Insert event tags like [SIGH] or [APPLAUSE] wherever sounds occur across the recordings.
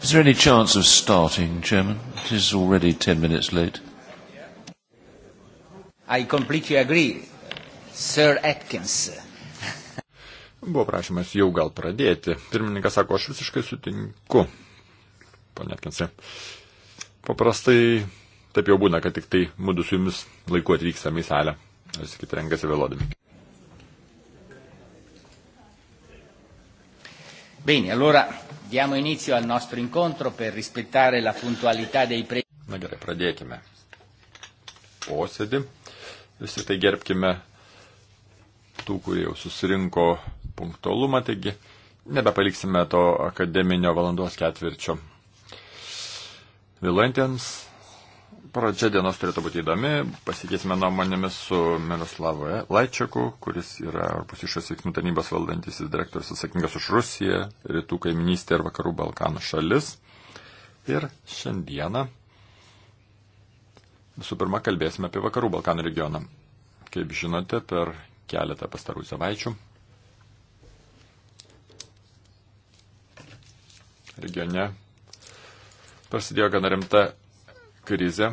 Is there any chance of starting, Chairman? It is already 10 minutes late. I completely agree, Sir Atkins. Buvo prašymas jau gal pradėti. Pirmininkas sako, aš visiškai sutinku, ponė Atkinsai. Paprastai taip jau būna, kad tik tai mūdu su jumis laiku atvykstame į salę. Visi kiti renkasi vėlodami. Bene, allora Diamo inizio al nostro incontro per rispettare la puntualità dei prezzi. Na gerai, pradėkime posėdį. Visi tai gerbkime tų, kurie jau susirinko punktualumą, taigi nebepaliksime to akademinio valandos ketvirčio. Vėluojantiems pradžia dienos turėtų būti įdomi. Pasikeisime nuomonėmis su Miroslavu Laičiaku, kuris yra Europos išorės veiksmų tarnybos valdantisis direktorius atsakingas už Rusiją, rytų kaiminystę ir vakarų Balkanų šalis. Ir šiandieną visų pirma kalbėsime apie vakarų Balkanų regioną. Kaip žinote, per keletą pastarų savaičių regione prasidėjo gana rimta krizę.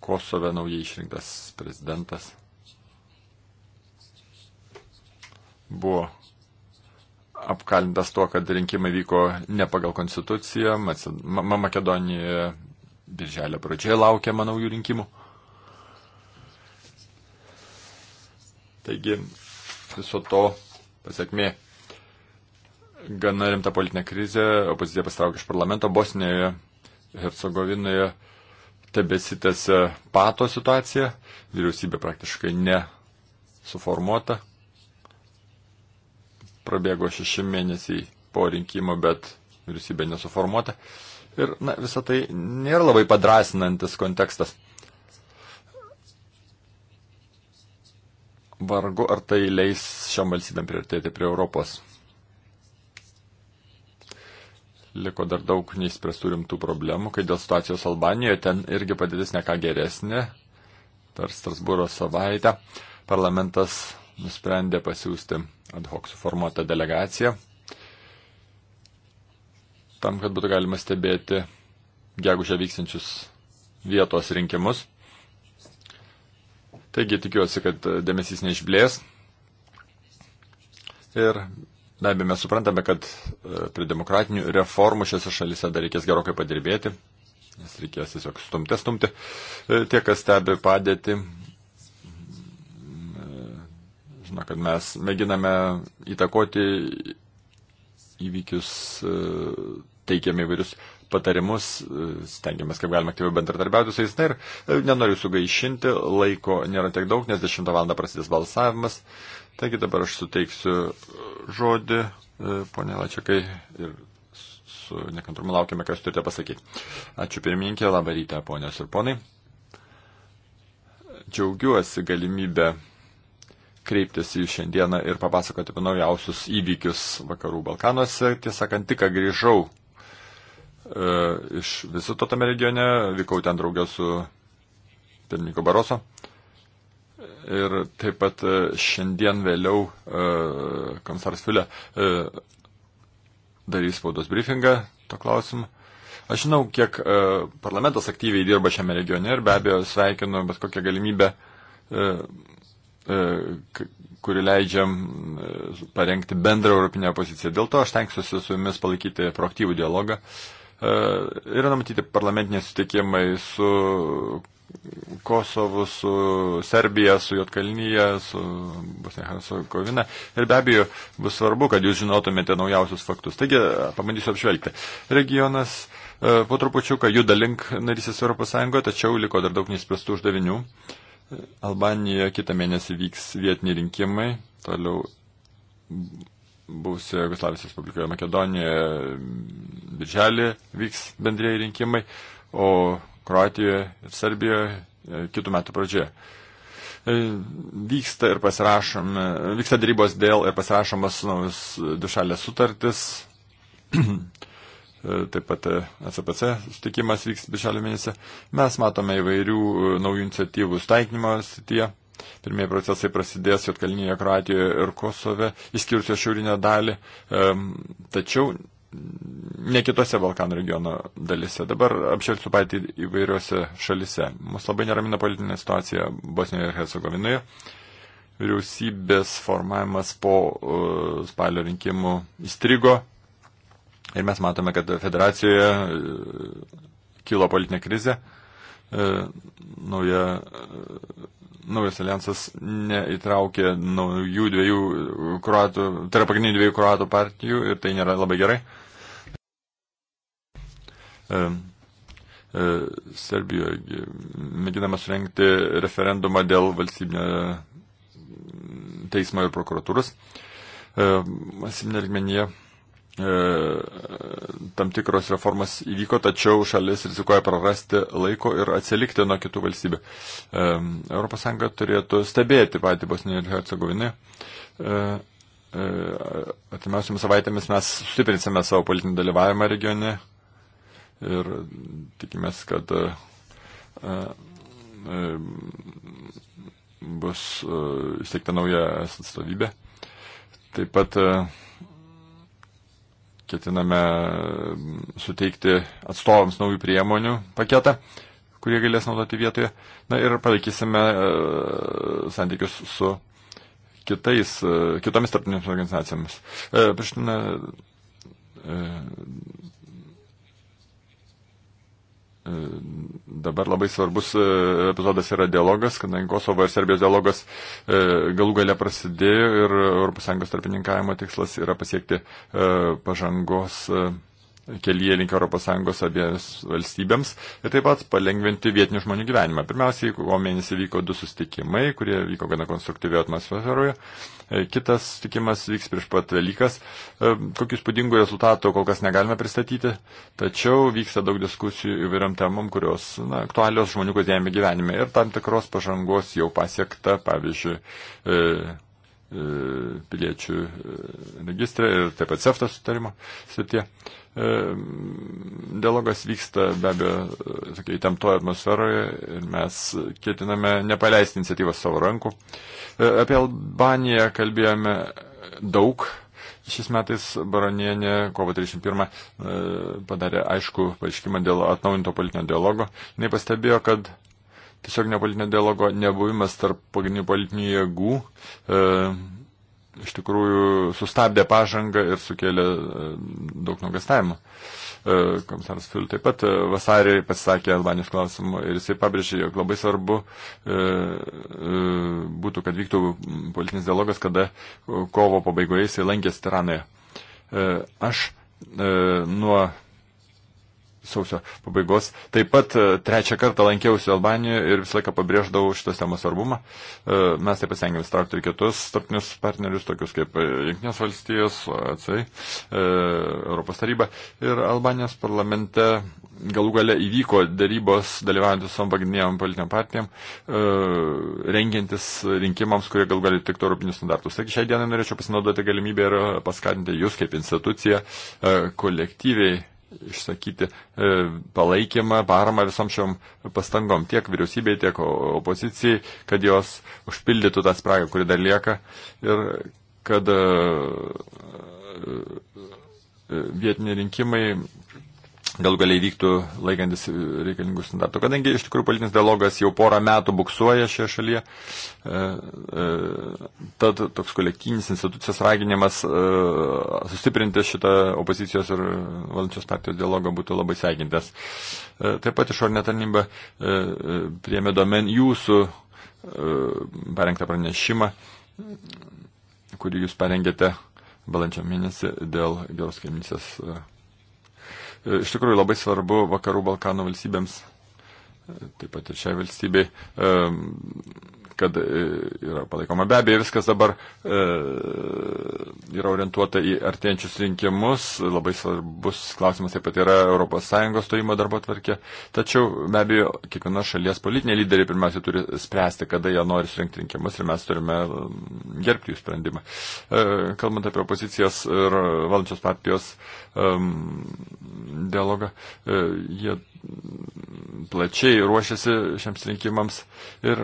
Kosove naujai išrinktas prezidentas buvo apkalintas tuo, kad rinkimai vyko ne pagal konstituciją. Makedonijoje birželio pradžioje laukiama naujų rinkimų. Taigi viso to pasiekmė gana rimta politinė krizė, opozicija pastraukė iš parlamento, Bosnijoje Hercegovinoje tebesitėse pato situacija, vyriausybė praktiškai nesuformuota. Prabėgo šeši mėnesiai po rinkimo, bet vyriausybė nesuformuota. Ir na, visą tai nėra labai padrasinantis kontekstas. Vargu ar tai leis šiam valstybėm priartėti prie Europos liko dar daug neįspręstų rimtų problemų, kai dėl situacijos Albanijoje ten irgi padėtis neką geresnė. Per Strasbūro savaitę parlamentas nusprendė pasiūsti ad hoc suformuotą delegaciją tam, kad būtų galima stebėti gegužę vyksančius vietos rinkimus. Taigi tikiuosi, kad dėmesys neišblės. Ir Be abejo, mes suprantame, kad e, prie demokratinių reformų šiose šalise dar reikės gerokai padirbėti, nes reikės tiesiog stumti, stumti. E, tie, kas stebi padėti, e, žino, kad mes mėginame įtakoti įvykius, teikiame įvairius patarimus, stengiamės kaip galima aktyviau bendradarbiauti su jais. Na ir nenoriu sugaišinti, laiko nėra tiek daug, nes 10 val. prasidės balsavimas. Taigi dabar aš suteiksiu žodį, e, ponė Lačiakai, ir su nekantrumu laukiame, ką jūs turite pasakyti. Ačiū pirmininkė, labą rytą, ponios ir ponai. Džiaugiuosi galimybę kreiptis į šiandieną ir papasakoti apie naujausius įvykius Vakarų Balkanuose. Tiesąkant, tik ką grįžau e, iš vizito tame regione, vykau ten draugė su pirmininku Baroso. Ir taip pat e, šiandien vėliau e, komisaras Filė e, darys spaudos briefingą to klausimu. Aš žinau, kiek parlamentas aktyviai dirba šiame regione ir be abejo sveikinu bet kokią galimybę, kuri leidžia parengti bendrą europinę poziciją. Dėl to aš tenksiuosi su jumis palaikyti proaktyvų dialogą. Yra numatyti parlamentiniai sutikimai su Kosovu, su Serbija, su Jotkalnyje, su Bosnija-Hercegovina. Ir be abejo, bus svarbu, kad jūs žinotumėte naujausius faktus. Taigi, pabandysiu apžvelgti. Regionas e, po trupučiuką juda link narysės Europos Sąjungoje, tačiau liko dar daug neįspręstų uždavinių. Albanijoje kitą mėnesį vyks vietiniai rinkimai, toliau buvusioje Jugoslavijos Respublikoje Makedonijoje birželį vyks bendrėjai rinkimai, o Kroatijoje ir Serbijoje e, kitų metų pradžioje. E, vyksta ir pasirašom, e, vyksta darybos dėl ir pasirašomas naujus dušalės sutartis. Taip pat ACPC sutikimas vyks bišalio mėnesį. Mes matome įvairių naujų iniciatyvų staikinimo srityje. Pirmieji procesai prasidės Jotkalnyje, Kroatijoje ir Kosove, išskyrus jo šiaurinę dalį. Tačiau ne kitose Balkanų regiono dalise. Dabar apšelsiu patį įvairiose šalise. Mus labai neramina politinė situacija Bosnijoje ir Hercegovinoje. Vyriausybės formavimas po uh, spalio rinkimų įstrigo ir mes matome, kad federacijoje uh, kilo politinė krizė. Uh, nauja uh, naujas alijansas neįtraukė naujų dviejų kruatų, tai yra pagrindinių dviejų kruatų partijų ir tai nėra labai gerai. E, e, Serbijoje mėginama surenkti referendumą dėl valstybinio teismo ir prokuratūros. E, Masiminė lygmenyje E, tam tikros reformas įvyko, tačiau šalis rizikuoja prarasti laiko ir atsilikti nuo kitų valstybių. ES turėtų stebėti patį Bosniją ir Hercegoviną. E, e, Atimiausiamis savaitėmis mes sustiprinsime savo politinį dalyvavimą regione ir tikimės, kad bus įsteigta nauja atstovybė. Taip pat ketiname mm, suteikti atstovams naujų priemonių paketą, kurie galės naudoti vietoje. Na ir palaikysime e, santykius su kitais, e, kitomis tarptautinėmis organizacijomis. E, Prieština E, dabar labai svarbus e, epizodas yra dialogas, kadangi Kosovo ir Serbijos dialogas e, galų gale prasidėjo ir ES tarpininkavimo tikslas yra pasiekti pažangos kelyje link ES abiems valstybėms ir taip pat palengventi vietinių žmonių gyvenimą. Pirmiausiai, kovo mėnesį vyko du sustikimai, kurie vyko gana konstruktyvioje atmosferoje. E, kitas sustikimas vyks prieš pat Velykas. E, Kokius spūdingų rezultatų kol kas negalime pristatyti, tačiau vyksta daug diskusijų įvairiam temam, kurios na, aktualios žmonių kasdienėme gyvenime ir tam tikros pažangos jau pasiekta, pavyzdžiui, e, e piliečių registrą ir taip pat SEFTA sutarimo srityje. E, dialogas vyksta be abejo e, tokia įtemptoje atmosferoje ir mes ketiname nepaleisti iniciatyvos savo rankų. E, apie Albaniją kalbėjome daug. Šis metais baronienė kovo 31 padarė aišku paaiškimą dėl atnaujinto politinio dialogo. Jis pastebėjo, kad tiesiog nepolitinio dialogo nebuvimas tarp pagrindinių politinių jėgų e, iš tikrųjų sustabdė pažangą ir sukėlė e, daug nuogastavimų. E, komisaras Fil taip pat e, vasarį pasisakė Albanijos klausimu ir jisai pabrėžė, jog labai svarbu būtų, kad vyktų politinis dialogas, kada kovo pabaigoje jisai lankėsi Tiranoje. Aš nuo sausio pabaigos. Taip pat e, trečią kartą lankiausi Albanijoje ir visą laiką pabrėždavau šitos temos svarbumą. E, mes taip pasengėm įstraukti ir kitus tarpinius partnerius, tokius kaip Junktinės valstijos, ACI, e, Europos taryba. Ir Albanijos parlamente galų gale įvyko dėrybos dalyvaujant visom pagrindiniam politiniam partijam, rengiantis rinkimams, kurie galų gale tiktų europinius standartus. Taigi šiai dienai norėčiau pasinaudoti galimybę ir paskatinti jūs kaip instituciją kolektyviai išsakyti e, palaikymą, paramą visam šiom pastangom tiek vyriausybei, tiek opozicijai, kad jos užpildytų tą spragą, kuri dar lieka ir kad e, e, vietiniai rinkimai gal galiai vyktų laikantis reikalingų standartų. Kadangi iš tikrųjų politinis dialogas jau porą metų buksuoja šioje šalyje, e, e, tad toks kolektyvinis institucijos raginimas e, sustiprinti šitą opozicijos ir valdančios partijos dialogą būtų labai sveikintas. E, taip pat išorinė tarnyba e, e priemė domen jūsų e, parengtą pranešimą, kurį jūs parengėte balandžio mėnesį dėl geros kaimynės. E, iš tikrųjų labai svarbu vakarų Balkanų valstybėms, taip pat ir šiai valstybei, kad e, yra palaikoma. Be abejo, viskas dabar e, yra orientuota į artėjančius rinkimus, labai svarbus klausimas taip pat yra ES stojimo darbo tvarkė, tačiau be abejo, kiekviena šalies politinė lyderiai pirmiausia turi spręsti, kada jie nori surinkti rinkimus ir mes turime mm, gerbti jų sprendimą. E, kalbant apie opozicijas ir valdančios partijos e, dialogą, e, jie mm, plačiai ruošiasi šiems rinkimams ir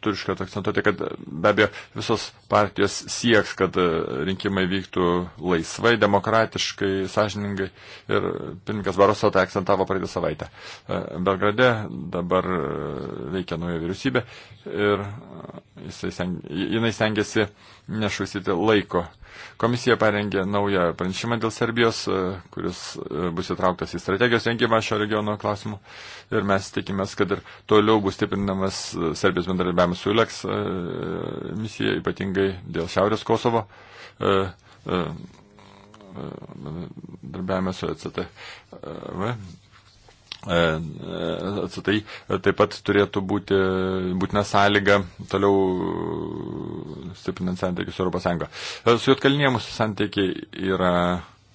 turiu iškart akcentuoti, kad be abejo visos partijos sieks, kad e, rinkimai vyktų laisvai, demokratiškai, sąžiningai ir pirmininkas Baroso tai akcentavo praeitą savaitę. E, Belgrade dabar e, veikia nauja vyriausybė ir seng, jinai stengiasi nešvaistyti laiko. Komisija parengė naują pranešimą dėl Serbijos, kuris bus įtrauktas į strategijos rengimą šio regiono klausimų. Ir mes tikimės, kad ir toliau bus stiprinamas Serbijos bendradarbiavimas su ULEX e, misija, ypatingai dėl Šiaurės Kosovo e, e, bendradarbiavimas su ECTV. Atsitai taip pat turėtų būti būtina sąlyga toliau stiprinant santykius su Europos Sąjunga. Su Jotkalnyje mūsų santykiai yra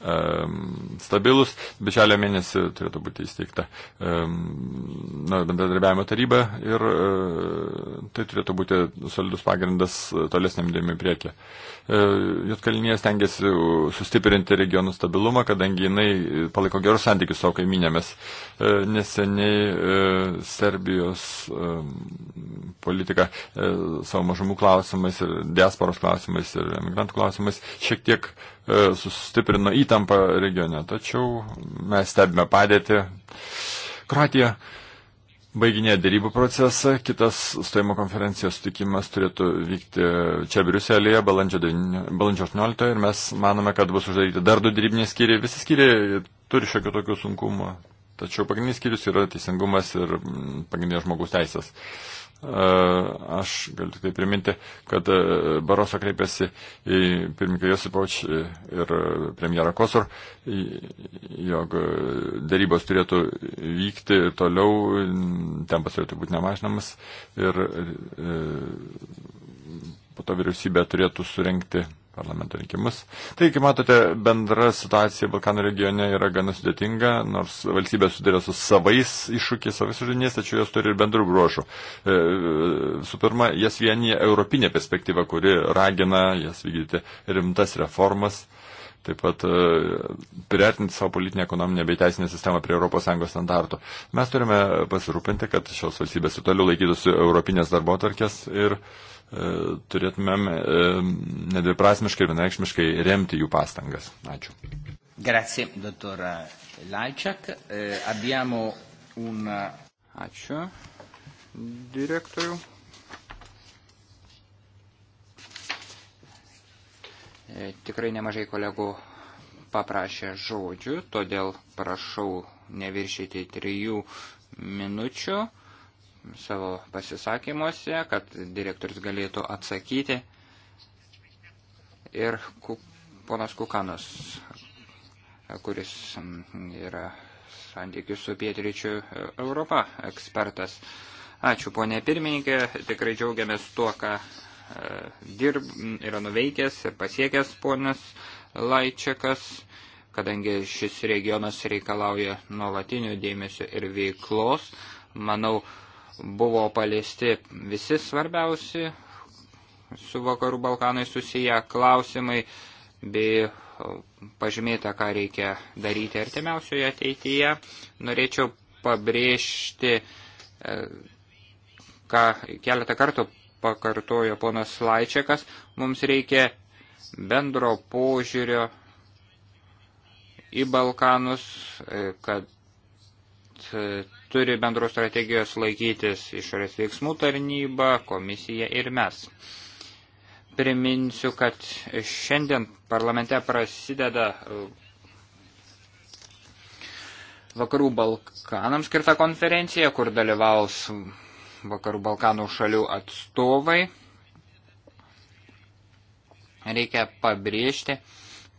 Ehm, stabilus. Bičelio mėnesį turėtų būti įsteigta ehm, na, bendradarbiavimo taryba ir e, tai turėtų būti solidus pagrindas tolesniam dėmiui priekį. E, Jotkalinėje stengiasi sustiprinti regionų stabilumą, kadangi jinai palaiko gerus santykius savo kaiminėmis. E, neseniai Serbijos ehm, politika savo mažumų klausimais ir diasporos klausimais ir emigrantų klausimais šiek tiek uh, E, sustiprino įtampą regione. Tačiau mes stebime padėti. Kroatija baiginė dėrybų procesą, kitas stojimo konferencijos sutikimas turėtų vykti čia Briuselėje balandžio, 9, balandžio 18 ir mes manome, kad bus uždaryti dar du dėrybiniai skyriai. Visi skyriai turi šiokių tokių sunkumų, tačiau pagrindinis skyrius yra teisingumas ir mm, pagrindinės žmogaus teisės. Uh, Aš galiu tik tai priminti, kad e, Baroso kreipėsi į pirmininką Josipoč e, ir e, premjerą Kosur, jog darybos turėtų vykti toliau, tempas turėtų būti nemažinamas ir po to vyriausybė turėtų surenkti parlamento rinkimus. Tai, kaip matote, bendra situacija Balkanų regione yra gana sudėtinga, nors valstybė sudėlė su savais iššūkiais, savais uždiniais, tačiau jos turi ir bendrų bruožų. E, su pirma, jas vienyje europinė perspektyva, kuri ragina jas vykdyti rimtas reformas. Taip pat e, priartinti savo politinę, ekonominę bei teisinę sistemą prie ES standartų. Mes turime pasirūpinti, kad šios valstybės ir toliau laikytųsi europinės darbo tarkės ir uh, E, turėtumėm e, nedviprasmiškai ir vienaikšmiškai remti jų pastangas. Ačiū. Grazie, dottor Laičiak. E, abbiamo un. Ačiū, direktorių. Tikrai nemažai kolegų paprašė žodžių, todėl prašau neviršyti trijų minučių savo pasisakymuose, kad direktorius galėtų atsakyti. Ir ponas Kukanas, kuris yra santykių su pietryčių Europa ekspertas. Ačiū, ponė pirmininkė, tikrai džiaugiamės tuo, ką e, dirb, yra nuveikęs ir pasiekęs ponas Laičiakas, kadangi šis regionas reikalauja nuolatinių dėmesio ir veiklos. Manau, Buvo paliesti visi svarbiausi su vakarų Balkanai susiję klausimai bei pažymėta, ką reikia daryti artimiausioje ateityje. Norėčiau pabrėžti, e, ką keletą kartų pakartojo ponas Laičiakas, mums reikia bendro požiūrio į Balkanus, e, kad E, turi bendros strategijos laikytis išorės veiksmų tarnyba, komisija ir mes. Priminsiu, kad šiandien parlamente prasideda e, Vakarų Balkanams skirta konferencija, kur dalyvaus Vakarų Balkanų šalių atstovai. Reikia pabrėžti,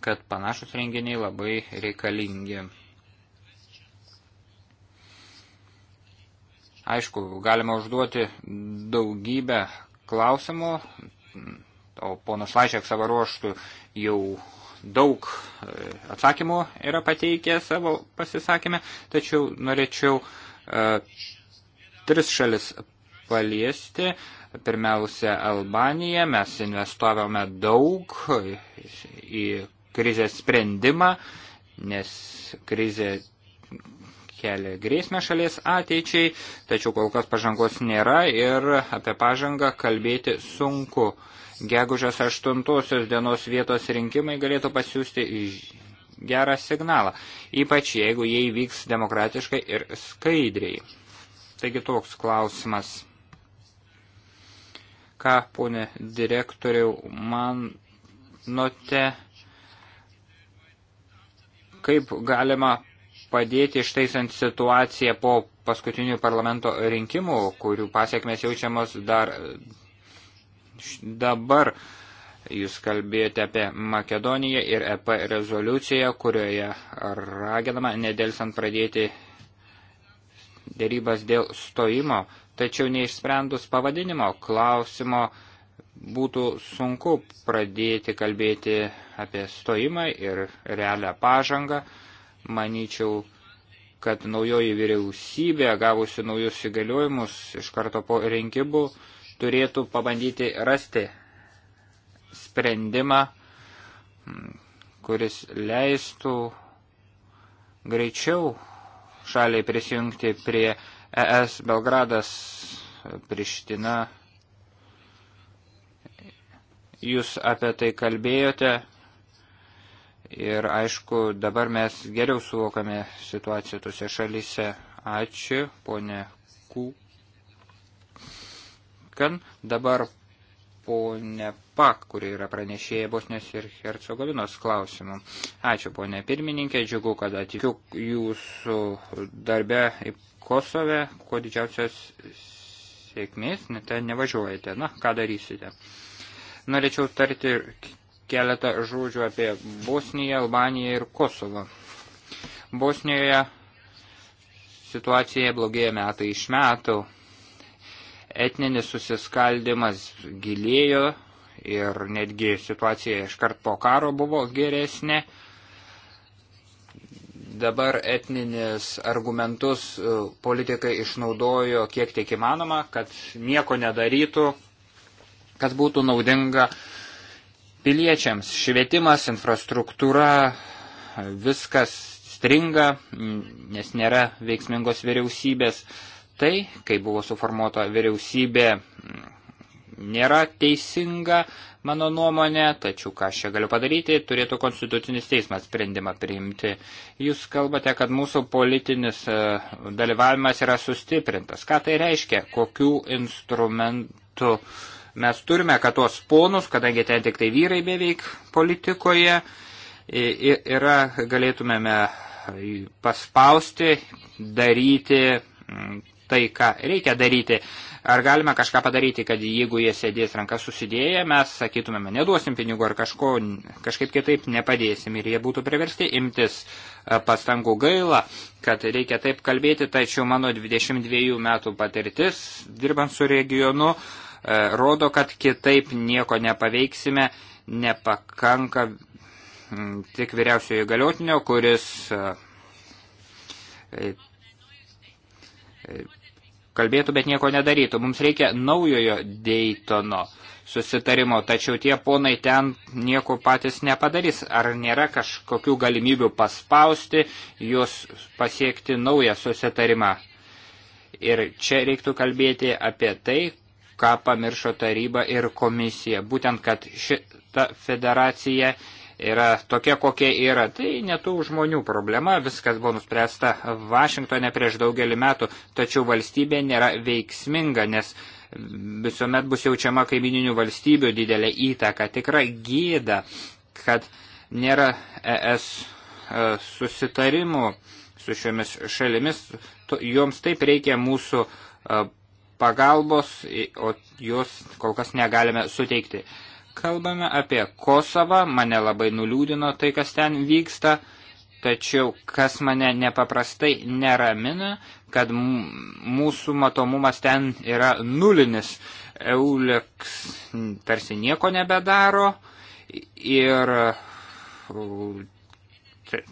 kad panašus renginiai labai reikalingi. Aišku, galima užduoti daugybę klausimų, o ponas Laišek savo ruoštų jau daug e, atsakymų yra pateikę savo pasisakymę, tačiau norėčiau e, tris šalis paliesti. Pirmiausia, Albanija. Mes investavome daug į krizės sprendimą, nes krizė kelia grėsmę šalies ateičiai, tačiau kol kas pažangos nėra ir apie pažangą kalbėti sunku. Gegužės 8 dienos vietos rinkimai galėtų pasiūsti gerą signalą, ypač jeigu jie įvyks demokratiškai ir skaidriai. Taigi toks klausimas. Ką, ponė direktoriau, manote, kaip galima padėti ištaisant situaciją po paskutinių parlamento rinkimų, kurių pasiekmes jaučiamos dar dabar. Jūs kalbėjote apie Makedoniją ir EP rezoliuciją, kurioje raginama nedėlsant pradėti dėrybas dėl stojimo, tačiau neišsprendus pavadinimo klausimo būtų sunku pradėti kalbėti apie stojimą ir realią pažangą. Manyčiau, kad naujoji vyriausybė, gavusi naujus įgaliojimus iš karto po rinkimų, turėtų pabandyti rasti sprendimą, mm, kuris leistų greičiau šaliai prisijungti prie ES Belgradas Priština. Jūs apie tai kalbėjote, Ir aišku, dabar mes geriau suvokame situaciją tose šalyse. Ačiū, ponė Kukan. Dabar ponė Pak, kuri yra pranešėja Bosnės ir Hercegovinos klausimų. Ačiū, ponė pirmininkė, džiugu, kad atikiu jūsų darbę į Kosove, kuo didžiausios sėkmės, ten nevažiuojate. Na, ką darysite? Norėčiau tarti keletą žodžių apie Bosniją, Albaniją ir Kosovą. Bosnijoje situacija blogėja metai iš metų. Etninis susiskaldimas gilėjo ir netgi situacija iškart po karo buvo geresnė. Dabar etninis argumentus e, politikai išnaudojo kiek tiek įmanoma, kad nieko nedarytų, kas būtų naudinga uh, piliečiams. Švietimas, infrastruktūra, viskas stringa, nes nėra veiksmingos vyriausybės. Tai, kai buvo suformuota vyriausybė, nėra teisinga, mano nuomonė, tačiau ką aš čia galiu padaryti, turėtų konstitucinis teismas sprendimą priimti. Jūs kalbate, kad mūsų politinis e, dalyvavimas yra sustiprintas. Ką tai reiškia? Kokių instrumentų uh, Mes turime, kad tuos ponus, kadangi ten tik tai vyrai beveik politikoje, yra galėtumėme paspausti, daryti tai, ką reikia daryti. Ar galime kažką padaryti, kad jeigu jie sėdės rankas susidėję, mes sakytumėme, neduosim pinigų ar kažko, kažkaip kitaip nepadėsim ir jie būtų priversti imtis e, pastangų gaila, kad reikia taip kalbėti, tačiau mano 22 metų patirtis dirbant su regionu E, rodo, kad kitaip nieko nepaveiksime, nepakanka tik vyriausiojo galiotinio, kuris e, e, kalbėtų, bet nieko nedarytų. Mums reikia naujojo Daytono susitarimo, tačiau tie ponai ten nieko patys nepadarys. Ar nėra kažkokių galimybių paspausti, juos pasiekti naują susitarimą? Ir čia reiktų kalbėti apie tai, ką pamiršo taryba ir komisija. Būtent, kad šita federacija yra tokia, kokia yra. Tai netų žmonių problema, viskas buvo nuspręsta Vašingtone prieš daugelį metų, tačiau valstybė nėra veiksminga, nes visuomet bus jaučiama kaimininių valstybių didelė įtaka. Tikra gėda, kad nėra ES e, susitarimų su šiomis šalimis, joms taip reikia mūsų e, pagalbos, o jos kol kas negalime suteikti. Kalbame apie Kosovą, mane labai nuliūdino tai, kas ten vyksta, tačiau kas mane nepaprastai neramina, kad mūsų matomumas ten yra nulinis. Euleks tarsi nieko nebedaro ir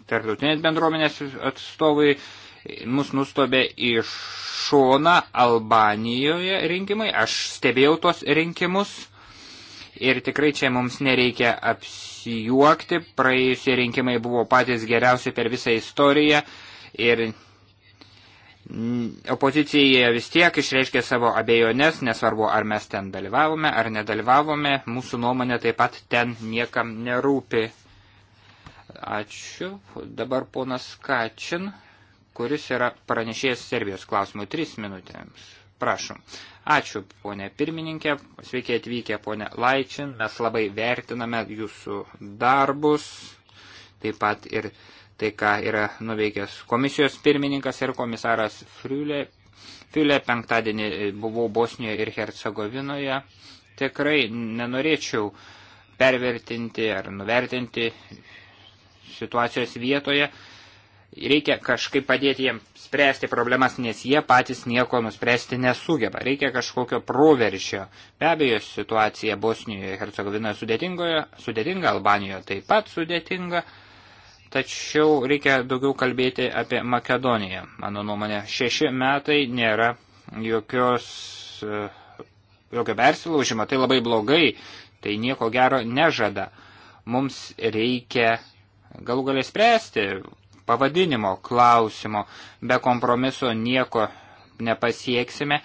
tarptautinės bendruomenės atstovai mus nustobė iš šoną Albanijoje rinkimai. Aš stebėjau tuos rinkimus ir tikrai čia mums nereikia apsijuokti. Praėjusie rinkimai buvo patys geriausi per visą istoriją ir opozicija vis tiek išreiškė savo abejones, nesvarbu ar mes ten dalyvavome ar nedalyvavome, mūsų nuomonė taip pat ten niekam nerūpi. Ačiū. Dabar ponas Kačin kuris yra pranešėjęs Serbijos klausimų. Tris minutėms. Prašom. Ačiū, ponė pirmininkė. Sveiki atvykę, ponė Laičin. Mes labai vertiname jūsų darbus. Taip pat ir tai, ką yra nuveikęs komisijos pirmininkas ir komisaras Friulė. Friulė penktadienį buvau Bosnijoje ir Hercegovinoje. Tikrai nenorėčiau pervertinti ar nuvertinti situacijos vietoje. Reikia kažkaip padėti jiems spręsti problemas, nes jie patys nieko nuspręsti nesugeba. Reikia kažkokio proveržio. Be abejo, situacija Bosnijoje ir Hercegovinoje sudėtinga, Albanijoje taip pat sudėtinga, tačiau reikia daugiau kalbėti apie Makedoniją. Mano nuomonė, šeši metai nėra jokios, e, jokio persilaužimo, tai labai blogai, tai nieko gero nežada. Mums reikia galų galę spręsti pavadinimo klausimo. Be kompromiso nieko nepasieksime.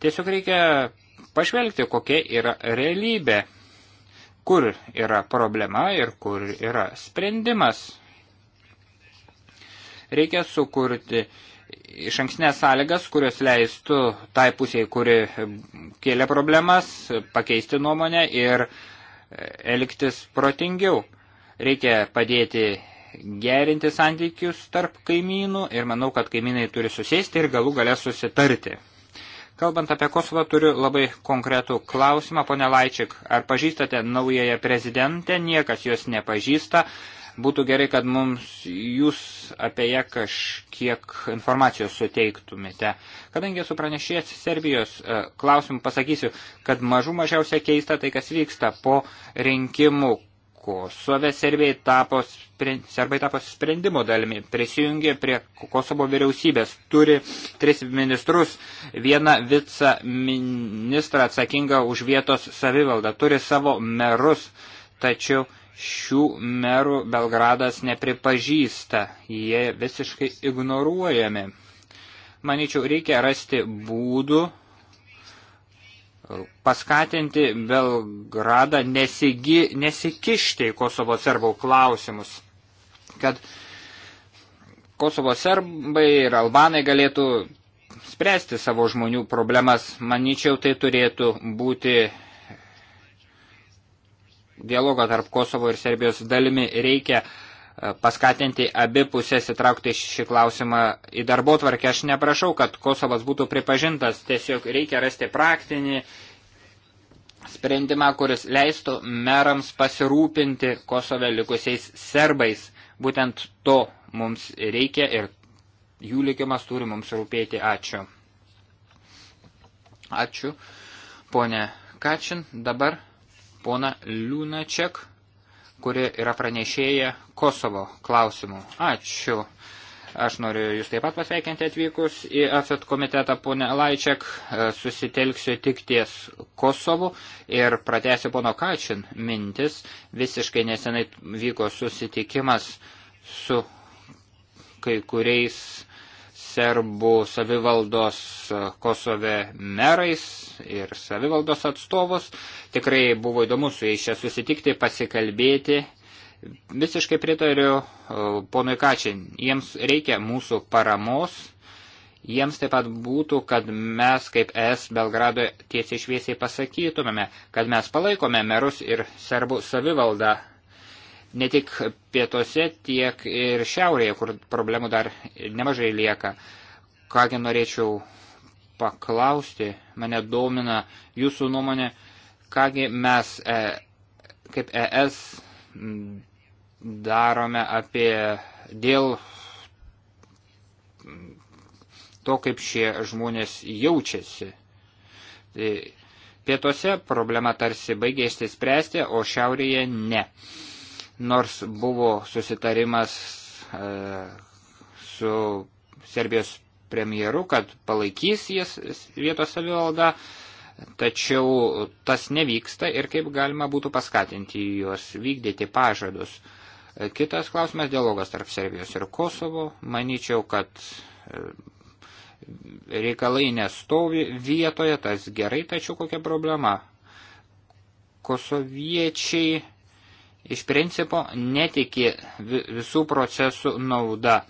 Tiesiog reikia pažvelgti, kokia yra realybė, kur yra problema ir kur yra sprendimas. Reikia sukurti iš anksnės sąlygas, kurios leistų tai pusiai, kuri kėlė problemas, pakeisti nuomonę ir e, elgtis protingiau. Reikia padėti gerinti santykius tarp kaimynų ir manau, kad kaimynai turi susėsti ir galų galę susitarti. Kalbant apie Kosovą, turiu labai konkretų klausimą, ponė Laičik. Ar pažįstate naująją prezidentę? Niekas jos nepažįsta. Būtų gerai, kad mums jūs apie ją kažkiek informacijos suteiktumėte. Kadangi esu pranešėjęs Serbijos e, klausimų, pasakysiu, kad mažų mažiausia keista tai, kas vyksta po rinkimų Kosove serbiai tapo, serbai tapo sprendimo dalimi, prisijungė prie Kosovo vyriausybės, turi tris ministrus, vieną viceministrą atsakingą už vietos savivaldą, turi savo merus, tačiau šių merų Belgradas nepripažįsta, jie visiškai ignoruojami. Maničiau, reikia rasti būdų, paskatinti Belgradą nesigi, nesikišti į Kosovo serbų klausimus, kad Kosovo serbai ir albanai galėtų spręsti savo žmonių problemas. Manyčiau, tai turėtų būti dialogo tarp Kosovo ir Serbijos dalimi reikia uh, paskatinti abi pusės įtraukti šį klausimą į darbo tvarkę. Aš neprašau, kad Kosovas būtų pripažintas, tiesiog reikia rasti praktinį sprendimą, kuris leistų merams pasirūpinti Kosove likusiais serbais. Būtent to mums reikia ir jų likimas turi mums rūpėti. Ačiū. Ačiū. Pone Kačin, dabar pona Liūnaček kuri yra pranešėja Kosovo klausimų. Ačiū. Aš noriu Jūs taip pat pasveikinti atvykus į AFET komitetą, ponė Laičiak. E, susitelksiu tik ties Kosovu ir pratęsiu pono Kačin mintis. Visiškai nesenai vyko susitikimas su kai kuriais serbų savivaldos e, Kosove merais ir savivaldos atstovus. Tikrai buvo įdomu su jais čia susitikti, pasikalbėti. Visiškai pritariu e, ponui Kačin, jiems reikia mūsų paramos. Jiems taip pat būtų, kad mes kaip es Belgrado tiesiai šviesiai pasakytumėme, kad mes palaikome merus ir serbų savivaldą ne tik pietuose, tiek ir šiaurėje, kur problemų dar nemažai lieka. Kągi norėčiau paklausti, mane domina jūsų nuomonė, kągi mes e, kaip ES darome apie dėl to, kaip šie žmonės jaučiasi. Tai pietuose problema tarsi baigė išsispręsti, o šiaurėje ne. E, nors buvo susitarimas e, su Serbijos premjeru, kad palaikys jis vietos savivaldą, tačiau tas nevyksta ir kaip galima būtų paskatinti juos vykdyti pažadus. E, kitas klausimas - dialogas tarp Serbijos ir Kosovo. Manyčiau, kad e, reikalai nestovi vietoje, tas gerai, tačiau kokia problema? Kosoviečiai iš principo netiki visų procesų nauda.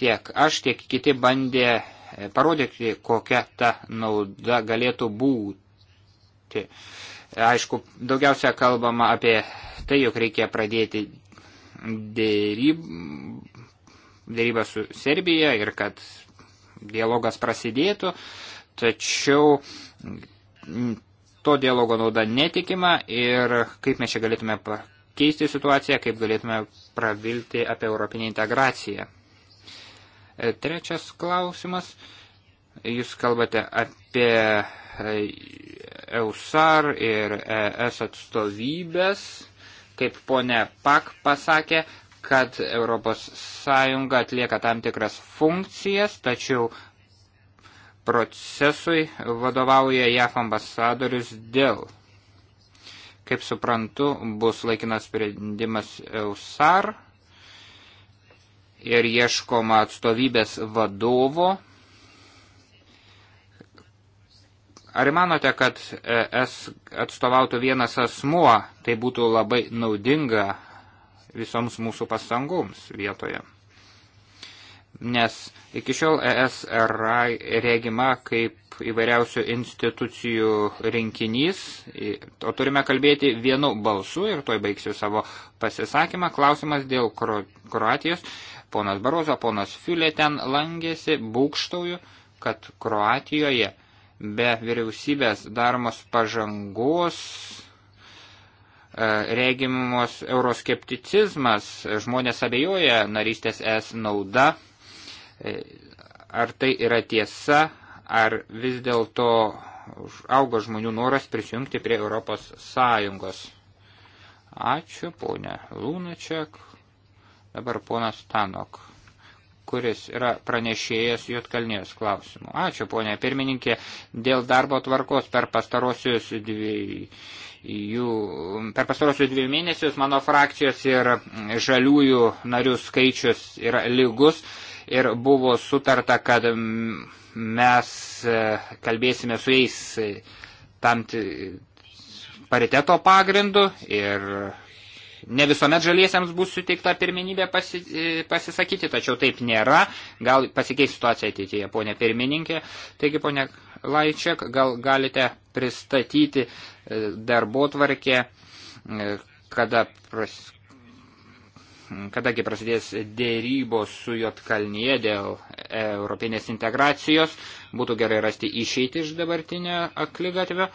Tiek aš, tiek kiti bandė e, parodyti, kokia ta nauda galėtų būti. Aišku, daugiausia kalbama apie tai, jog reikia pradėti dėryb... dėrybą su Serbija ir kad dialogas prasidėtų, tačiau to dialogo nauda netikima ir kaip mes čia galėtume keisti situaciją, kaip galėtume prabilti apie europinę integraciją. E, trečias klausimas. Jūs kalbate apie e, EUSAR ir e, ES atstovybės, kaip ponė Pak pasakė, kad ES atlieka tam tikras funkcijas, tačiau procesui vadovauja JAF ambasadorius dėl Kaip suprantu, bus laikinas sprendimas EUSAR ir ieškoma atstovybės vadovo. Ar manote, kad ES atstovautų vienas asmuo, tai būtų labai naudinga visoms mūsų pastangoms vietoje? nes iki šiol ES regima kaip įvairiausių institucijų rinkinys, o turime kalbėti vienu balsu ir toj baigsiu savo pasisakymą. Klausimas dėl Kro Kroatijos. Ponas Barozo, ponas Fiulė ten langėsi, būkštauju, kad Kroatijoje be vyriausybės daromos pažangos e, regimos euroskepticizmas, žmonės abejoja narystės es nauda E, ar tai yra tiesa, ar vis dėlto auga žmonių noras prisijungti prie Europos Sąjungos? Ačiū, ponė Lūnačiak. Dabar ponas Tanok, kuris yra pranešėjas Jotkalnės klausimų. Ačiū, ponė pirmininkė, dėl darbo tvarkos per pastarosius dviejų jų per pastarosius dviejų mėnesius mano frakcijos ir žaliųjų narių skaičius yra lygus ir buvo sutarta, kad mes e, kalbėsime su jais e, tam pariteto pagrindu ir ne visuomet žaliesiems bus suteikta pirminybė pasi, e, pasisakyti, tačiau taip nėra, gal pasikeis situacija ateityje, ponė pirmininkė. Taigi, ponė Laičiak, gal galite pristatyti darbo tvarkę, kada pras, kadangi prasidės dėrybos su Jotkalnyje dėl europinės integracijos, būtų gerai rasti išeitį iš dabartinio akligatvio.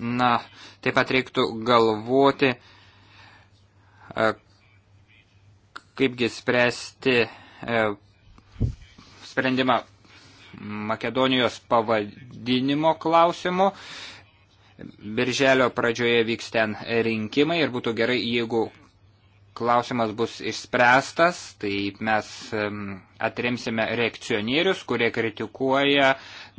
Na, taip pat reiktų galvoti, kaipgi spręsti sprendimą Makedonijos pavadinimo klausimu. Birželio pradžioje vyks ten rinkimai ir būtų gerai, jeigu klausimas bus išspręstas, tai mes atremsime reakcionierius, kurie kritikuoja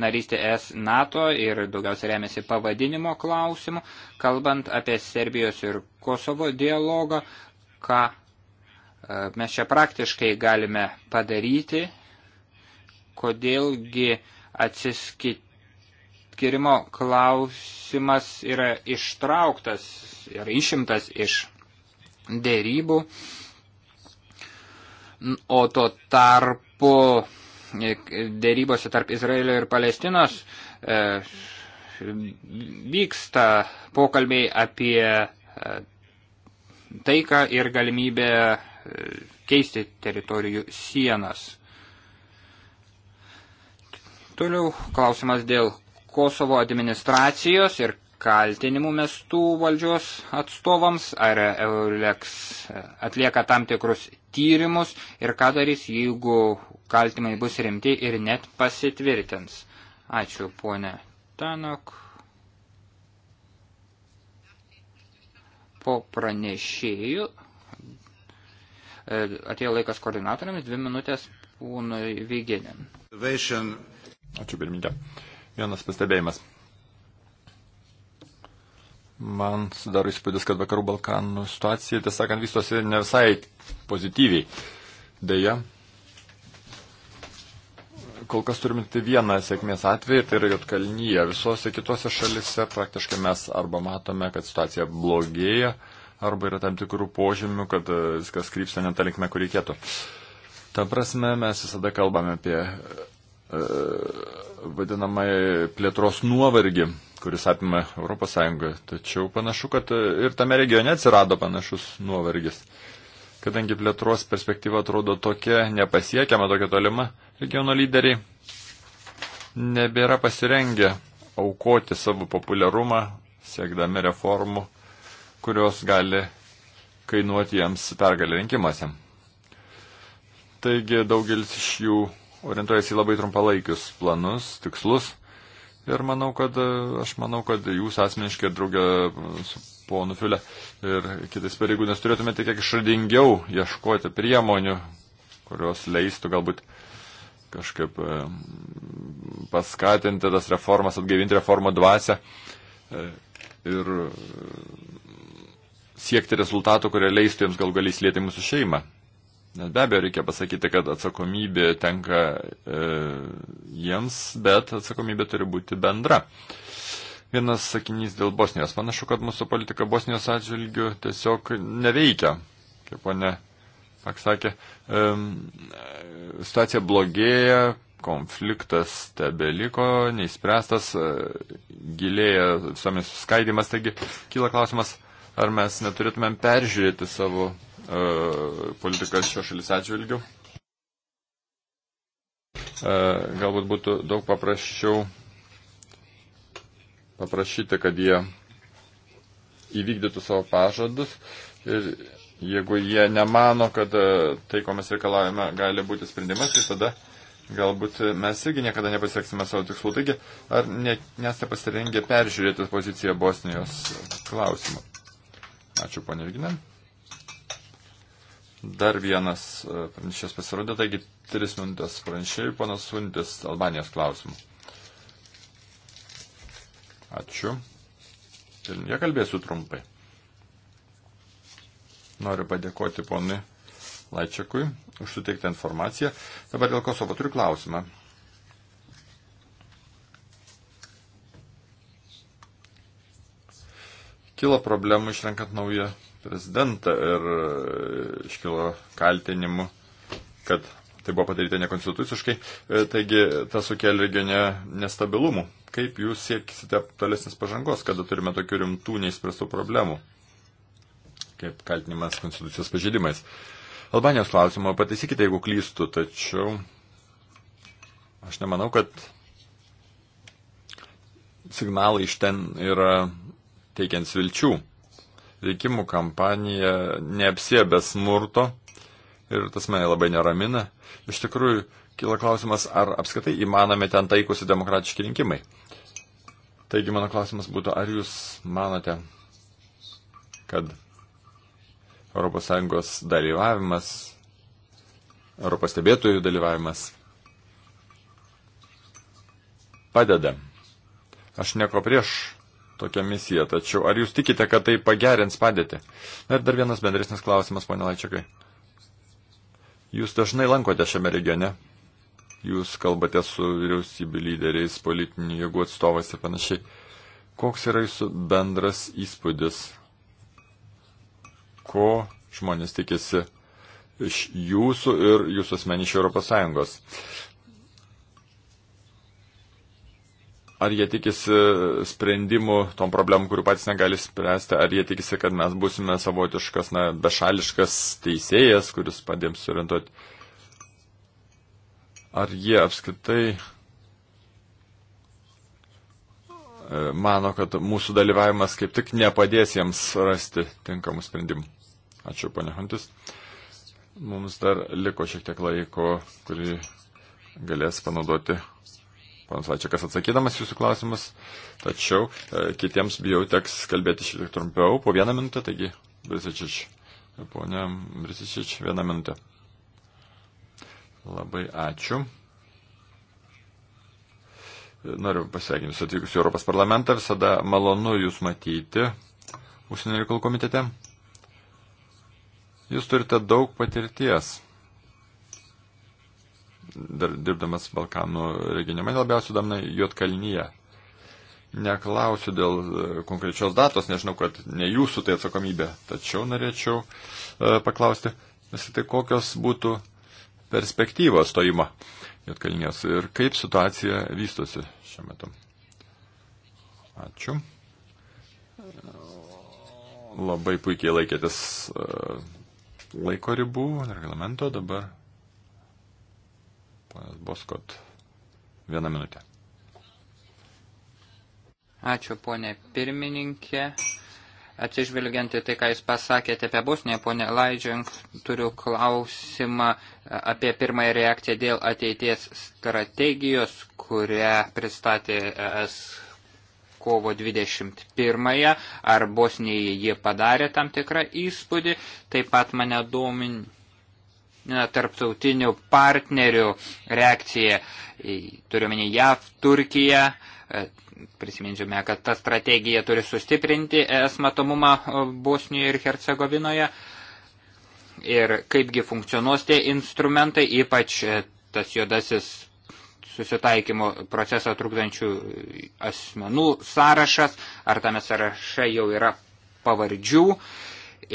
narystę ES NATO ir daugiausia remiasi pavadinimo klausimu, kalbant apie Serbijos ir Kosovo dialogą, ką e, mes čia praktiškai galime padaryti, kodėlgi atsiskit skirimo klausimas yra ištrauktas ir išimtas iš dėrybų, o tuo tarpu e, dėrybose tarp Izraelio ir Palestinos e, vyksta pokalbiai apie e, taiką ir galimybę e, keisti teritorijų sienas. Toliau klausimas dėl Kosovo administracijos ir kaltinimų mestų valdžios atstovams, ar Eurlex atlieka tam tikrus tyrimus ir ką darys, jeigu kaltimai bus rimti ir net pasitvirtins. Ačiū, ponė Tanok. Po pranešėjų e, atėjo laikas koordinatoriams, dvi minutės pūnui Vyginėm. Ačiū, pirmininkė. Vienas pastebėjimas. Man sudaro įspūdis, kad vakarų Balkanų situacija, tiesą sakant, vystosi ne visai pozityviai. Deja, kol kas turime tik tai vieną sėkmės atvejį, tai yra Jotkalnyje. Visose kitose šalise praktiškai mes arba matome, kad situacija blogėja, arba yra tam tikrų požymių, kad e, viskas krypsta ne tą linkmę, kur reikėtų. Ta prasme, mes visada kalbame apie e, vadinamąjį plėtros nuovargį, kuris apima ES. Tačiau panašu, kad ir tame regione atsirado panašus nuovargis. Kadangi plėtros perspektyva atrodo tokia nepasiekiama, tokia tolima, regiono lyderiai nebėra pasirengę aukoti savo populiarumą, siekdami reformų, kurios gali kainuoti jiems pergalę rinkimuose. Taigi daugelis iš jų orientuojasi į labai trumpalaikius planus, tikslus. Ir manau, kad aš manau, kad jūs asmeniškai ir draugė su ponu Fiule ir kitais pareigūnės turėtumėte kiek išradingiau ieškoti priemonių, kurios leistų galbūt kažkaip e, paskatinti tas reformas, atgaivinti reformą dvasę e, ir e, siekti rezultatų, kurie leistų jiems gal galiai slėti mūsų šeimą. Nes be abejo reikia pasakyti, kad atsakomybė tenka e, jiems, bet atsakomybė turi būti bendra. Vienas sakinys dėl Bosnijos. Panašu, kad mūsų politika Bosnijos atžvilgių tiesiog neveikia. Kaip ponė Pak sakė, e, situacija blogėja, konfliktas tebe liko, neįspręstas, e, gilėja visuomenės suskaidimas, taigi kyla klausimas, ar mes neturėtumėm peržiūrėti savo E, politikas šio šalis atžvilgių. E, galbūt būtų daug paprasčiau paprašyti, kad jie įvykdytų savo pažadus ir jeigu jie nemano, kad e, tai, ko mes reikalavome, gali būti sprendimas, tai tada galbūt mes irgi niekada nepasieksime savo tikslų. Taigi, ar ne, nesate pasirengę peržiūrėti poziciją Bosnijos klausimu? Ačiū, ponė Virginam. Dar vienas e, pranešės pasirodė, taigi tris minutės pranešėjų, panas Huntis, Albanijos klausimų. Ačiū. Ir nekalbėsiu trumpai. Noriu padėkoti ponui Laičiakui už suteiktą informaciją. Dabar dėl Kosovo turiu klausimą. Kilo problemų išrenkant naują prezidentą ir e, iškilo kaltinimu, kad tai buvo padaryta nekonstituciškai, e, taigi tas sukėlė regione nestabilumų. Kaip jūs sieksite tolesnės pažangos, kada turime tokių rimtų neįspręstų problemų, kaip kaltinimas konstitucijos pažeidimais? Albanijos klausimo pataisykite, jeigu klystu, tačiau aš nemanau, kad signalai iš ten yra teikiant vilčių rinkimų kampanija neapsiebė smurto ir tas mane labai neramina. Iš tikrųjų, kyla klausimas, ar apskritai įmanomi ten taikusi demokratiški rinkimai. Taigi mano klausimas būtų, ar jūs manote, kad ES dalyvavimas, Europos stebėtojų dalyvavimas padeda. Aš nieko prieš tokią misiją. Tačiau ar jūs tikite, kad tai pagerins padėtį? Na ir dar vienas bendresnis klausimas, ponia Laičiakai. Jūs dažnai lankote šiame regione. Jūs kalbate su vyriausybių lyderiais, politinių jėgų atstovais ir panašiai. Koks yra jūsų bendras įspūdis? Ko žmonės tikisi iš jūsų ir jūsų asmeniškai Europos Sąjungos? Uh, Ar jie tikisi e, sprendimų tom problemom, kurių patys negali spręsti, ar jie tikisi, kad mes būsime savotiškas, na, bešališkas teisėjas, kuris padėms surintuoti. Ar jie apskritai e, mano, kad mūsų dalyvavimas kaip tik nepadės jiems rasti tinkamų sprendimų. Ačiū, ponė Huntis. Mums dar liko šiek tiek laiko, kurį galės panaudoti Panas Vačiakas atsakydamas jūsų klausimus, tačiau e, kitiems bijau teks kalbėti šiek tiek trumpiau, po vieną minutę, taigi Brisičič, ponė Brisičič, vieną minutę. Labai ačiū. Noriu pasveikinti jūs atvykus į Europos parlamentą, visada malonu jūs matyti užsienio reikalų komitete. Jūs turite daug patirties dar dirbdamas Balkanų regione. Mane labiausiai domina Jotkalnyje. Neklausiu dėl e, konkrečios datos, nežinau, kad ne jūsų tai atsakomybė, tačiau norėčiau e, paklausti, vis tai kokios būtų perspektyvos stojimo Jotkalnės ir kaip situacija vystosi šiuo metu. Ačiū. Labai puikiai laikėtis e, laiko ribų, reglamento dabar Ponas Boskot, vieną minutę. Ačiū, ponė pirmininkė. Atsižvelgiant į tai, ką Jūs pasakėte apie Bosniją, ponė Laidžiang, turiu klausimą apie pirmąją reakciją dėl ateities strategijos, kurią pristatė ES kovo 21-ąją, ar Bosnijai jie padarė tam tikrą įspūdį. Taip pat mane domin tarptautinių partnerių reakcija, turiuomenį JAV, Turkiją, e, prisiminsime, kad ta strategija turi sustiprinti ES matomumą e, Bosnijoje ir Hercegovinoje ir kaipgi funkcionuos tie instrumentai, ypač e, tas juodasis susitaikymo procesą trukdančių asmenų sąrašas, ar tame sąraše jau yra pavardžių.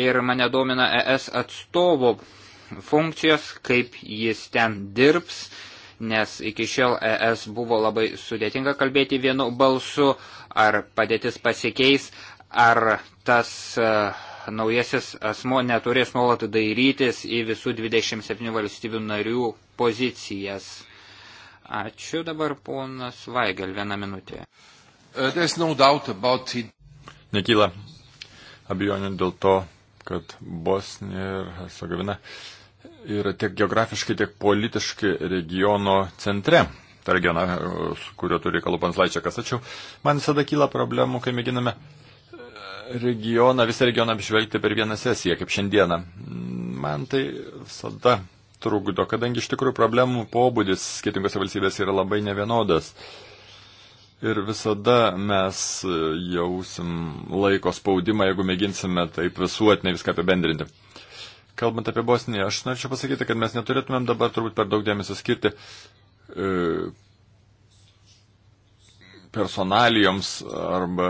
Ir mane domina ES atstovo funkcijos, kaip jis ten dirbs, nes iki šiol ES buvo labai sudėtinga kalbėti vienu balsu, ar padėtis pasikeis, ar tas e, naujasis asmo neturės nuolat dairytis į visų 27 valstybių narių pozicijas. Ačiū dabar ponas Vaigel, vieną minutę. Uh, no Nekyla abejonių dėl to, kad Bosnija ir Hercegovina yra tiek geografiškai, tiek politiškai regiono centre. Ta regiona, su kuriuo turi reikalų panslaičiakas. Tačiau man visada kyla problemų, kai mėginame regioną, visą regioną apžvelgti per vieną sesiją, kaip šiandieną. Man tai visada trukdo, kadangi iš tikrųjų problemų pobūdis skirtingose valstybėse yra labai nevienodas. Ir visada mes jausim laiko spaudimą, jeigu mėginsime taip visuotinai viską apibendrinti kalbant apie Bosniją, aš norėčiau pasakyti, kad mes neturėtumėm dabar turbūt per daug dėmesio skirti e, personalijoms arba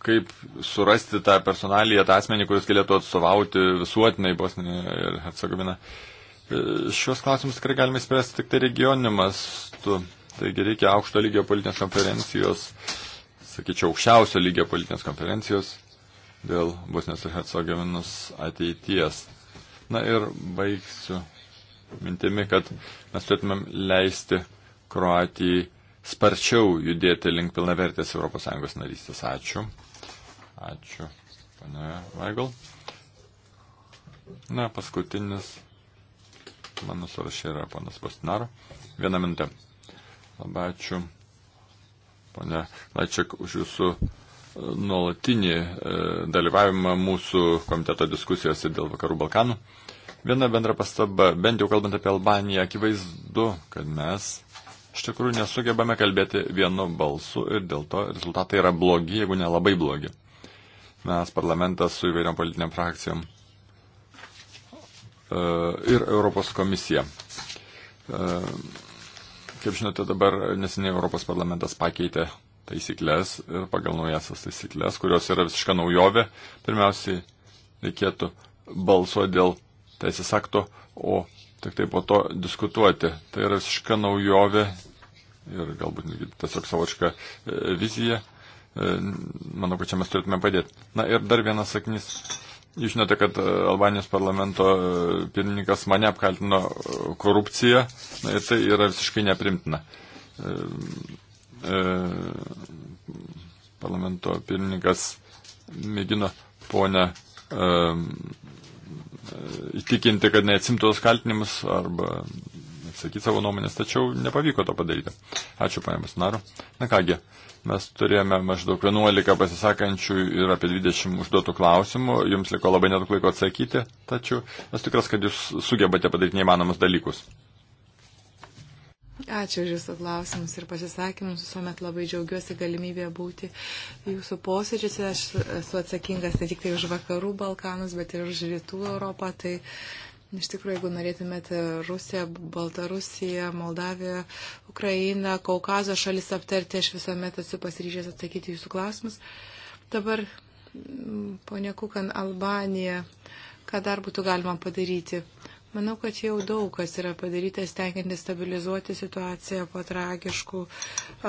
kaip surasti tą personaliją, tą asmenį, kuris galėtų atstovauti visuotinai Bosniją ir Hercegoviną. E, šios klausimus tikrai galime spręsti tik tai regioniniu mastu. Taigi reikia aukšto lygio politinės konferencijos, sakyčiau, aukščiausio lygio politinės konferencijos dėl Bosnijos ir Hercegovinos ateities. Na ir baigsiu mintimi, kad mes turėtumėm leisti Kroatijai sparčiau judėti link pilnavertės ES narystės. Ačiū. Ačiū, pane Vaigal. Na, paskutinis mano sąrašė yra panas Bostinaro. Vieną minutę. Labai ačiū, pane Laičiak, už jūsų nuolatinį e, dalyvavimą mūsų komiteto diskusijose dėl Vakarų Balkanų. Viena bendra pastaba, bent jau kalbant apie Albaniją, akivaizdu, kad mes iš tikrųjų nesugebame kalbėti vienu balsu ir dėl to rezultatai yra blogi, jeigu nelabai blogi. Mes parlamentas su įvairiam politiniam frakcijom e, ir Europos komisija. E, kaip žinote, dabar neseniai Europos parlamentas pakeitė taisyklės ir pagal naujasias taisyklės, kurios yra visiška naujovė, pirmiausiai reikėtų balsuoti dėl teisės akto, o tik tai po to diskutuoti. Tai yra visiška naujovė ir galbūt tiesiog savočka e, vizija. E, manau, kad čia mes turėtume padėti. Na ir dar vienas sakinys. Jūs žinote, kad e, Albanijos parlamento pirmininkas mane apkaltino korupciją. Na ir tai yra visiškai neprimtina. E, parlamento pirmininkas mėgino ponę e, įtikinti, kad neatsimtos kaltinimus arba sakyti savo nuomonės, tačiau nepavyko to padaryti. Ačiū, panė Masnaro. Na kągi, mes turėjome maždaug 11 pasisakančių ir apie 20 užduotų klausimų, jums liko labai nedaug laiko atsakyti, tačiau esu tikras, kad jūs sugebate padaryti neįmanomus dalykus. Ačiū už Jūsų klausimus ir pasisakymus. Visuomet labai džiaugiuosi galimybė būti Jūsų posėdžiuose. Aš esu atsakingas ne tik tai už vakarų Balkanus, bet ir už rytų Europą. Tai Iš tikrųjų, jeigu norėtumėte Rusiją, Baltarusiją, Moldaviją, Ukrainą, Kaukazo šalis aptarti, aš visuomet esu pasiryžęs atsakyti jūsų klausimus. Dabar, ponia Kukan, Albanija, ką dar būtų galima padaryti? Manau, kad jau daug kas yra padaryta, stengiantis stabilizuoti situaciją po tragiškų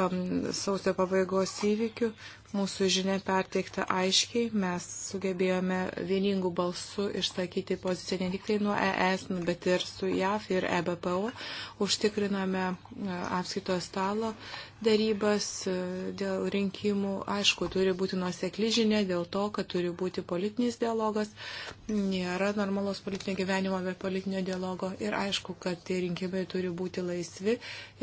um, sausio pabaigos įvykių. Mūsų žinia perteikta aiškiai, mes sugebėjome vieningų balsų išsakyti poziciją ne tik tai nuo ES, bet ir su JAF ir EBPO. Užtikriname apskito stalo darybas e, dėl rinkimų. Aišku, turi būti nuosekli žinia dėl to, kad turi būti politinis dialogas. Nėra normalos politinio gyvenimo be politinio dialogo. Ir aišku, kad tie rinkimai turi būti laisvi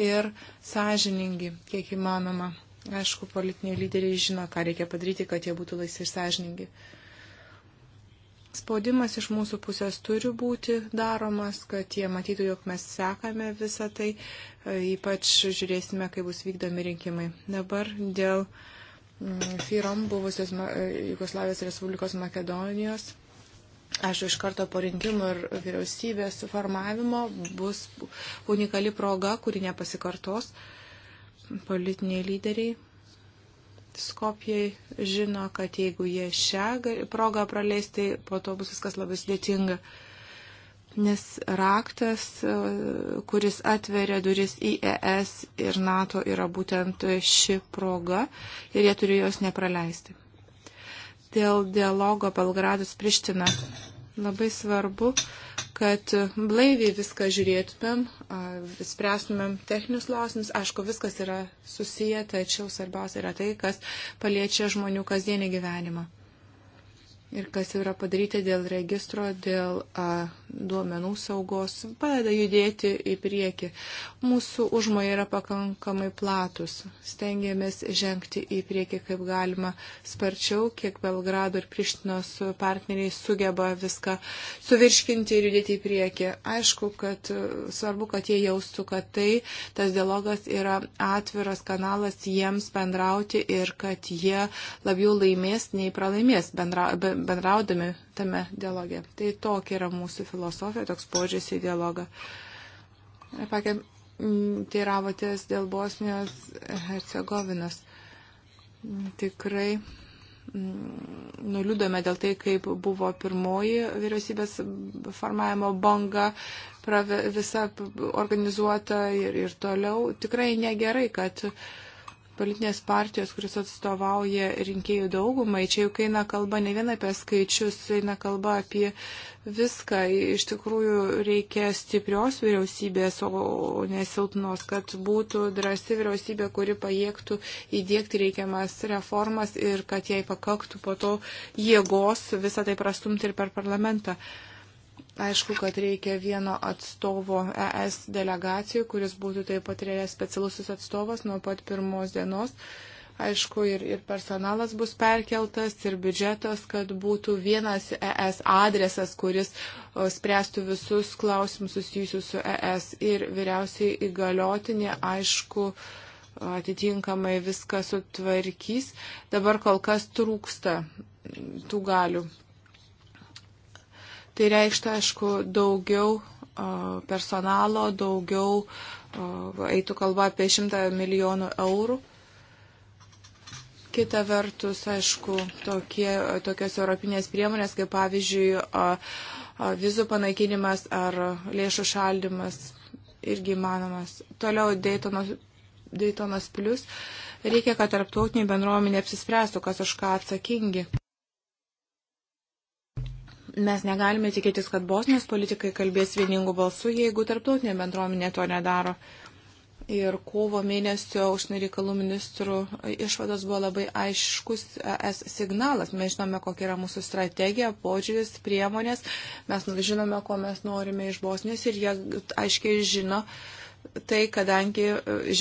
ir sąžiningi, kiek įmanoma. Aišku, politiniai lyderiai žino, ką reikia padaryti, kad jie būtų laisvi ir sąžiningi. Spaudimas iš mūsų pusės turi būti daromas, kad jie matytų, jog mes sekame visą tai, e, ypač žiūrėsime, kaip bus vykdomi rinkimai. Dabar dėl mm, FIROM buvusios e, Jugoslavijos Respublikos Makedonijos Aišku, iš karto po rinkimų ir vyriausybės formavimo bus unikali proga, kuri nepasikartos. Uh, politiniai lyderiai Skopijai žino, kad jeigu jie šią progą praleis, tai po to bus viskas labai sudėtinga. Nes raktas, e, kuris atveria duris į ES ir NATO, yra būtent ši proga ir jie turi jos nepraleisti. Dėl dialogo Belgradas Priština Labai svarbu, kad blaiviai viską žiūrėtumėm, spręstumėm techninius klausimus. Aišku, viskas yra susiję, tačiau svarbiausia yra tai, kas paliečia žmonių kasdienį gyvenimą ir kas yra padaryti dėl registro, dėl a, duomenų saugos, padeda judėti į priekį. Mūsų užmojai yra pakankamai platus. Stengiamės žengti į priekį kaip galima sparčiau, kiek Belgrado ir Prištinos partneriai sugeba viską suvirškinti ir judėti į priekį. Aišku, kad e, svarbu, kad jie jaustų, kad tai, tas dialogas yra atviras kanalas jiems bendrauti ir kad jie labiau laimės nei pralaimės bendra, be, bendraudami tame dialoge. Tai tokia yra mūsų filosofija, toks požiūris į dialogą. Pakė, teiravotės dėl Bosnijos Hercegovinos. Tikrai nuliūdome dėl tai, kaip buvo pirmoji vyriausybės formavimo banga, visa organizuota ir, ir toliau. Tikrai negerai, kad uh, politinės partijos, kuris atstovauja rinkėjų daugumai. Čia juk eina kalba ne viena apie skaičius, eina kalba apie viską. Iš tikrųjų reikia stiprios vyriausybės, o nesilpnos, kad būtų drąsi vyriausybė, kuri pajėgtų įdėkti reikiamas reformas ir kad jai pakaktų po to jėgos visą tai prastumti ir per parlamentą. Uh, Aišku, kad reikia vieno atstovo ES delegacijų, kuris būtų taip pat rejas specialusis atstovas nuo pat pirmos dienos. Aišku, ir, ir personalas bus perkeltas, ir biudžetas, kad būtų vienas ES adresas, kuris spręstų visus klausimus susijusius su ES. Ir vyriausiai įgaliotinė, aišku, atitinkamai viską sutvarkys. Dabar kol kas trūksta tų galių. Tai reikštų, aišku, daugiau personalo, daugiau eitų kalba apie 100 milijonų eurų. Kita vertus, aišku, tokie, tokios europinės priemonės, kaip pavyzdžiui vizų panaikinimas ar lėšų šaldimas, irgi įmanomas. Toliau Daytonos, Daytonos plus. Reikia, kad tarptautiniai bendruomenė apsispręstų, kas už ką atsakingi. Mes negalime tikėtis, kad Bosnijos politikai kalbės vieningų balsų, jeigu tarptautinė bendruomenė to nedaro. Ir kovo mėnesio užsienio reikalų ministrų išvados buvo labai aiškus es signalas. Mes žinome, kokia yra mūsų strategija, požiūris, priemonės. Mes žinome, ko mes norime iš Bosnijos ir jie aiškiai žino, tai, kadangi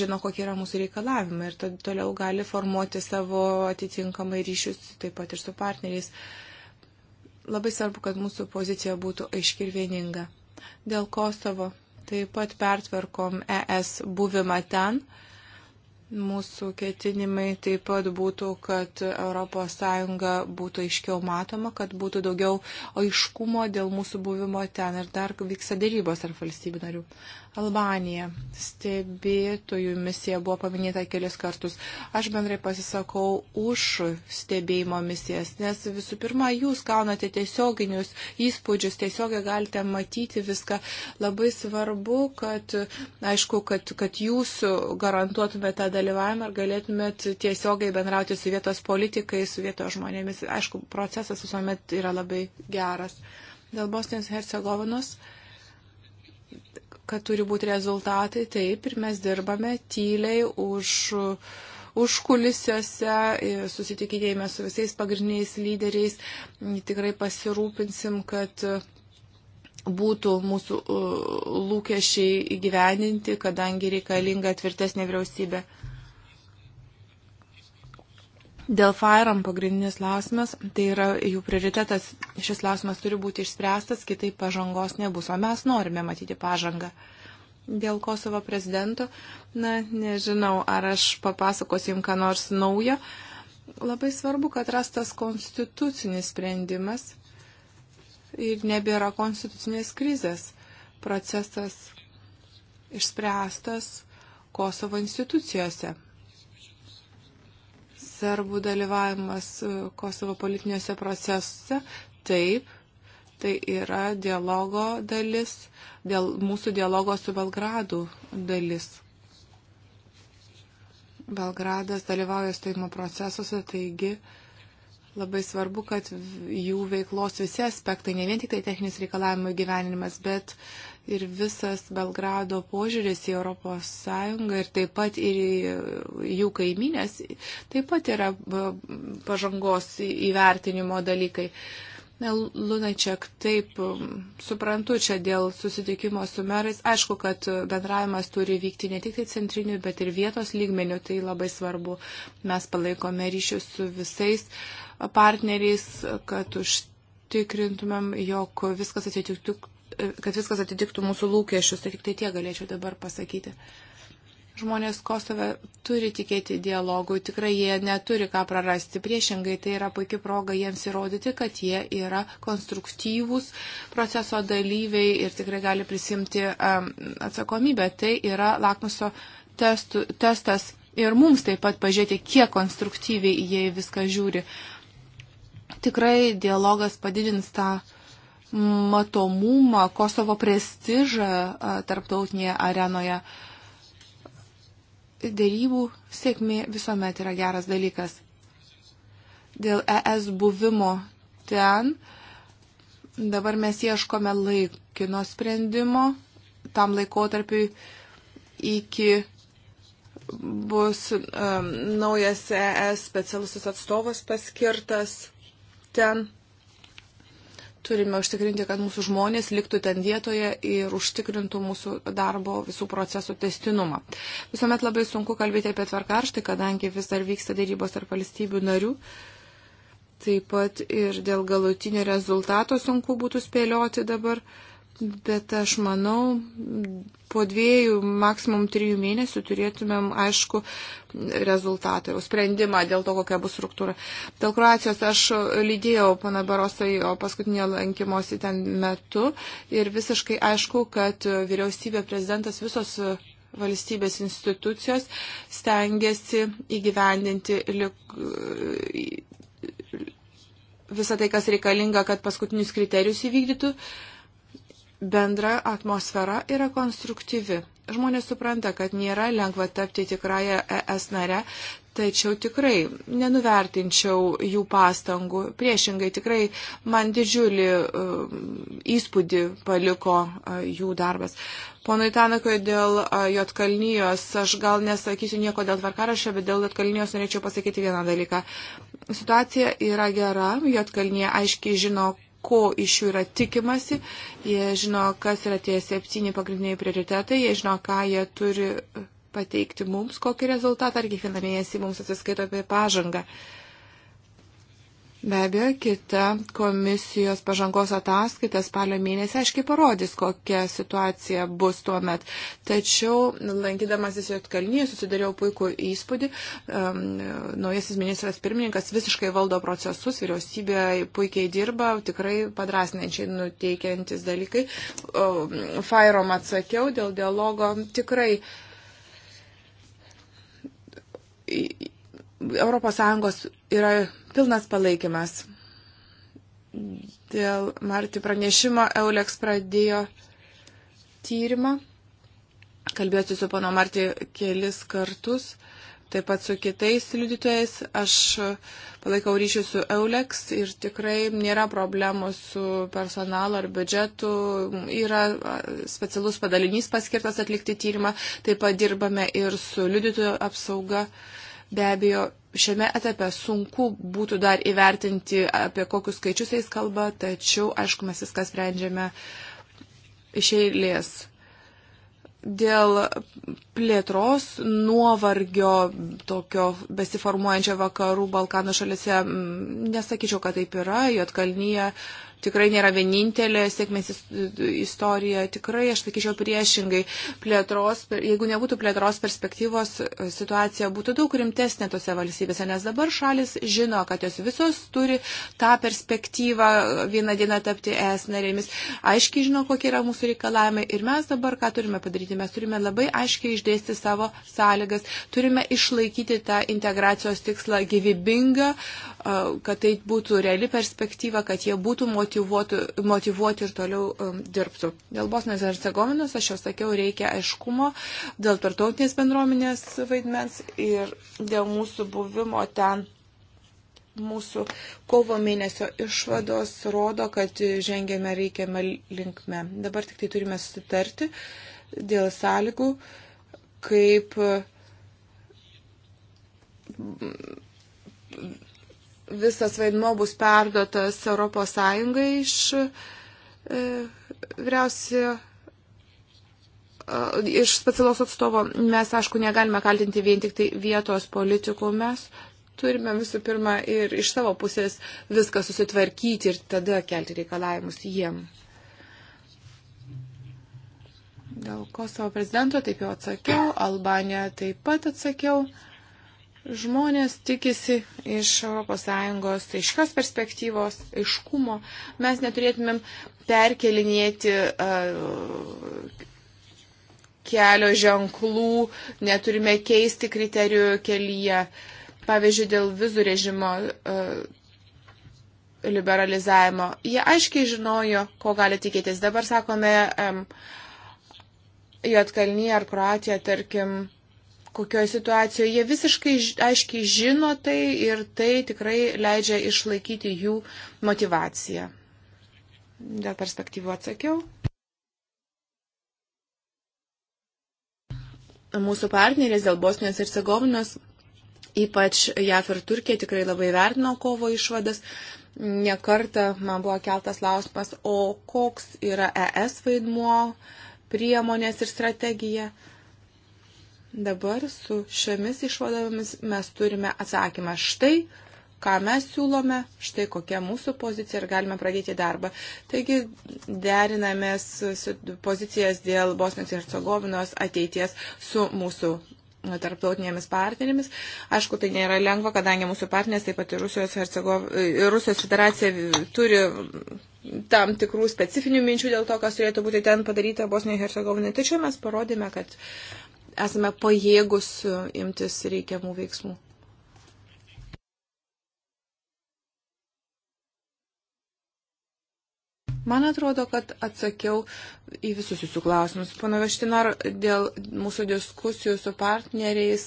žino, kokie yra mūsų reikalavimai ir toliau gali formuoti savo atitinkamai ryšius taip pat ir su partneriais. Labai svarbu, kad mūsų pozicija būtų aiški ir vieninga. Dėl Kosovo taip pat pertvarkom ES buvimą ten. Uh, Mūsų ketinimai taip pat būtų, kad ES būtų aiškiau matoma, kad būtų daugiau aiškumo dėl mūsų buvimo ten ir dar vyksta dėrybos ar valstybių narių. Albanija. Stebėtojų misija buvo paminėta kelias kartus. Aš bendrai pasisakau už stebėjimo misijas, nes visų pirma, jūs gaunate tiesioginius įspūdžius, tiesiogiai galite matyti viską. Labai svarbu, kad, aišku, kad, kad jūs garantuotumėte tą dalyvavimą, ar galėtumėt tiesiogiai bendrauti su vietos politikai, su vietos žmonėmis. Aišku, procesas visuomet yra labai geras. Dėl Bosnijos Hercegovinos, kad turi būti rezultatai, taip, ir mes dirbame tyliai už užkulisiuose, susitikinėjame su visais pagrindiniais lyderiais, tikrai pasirūpinsim, kad būtų mūsų lūkesčiai įgyveninti, kadangi reikalinga tvirtesnė vyriausybė. Dėl FIRAM pagrindinis klausimas, tai yra jų prioritetas, šis klausimas turi būti išspręstas, kitaip pažangos nebus, o mes norime matyti pažangą. Dėl Kosovo prezidento, na, nežinau, ar aš papasakosiu jums ką nors naujo. Labai svarbu, kad rastas konstitucinis sprendimas ir nebėra konstitucinės krizės. Procesas išspręstas Kosovo institucijose serbų dalyvavimas e, Kosovo politiniuose procesuose. Taip, tai yra dialogo dalis, dėl mūsų dialogo su Belgradu dalis. Belgradas dalyvauja stojimo procesuose, taigi uh, Labai svarbu, kad jų veiklos visi aspektai, ne vien tik tai techninis reikalavimų gyvenimas, bet ir visas Belgrado požiūris į ES ir taip pat ir jų kaiminės, taip pat yra pažangos įvertinimo dalykai. Uh, Na, Lunačiak, taip, um, suprantu čia dėl susitikimo su merais. Aišku, kad bendravimas turi vykti ne tik tai centriniu, bet ir vietos lygmeniu, tai labai svarbu. Mes palaikome ryšius su visais partneriais, kad užtikrintumėm, jog viskas atitiktų, kad viskas atitiktų mūsų lūkesčius. Tai tik tai tie galėčiau dabar pasakyti. Uh, Žmonės Kosove turi tikėti dialogui, tikrai jie neturi ką prarasti. Priešingai, tai yra puikia proga jiems įrodyti, kad jie yra konstruktyvūs proceso dalyviai ir tikrai gali prisimti um, atsakomybę. Tai yra lakmuso testu, testas ir mums taip pat pažiūrėti, kiek konstruktyviai jie viską žiūri. Tikrai dialogas padidins tą matomumą, Kosovo prestižą uh, tarptautinėje arenoje. Uh, dėrybų sėkmė visuomet yra geras dalykas. Dėl ES buvimo ten dabar mes ieškome laikino sprendimo tam laikotarpiu iki bus um, naujas ES specialusis atstovas paskirtas ten. Turime užtikrinti, kad mūsų žmonės liktų ten vietoje ir užtikrintų mūsų darbo visų procesų testinumą. Visuomet labai sunku kalbėti apie tvarkarštį, kadangi vis dar vyksta dėrybos tarp valstybių narių. Taip pat ir dėl galutinio rezultato sunku būtų spėlioti dabar. Uh, Bet aš manau, po dviejų, maksimum trijų mėnesių turėtumėm, aišku, rezultatą, jau sprendimą dėl to, kokia bus struktūra. Dėl Kroacijos aš lydėjau pana Barosai paskutinio lankymosi ten metu ir visiškai aišku, kad vyriausybė, prezidentas, visos valstybės institucijos stengiasi įgyvendinti visą tai, kas reikalinga, kad paskutinius kriterijus įvykdytų bendra atmosfera yra konstruktyvi. Žmonės supranta, kad nėra lengva tapti tikrąją ES nare, tačiau tikrai nenuvertinčiau jų pastangų. Priešingai, tikrai man didžiulį uh, įspūdį paliko uh, jų darbas. Ponui Tanakui dėl uh, Jotkalnyjos, aš gal nesakysiu nieko dėl tvarkarašio, bet dėl Jotkalnyjos norėčiau pasakyti vieną dalyką. Situacija yra gera, Jotkalnyje aiškiai žino, ko iš jų yra tikimasi, jie žino, kas yra tie septyni pagrindiniai prioritetai, jie žino, ką jie turi pateikti mums, kokį rezultatą, ar kiekvieną mėnesį mums atsiskaito apie pažangą. Uh, Be abejo, kita komisijos pažangos ataskaita spalio mėnesį aiškiai parodys, kokia situacija bus tuo met. Tačiau, lankydamasis Jotkalnyje, susidariau puikų įspūdį. Um, naujasis ministras pirmininkas visiškai valdo procesus, vyriausybė puikiai dirba, tikrai padrasnenčiai nuteikiantis dalykai. Um, Fairom atsakiau dėl dialogo tikrai ES yra pilnas palaikymas. Dėl Marti pranešimo Euleks pradėjo tyrimą. Kalbėsiu su pono Marti kelis kartus, taip pat su kitais liudytojais. Aš palaikau ryšį su Euleks ir tikrai nėra problemų su personalu ar biudžetu. Yra specialus padalinys paskirtas atlikti tyrimą. Taip pat dirbame ir su liudytojų apsauga. Uh, Be abejo, šiame etape sunku būtų dar įvertinti, apie kokius skaičius jais kalba, tačiau, aišku, mes viską sprendžiame iš eilės. Dėl plėtros nuovargio tokio besiformuojančio vakarų Balkanų šalise, mm, nesakyčiau, kad taip yra, Jotkalnyje tikrai nėra vienintelė sėkmės istorija, tikrai, aš sakyčiau, priešingai, plėtros, jeigu nebūtų plėtros perspektyvos, situacija būtų daug rimtesnė tose valstybėse, nes dabar šalis žino, kad jos visos turi tą perspektyvą vieną dieną tapti es narėmis, aiškiai žino, kokie yra mūsų reikalavimai ir mes dabar ką turime padaryti, mes turime labai aiškiai išdėstyti išdėsti savo sąlygas. Turime išlaikyti tą integracijos tikslą gyvybingą, kad tai būtų reali perspektyva, kad jie būtų motivuoti ir toliau dirbtų. Dėl Bosnijos ir Hercegovinos, aš jau sakiau, reikia aiškumo dėl tartautinės bendruomenės vaidmens ir dėl mūsų buvimo ten mūsų kovo mėnesio išvados rodo, kad žengėme reikiamą linkmę. Dabar tik tai turime susitarti dėl sąlygų, kaip visas vaidmo bus perduotas Europos Sąjungai iš e, vyriausio e, iš specialaus atstovo. Mes, aišku, negalime kaltinti vien tik tai vietos politikų. Mes turime visų pirma ir iš savo pusės viską susitvarkyti ir tada kelti reikalavimus jiem. Dėl Kosovo prezidento taip jau atsakiau, Albanija taip pat atsakiau. Žmonės tikisi iš ES aiškios perspektyvos, aiškumo. Mes neturėtumėm perkelinėti uh, kelio ženklų, neturime keisti kriterijų kelyje. Pavyzdžiui, dėl vizų režimo uh, liberalizavimo. Jie aiškiai žinojo, ko gali tikėtis. Dabar sakome, um, į Atkalnyje ar Kroatiją, tarkim, kokioje situacijoje. Jie visiškai aiškiai žino tai ir tai tikrai leidžia išlaikyti jų motivaciją. Dėl perspektyvų atsakiau. Mūsų partnerės dėl Bosnijos ir Segovinos, ypač JAF ir Turkija, tikrai labai vertino kovo išvadas. Nekarta man buvo keltas lausmas, o koks yra ES vaidmuo uh, priemonės ir strategija. Dabar su šiomis išvadomis mes turime atsakymą. Štai, ką mes siūlome, štai kokia mūsų pozicija ir galime pradėti darbą. Taigi derinamės pozicijas dėl Bosnijos ir Hercegovinos ateities su mūsų tarptautinėmis partnerėmis. Aišku, tai nėra lengva, kadangi mūsų partnerės, taip pat ir Rusijos, Hercegov... Rusijos federacija turi tam tikrų specifinių minčių dėl to, kas turėtų būti ten padaryta Bosnijoje ir Hercegovinoje. Tačiau mes parodėme, kad esame pajėgus imtis reikiamų veiksmų. Man atrodo, kad atsakiau į visus jūsų klausimus. Pana Veštinar, dėl mūsų diskusijų su partneriais,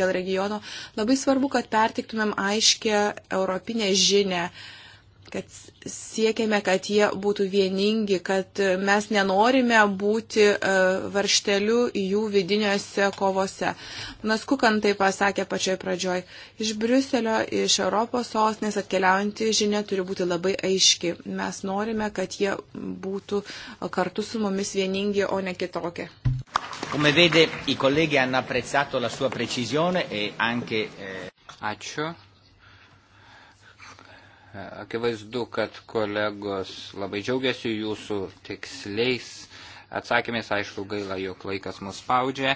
dėl regiono, labai svarbu, kad pertiktumėm aiškę europinę žinę. Uh, kad siekiame, kad jie būtų vieningi, kad mes nenorime būti e, varšteliu jų vidiniuose kovose. Nas Kukan tai pasakė pačioj pradžioj. Iš Briuselio, iš Europos sostinės atkeliaujanti žinia turi būti labai aiški. Mes norime, kad jie būtų kartu su mumis vieningi, o ne kitokie. Come vede, i colleghi hanno apprezzato la sua precisione e anche... Eh... Ačiū Akivaizdu, kad kolegos labai džiaugiasi jūsų tiksliais atsakymės, aišku, gaila, jog laikas mus spaudžia,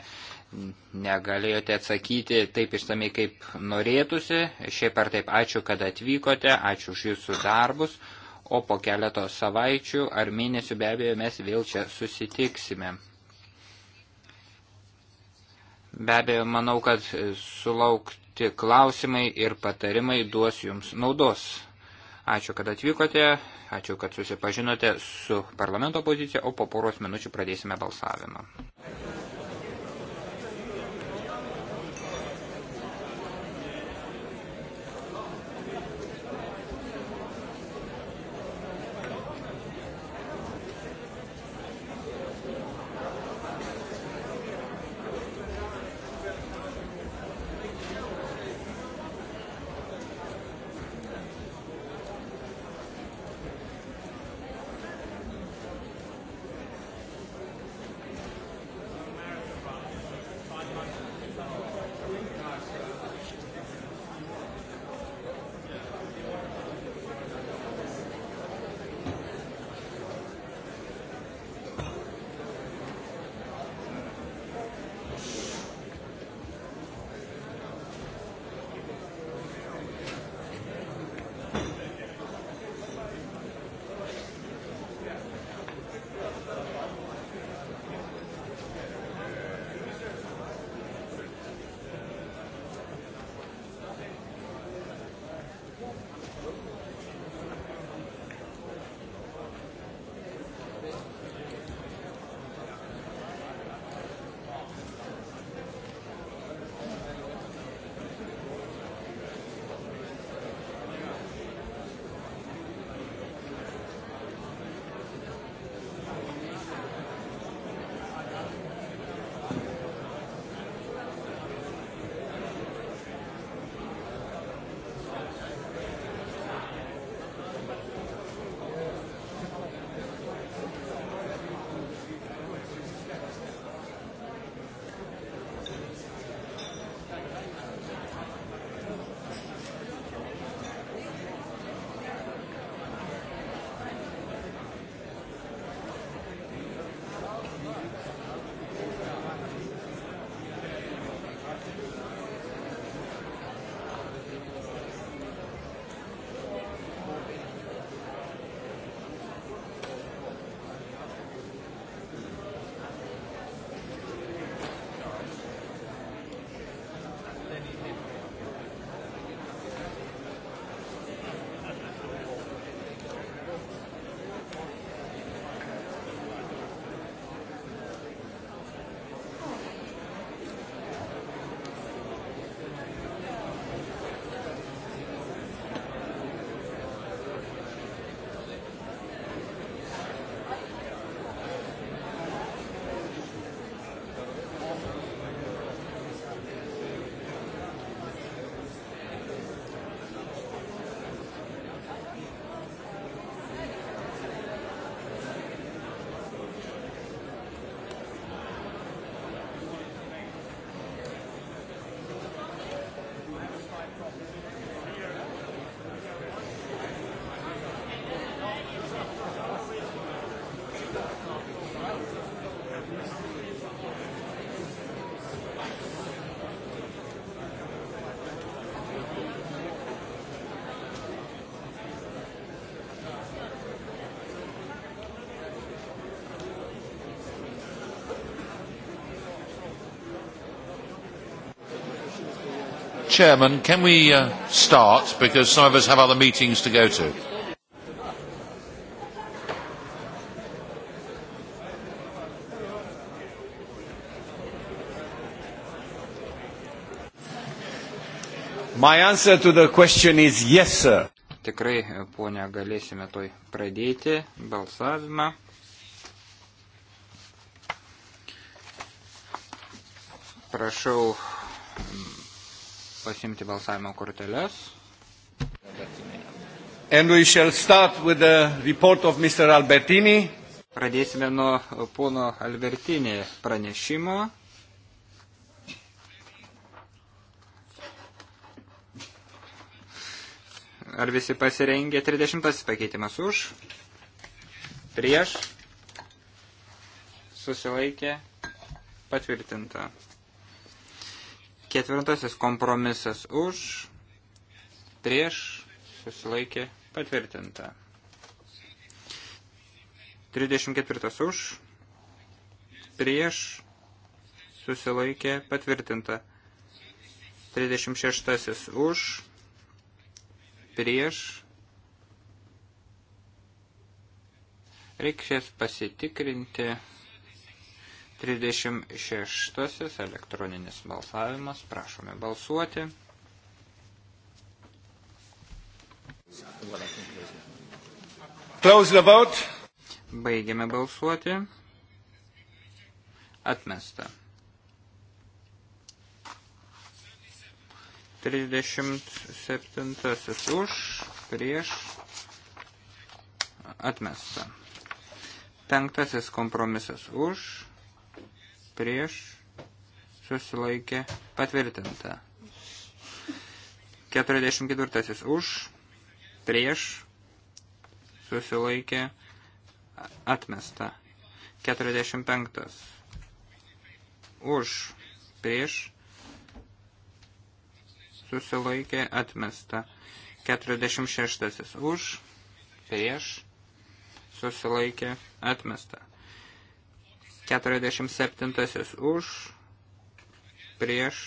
negalėjote atsakyti taip išsamei, kaip norėtųsi, šiaip ar taip ačiū, kad atvykote, ačiū už jūsų darbus, o po keleto savaičių ar mėnesių be abejo mes vėl čia susitiksime. Be abejo, manau, kad sulaukti klausimai ir patarimai duos jums naudos. Ačiū, kad atvykote, ačiū, kad susipažinote su parlamento pozicija, o po poros minučių pradėsime balsavimą. Chairman, can we uh, start because some of us have other meetings to go to? My answer to the question is yes, sir. Tikrai, e, ponia, galėsime toj pradėti balsavimą. Prašau pasimti balsavimo korteles. And we shall start with the report of Mr. Albertini. Pradėsime nuo pono Albertini pranešimo. Ar visi pasirengė 30 pakeitimas už? Prieš? Susilaikė? Patvirtinta. Ketvirtasis kompromisas už, prieš, susilaikė, patvirtinta. 34 už, prieš, susilaikė, patvirtinta. 36 už, prieš, reikės pasitikrinti. 36 elektroninis balsavimas. Prašome balsuoti. Close the vote. Baigiame balsuoti. Atmesta. 37 už, prieš, atmesta. Penktasis kompromisas už prieš susilaikė patvirtinta. 44 už prieš susilaikė atmesta. 45 už prieš susilaikė atmesta. 46 už prieš susilaikė atmesta. 47 už, prieš,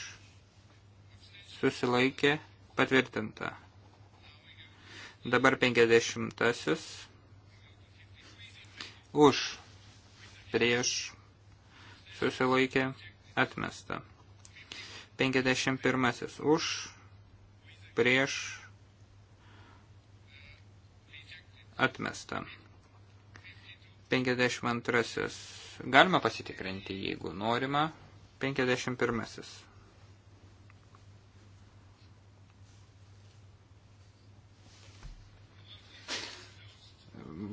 susilaikė, patvirtinta. Dabar 50 už, prieš, susilaikė, atmesta. 51 už, prieš, atmesta. 52 Galima pasitikrinti, jeigu norima. 51.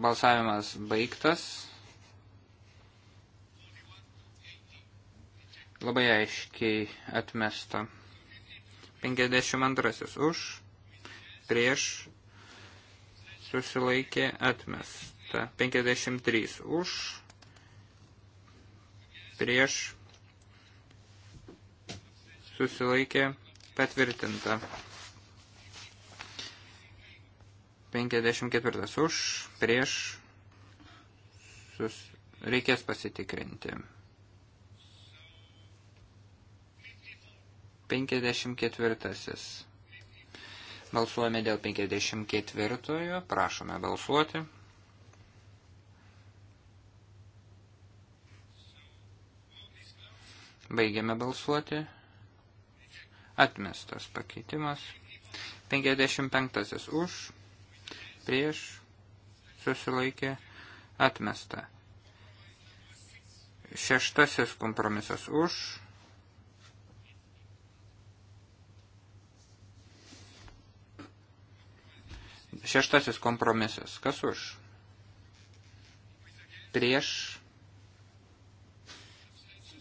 Balsavimas baigtas. Labai aiškiai atmesta. 52. Už, prieš, susilaikė atmesta. 53. Už, prieš susilaikė patvirtinta. 54 už, prieš sus... reikės pasitikrinti. 54. Balsuojame dėl 54. Prašome balsuoti. Baigiame balsuoti. Atmestas pakeitimas. 55 už, prieš, susilaikė, atmesta. Šeštasis kompromisas už. Šeštasis kompromisas. Kas už? Prieš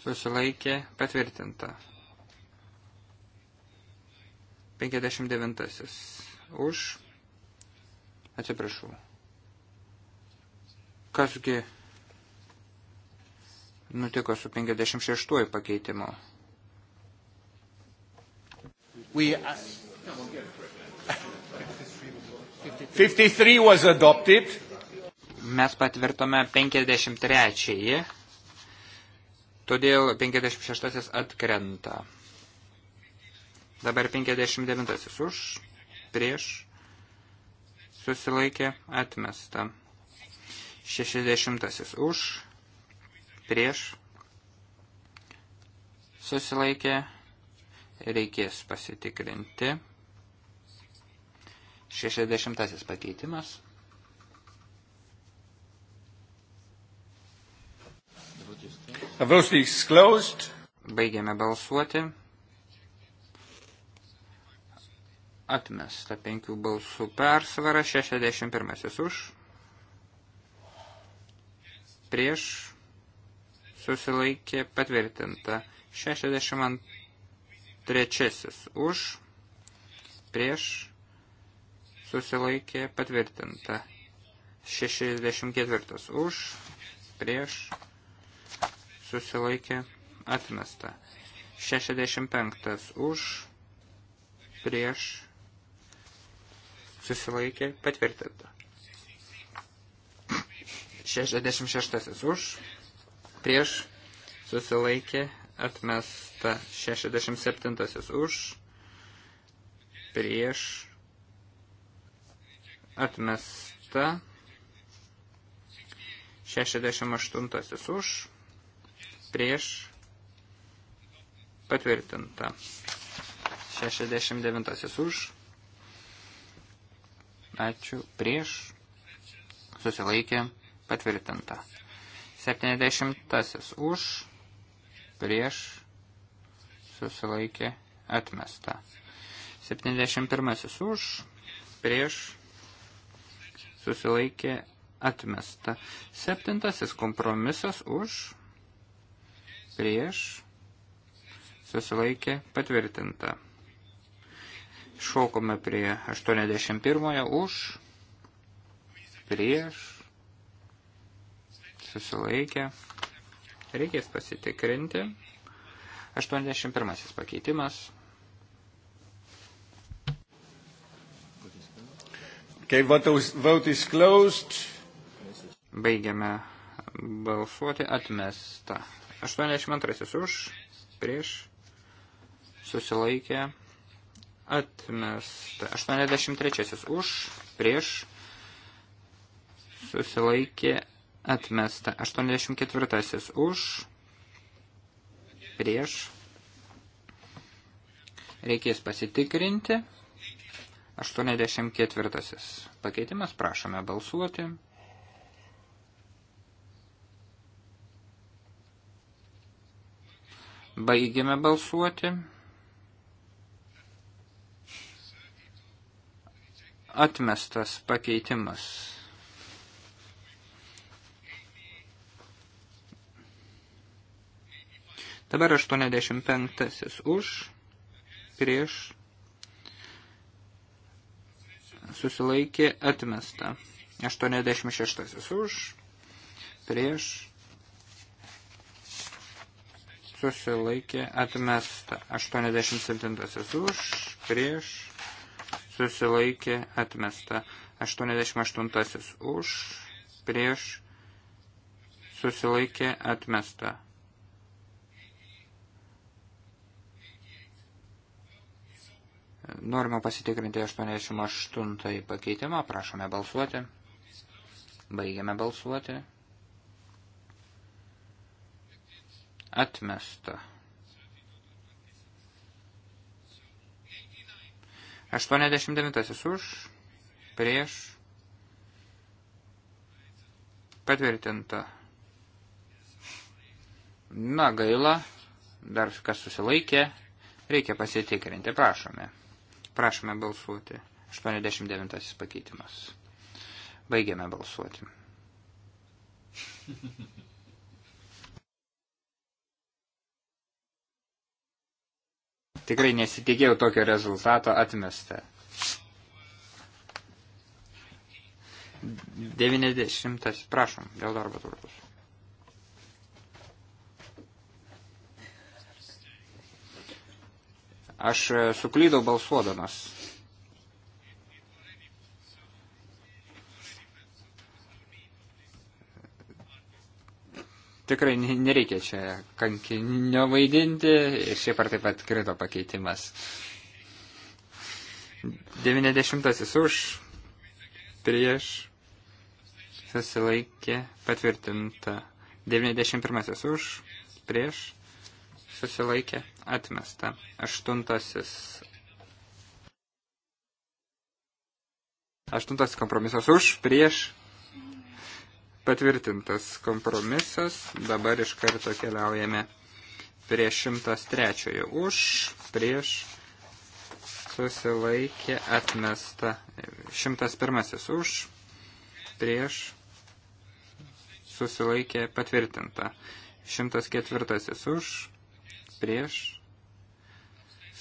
susilaikė patvirtinta. 59. Už. Atsiprašau. Kasgi nutiko su 56 pakeitimu? We, uh, 53 was adopted. Mes patvirtome 53. -ąjį. Todėl 56 atkrenta. Dabar 59 už, prieš, susilaikė, atmesta. 60 už, prieš, susilaikė, reikės pasitikrinti. 60 pakeitimas. Baigėme balsuoti. Atmesta penkių balsų persvara, 61 už, prieš susilaikė patvirtinta, 63 už, prieš susilaikė patvirtinta, 64 už, prieš susilaikė atmesta. 65 už, prieš, susilaikė patvirtinta. 66 už, prieš, susilaikė atmesta. 67 už, prieš, atmesta. 68 už, prieš patvirtinta. 69 už. Ačiū. Prieš. Susilaikė. Patvirtinta. 70 už. Prieš. Susilaikė. Atmesta. 71 už. Prieš. Susilaikė. Atmesta. Septintasis kompromisas už prieš, susilaikė patvirtinta. Šokome prie 81 už, prieš, susilaikė. Reikės pasitikrinti. 81 pakeitimas. Okay, vote is closed. Baigiame balsuoti atmestą. 82 už, prieš, susilaikė, atmesta. 83 už, prieš, susilaikė, atmesta. 84 už, prieš, reikės pasitikrinti. 84 pakeitimas, prašome balsuoti. Baigiame balsuoti. Atmestas pakeitimas. Dabar 85 už, prieš, susilaikė atmesta. 86 už, prieš, susilaikė atmesta. 87 už, prieš, susilaikė atmesta. 88 už, prieš, susilaikė atmesta. Norime pasitikrinti 88 pakeitimą, prašome balsuoti. Baigiame balsuoti. Atmesta. 89 už, prieš, patvirtinta. Na, gaila, dar kas susilaikė, reikia pasitikrinti, prašome. Prašome balsuoti. 89 pakeitimas. Baigiame balsuoti. [LAUGHS] Tikrai nesitikėjau tokio rezultato atmesta. 90, prašom, dėl darbo turkus. Aš suklydau balsuodamas. Tikrai nereikia čia kankinio vaidinti ir šiaip ar taip pat krito pakeitimas. 90 už, prieš, susilaikė, patvirtinta. 91 už, prieš, susilaikė, atmesta. 8 Aštuntas kompromisas už, prieš, Patvirtintas kompromisas. Dabar iš karto keliaujame prie 103 už, prieš susilaikė atmesta. 101 už, prieš susilaikė patvirtinta. 104 už, prieš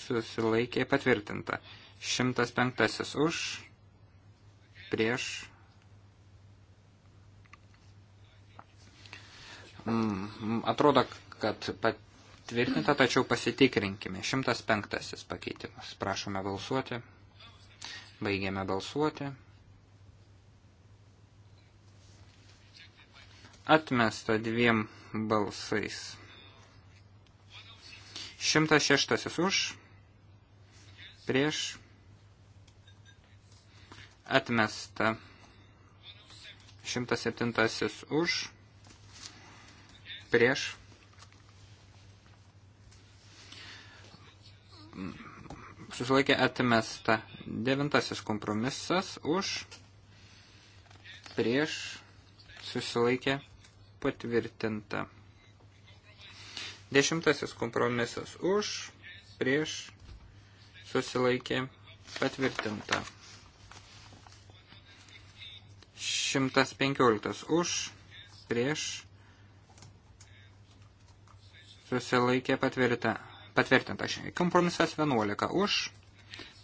susilaikė patvirtinta. 105 už, prieš Mm, atrodo, kad patvirtinta, tačiau pasitikrinkime. 105 pakeitimas. Prašome balsuoti. Baigėme balsuoti. Atmesta dviem balsais. 106 už, prieš, atmesta. 107 už prieš. Susilaikė atmesta. Devintasis kompromisas už prieš susilaikė patvirtinta. Dešimtasis kompromisas už prieš susilaikė patvirtinta. 115 už, prieš, susilaikė patvirta, patvirtinta. Kompromisas 11 už,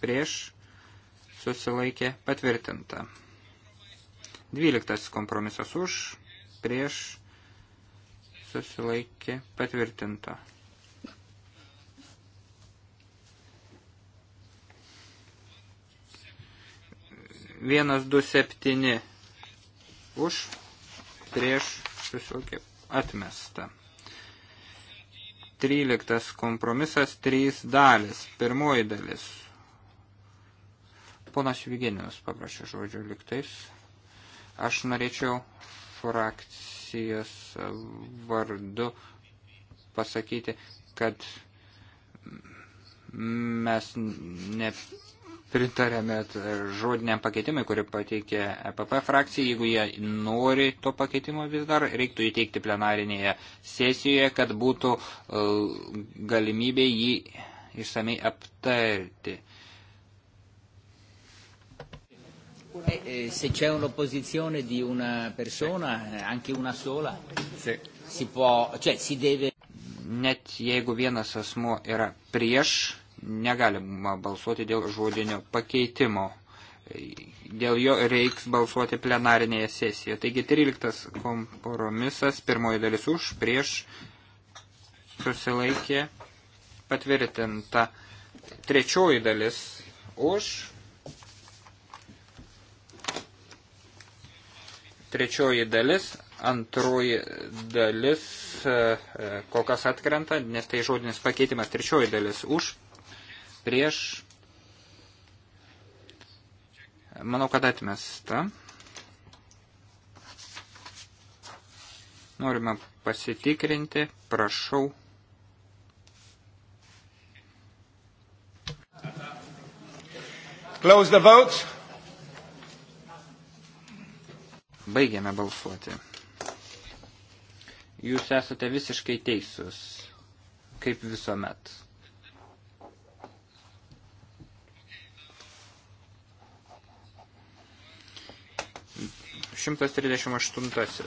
prieš, susilaikė patvirtinta. 12 kompromisas už, prieš, susilaikė patvirtinta. Vienas, du, septyni už, prieš, susilaikė atmesta. 13 kompromisas 3 dalis. Pirmoji dalis. Ponas Vigenius paprašė žodžio liktais. Aš norėčiau frakcijos vardu pasakyti, kad mes ne pritarėme žodiniam pakeitimui, kurį pateikė EPP frakcija. Jeigu jie nori to pakeitimo vis dar, reiktų įteikti plenarinėje sesijoje, kad būtų e, galimybė jį išsamei aptarti. Eh, eh, se c'è un'opposizione di una persona, eh, anche una sola, si può, cioè si deve. Net jeigu vienas asmo yra prieš negalima balsuoti dėl žodinio pakeitimo. Dėl jo reiks balsuoti plenarinėje sesijoje. Taigi 13 kompromisas, pirmoji dalis už, prieš susilaikė patvirtinta. Trečioji dalis už. Trečioji dalis, antroji dalis e, e, kol kas atkrenta, nes tai žodinis pakeitimas. Trečioji dalis už, prieš. Manau, kad atmesta. Norime pasitikrinti, prašau. Close the vote. Baigiame balsuoti. Jūs esate visiškai teisūs, kaip visuomet. 138.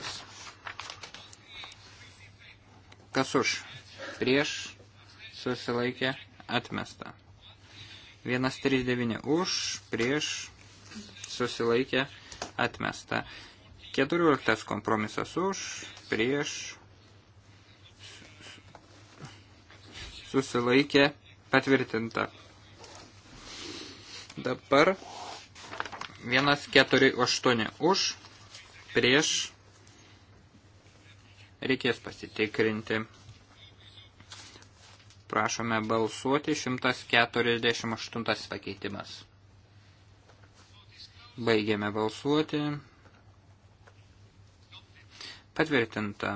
Kas už? Prieš susilaikė atmesta. 139 už, prieš susilaikė atmesta. 14 kompromisas už, prieš susilaikė patvirtinta. Dabar 148 už, prieš, reikės pasitikrinti. Prašome balsuoti 148 pakeitimas. Baigiame balsuoti. Patvirtinta.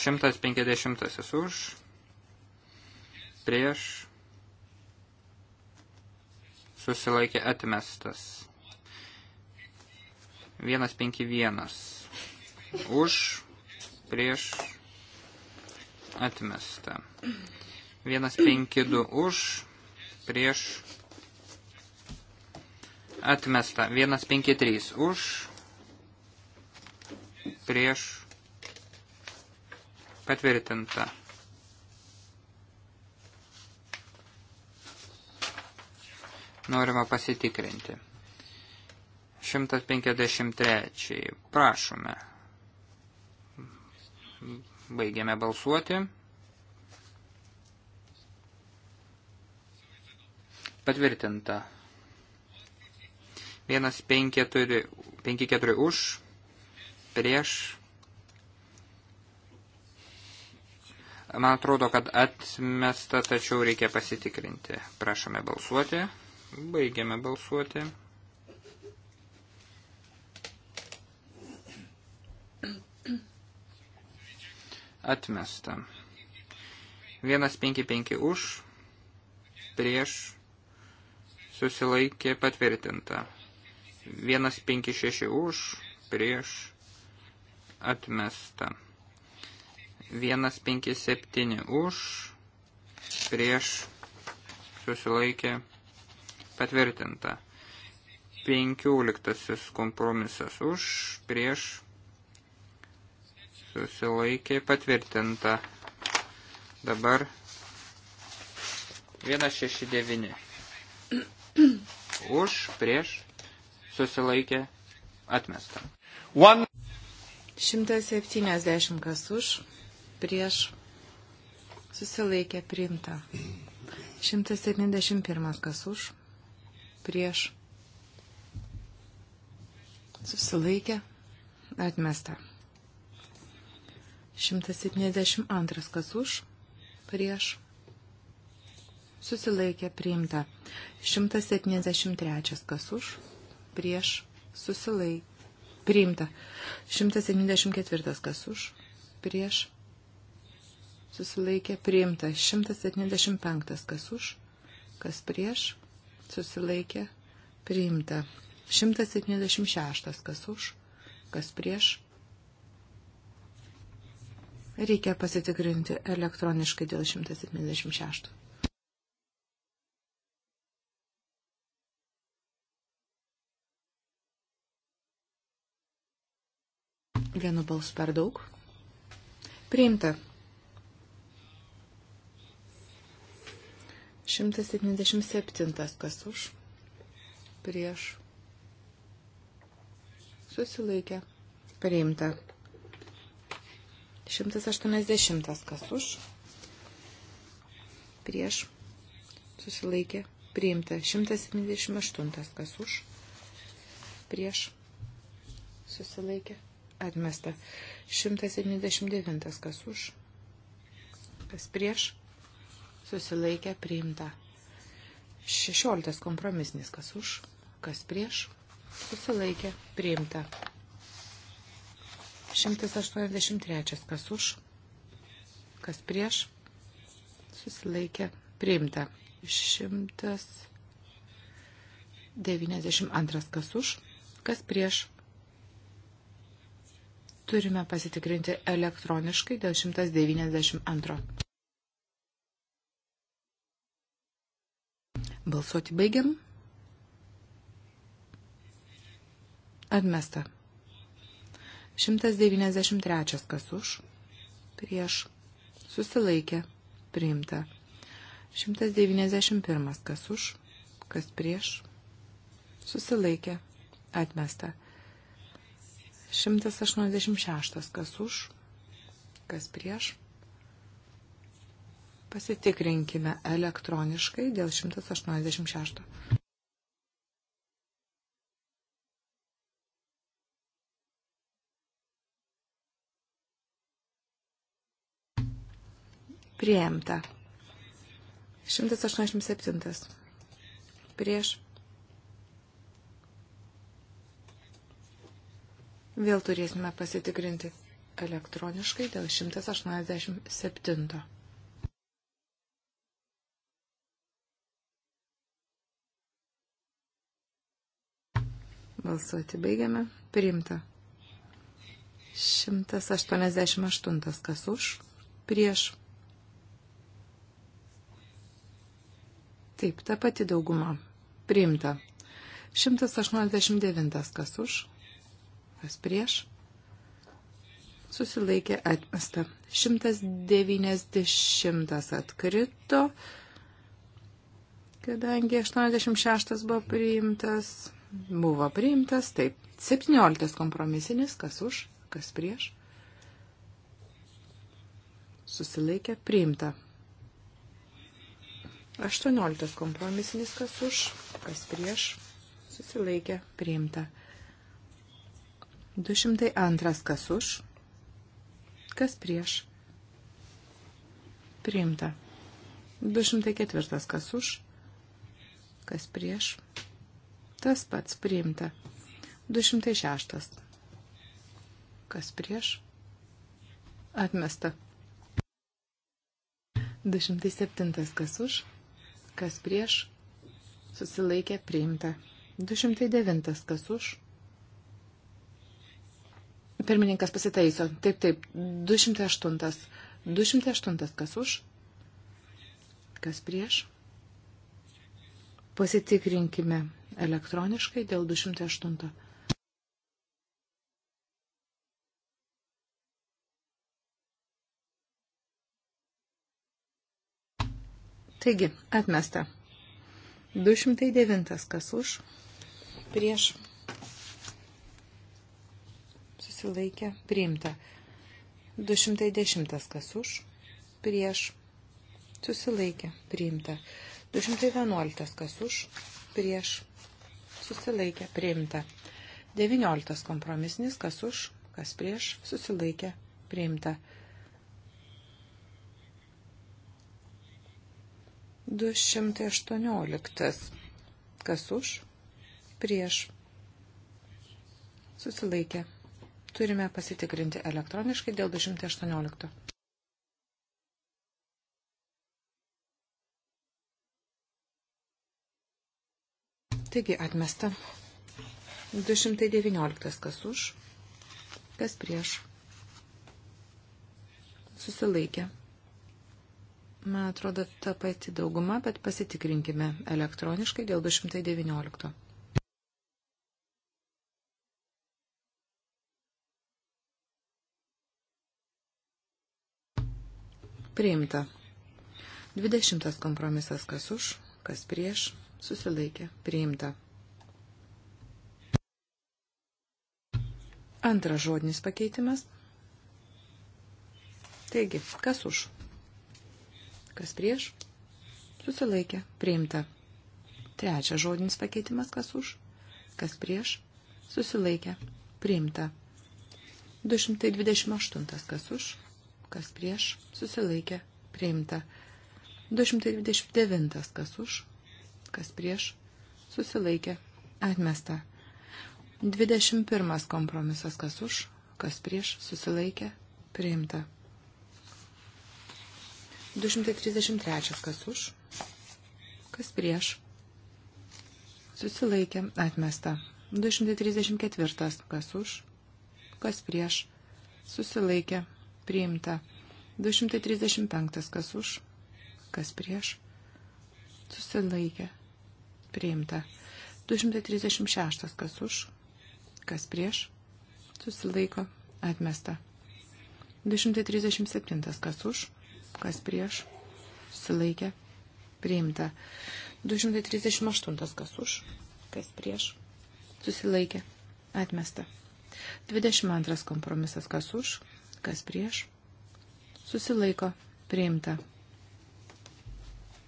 150 už, prieš, susilaikė atmestas. 151. Už, prieš, atmesta. 152 už, prieš, atmesta. 153 už, prieš, patvirtinta. Norima pasitikrinti. 153. Prašome. Baigiame balsuoti. Patvirtinta. 154 už, prieš. Man atrodo, kad atmesta, tačiau reikia pasitikrinti. Prašome balsuoti. Baigiame balsuoti. atmesta. 155 už, prieš, susilaikė patvirtinta. 156 už, prieš, atmesta. 157 už, prieš, susilaikė patvirtinta. 15 kompromisas už, prieš, susilaikė patvirtinta. Dabar 169. Už, prieš, susilaikė, atmesta. 170 kas už, prieš, susilaikė, priimta. 171 kas už, prieš, susilaikė, atmesta. 172. Kas už? Prieš. Susilaikė priimta. 173. Kas už? Prieš. Susilaikė. Priimta. 174. Kas už? Prieš. Susilaikė priimta. 175. Kas už? Kas prieš? Susilaikė priimta. 176. Kas už? Kas prieš? Reikia pasitikrinti elektroniškai dėl 176. Vienu balsu per daug. Priimta. 177 kas už. Prieš. Susilaikė. Priimta. 180 kas už, prieš, susilaikė, priimta. 178 kas už, prieš, susilaikė, atmesta. 179 kas už, kas prieš, susilaikė, priimta. 16 kompromisnis kas už, kas prieš, susilaikė, priimta. 183. Kas už, kas prieš, susilaikė priimta. 192. Kas už, kas prieš. Turime pasitikrinti elektroniškai dėl 192. Balsuoti baigiam. Atmesta. 193 kas už, prieš, susilaikė, priimta. 191 kas už, kas prieš, susilaikė, atmesta. 186 kas už, kas prieš. Pasitikrinkime elektroniškai dėl 186. Priimta. 187. Prieš. Vėl turėsime pasitikrinti elektroniškai dėl 187. Balsuoti baigiame. Priimta. 188. Kas už? Prieš. Taip, ta pati dauguma. Priimta. 189 kas už, kas prieš. Susilaikė atmesta. 190 atkrito, kadangi 86 buvo priimtas. Buvo priimtas, taip. 17 kompromisinis, kas už, kas prieš. Susilaikė priimta. 18 kompromisinis kas už, kas prieš, susilaikė priimta. 202 kas už, kas prieš, priimta. 204 kas už, kas prieš, tas pats priimta. 206 kas prieš, atmesta. 207 kas už, kas prieš, susilaikė priimta. 209, kas už. Pirmininkas pasitaiso. Taip, taip, 208. 208, kas už, kas prieš. Pasitikrinkime elektroniškai dėl 208. Taigi, atmesta. 209 kas už, prieš susilaikė, priimta. 210 kas už, prieš susilaikė, priimta. 211 kas už, prieš susilaikė, priimta. 19 kompromisinis kas už, kas prieš susilaikė, priimta. 218. Kas už? Prieš. Susilaikė. Turime pasitikrinti elektroniškai dėl 218. Taigi atmesta. 219 kas už, kas prieš. Susilaikė. Man atrodo, ta pati dauguma, bet pasitikrinkime elektroniškai dėl 219. Priimta. 20 kompromisas kas už, kas prieš, susilaikė, priimta. Antras žodinis pakeitimas. Taigi, kas už? kas prieš, susilaikė, priimta. Trečias žodinis pakeitimas, kas už, kas prieš, susilaikė, priimta. 228, kas už, kas prieš, susilaikė, priimta. 229, kas už, kas prieš, susilaikė, atmesta. 21 kompromisas, kas už, kas prieš, susilaikė, priimta. 233. Kas už? Kas prieš? Susilaikė. Atmesta. 234. Kas už? Kas prieš? Susilaikė. Priimta. 235. Kas už? Kas prieš? Susilaikė. Priimta. 236. Kas už? Kas prieš? Susilaiko. Atmesta. 237. Kas už? kas prieš, susilaikė, priimta. 238 kas už, kas prieš, susilaikė, atmesta. 22 kompromisas kas už, kas prieš, susilaiko, priimta.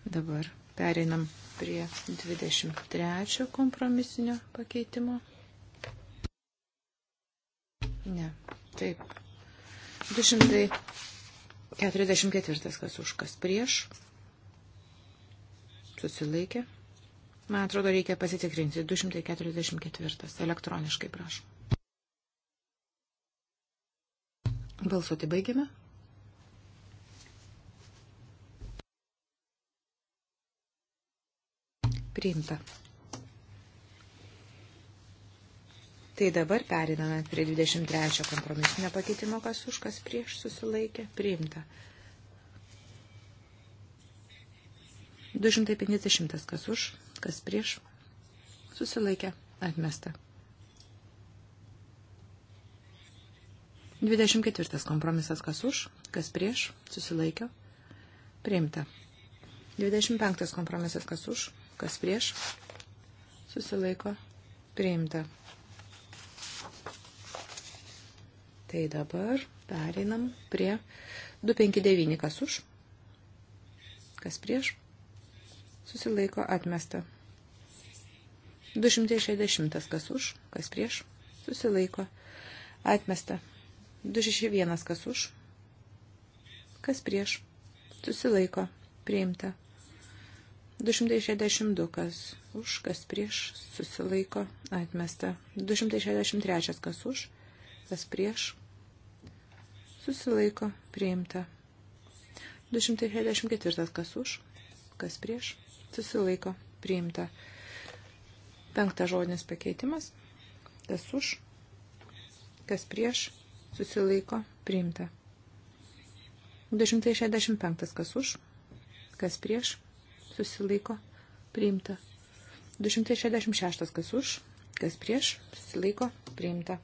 Dabar pereinam prie 23 kompromisinio pakeitimo. Ne, taip. 200. 44 kas už, kas prieš. Susilaikė. Man atrodo, reikia pasitikrinti. 244. Elektroniškai prašau. Balsuoti baigiame. Priimta. Tai dabar periname prie 23 kompromisinio pakeitimo, kas už, kas prieš susilaikė, priimta. 250 kas už, kas prieš susilaikė, atmesta. 24 kompromisas kas už, kas prieš susilaikė, priimta. 25 kompromisas kas už, kas prieš susilaiko, priimta. Tai dabar pereinam prie 259, kas už, kas prieš, susilaiko atmesta. 260, kas už, kas prieš, susilaiko atmesta. 261, kas už, kas prieš, susilaiko priimta. 262, kas už, kas prieš, susilaiko, atmesta. 263, kas už, kas prieš, susilaiko priimta. 264 kas už, kas prieš, susilaiko priimta. Penktas žodinis pakeitimas, kas už, kas prieš, susilaiko priimta. 265 kas už, kas prieš, susilaiko priimta. 266 kas už, kas prieš, susilaiko priimta.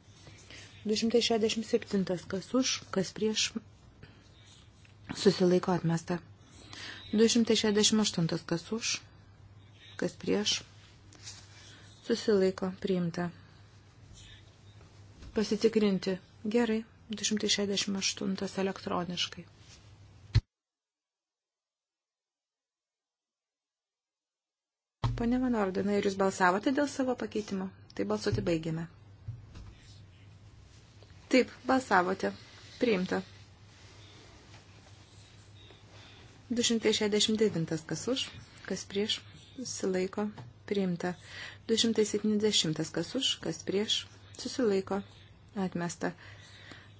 267. Kas už, kas prieš susilaiko atmesta. 268. Kas už, kas prieš susilaiko priimta. Pasitikrinti. Gerai. 268 elektroniškai. Pane Van Ordenai, ir jūs balsavote dėl savo pakeitimo? Tai balsuoti baigėme. Taip, balsavote. Priimta. 269 kas už, kas prieš, susilaiko, priimta. 270 kas už, kas prieš, susilaiko, atmesta.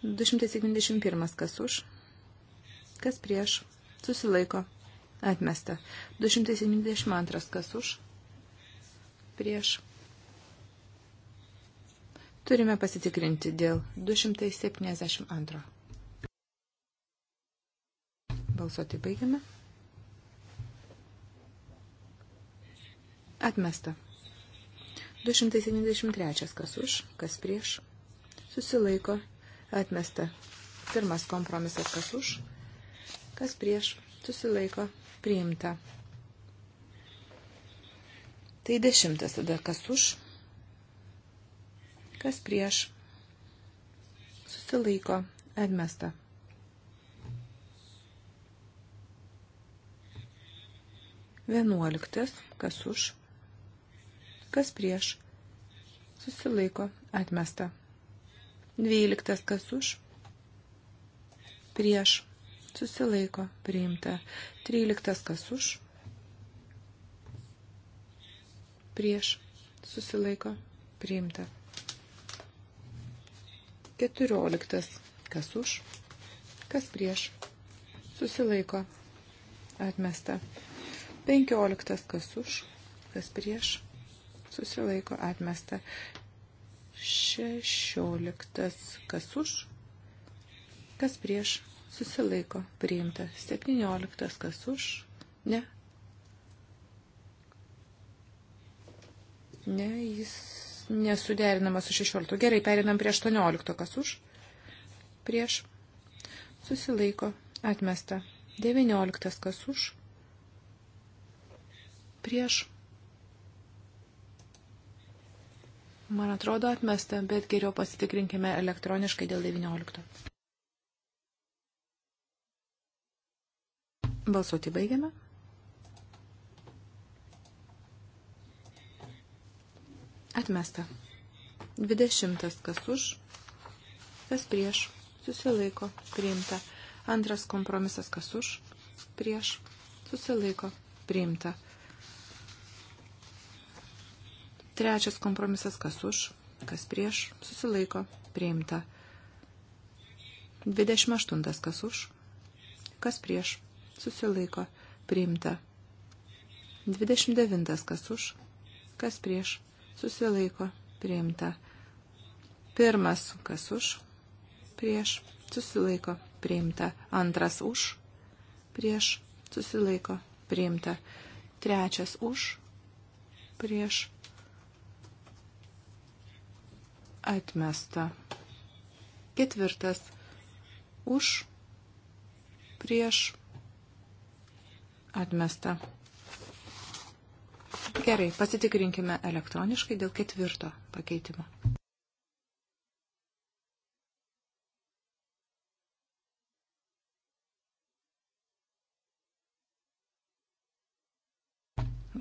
271 kas už, kas prieš, susilaiko, atmesta. 272 kas už, prieš, Turime pasitikrinti dėl 272. Balsuoti baigiame. Atmesta. 273. Kas už, kas prieš. Susilaiko. Atmesta. Pirmas kompromisas. Kas už, kas prieš. Susilaiko. Priimta. Tai dešimtas tada. Kas už, Kas prieš? Susilaiko. Atmesta. Vienuoliktas. Kas už? Kas prieš? Susilaiko. Atmesta. Dvyliktas. Kas už? Prieš. Susilaiko. Priimta. Tryliktas. Kas už? Prieš. Susilaiko. Priimta. 14. Kas už, kas prieš, susilaiko, atmesta. 15. Kas už, kas prieš, susilaiko, atmesta. 16. Kas už, kas prieš, susilaiko, priimta. 17. Kas už, ne. Ne, jis nesuderinamas su 16. Gerai, perinam prie 18. Kas už? Prieš. Susilaiko. Atmesta. 19. Kas už? Prieš. Man atrodo atmesta, bet geriau pasitikrinkime elektroniškai dėl 19. Balsuoti baigiame. Atmesta. 20. Kas už, kas prieš, susilaiko, priimta. Antras kompromisas, kas už, prieš, susilaiko, priimta. Trečias kompromisas, kas už, kas prieš, susilaiko, priimta. 28. Kas už, kas prieš, susilaiko, priimta. 29. Kas už, kas prieš, susilaiko priimta. Pirmas, kas už, prieš, susilaiko priimta. Antras už, prieš, susilaiko priimta. Trečias už, prieš, atmesta. Ketvirtas už, prieš, atmesta. Gerai, pasitikrinkime elektroniškai dėl ketvirto pakeitimo.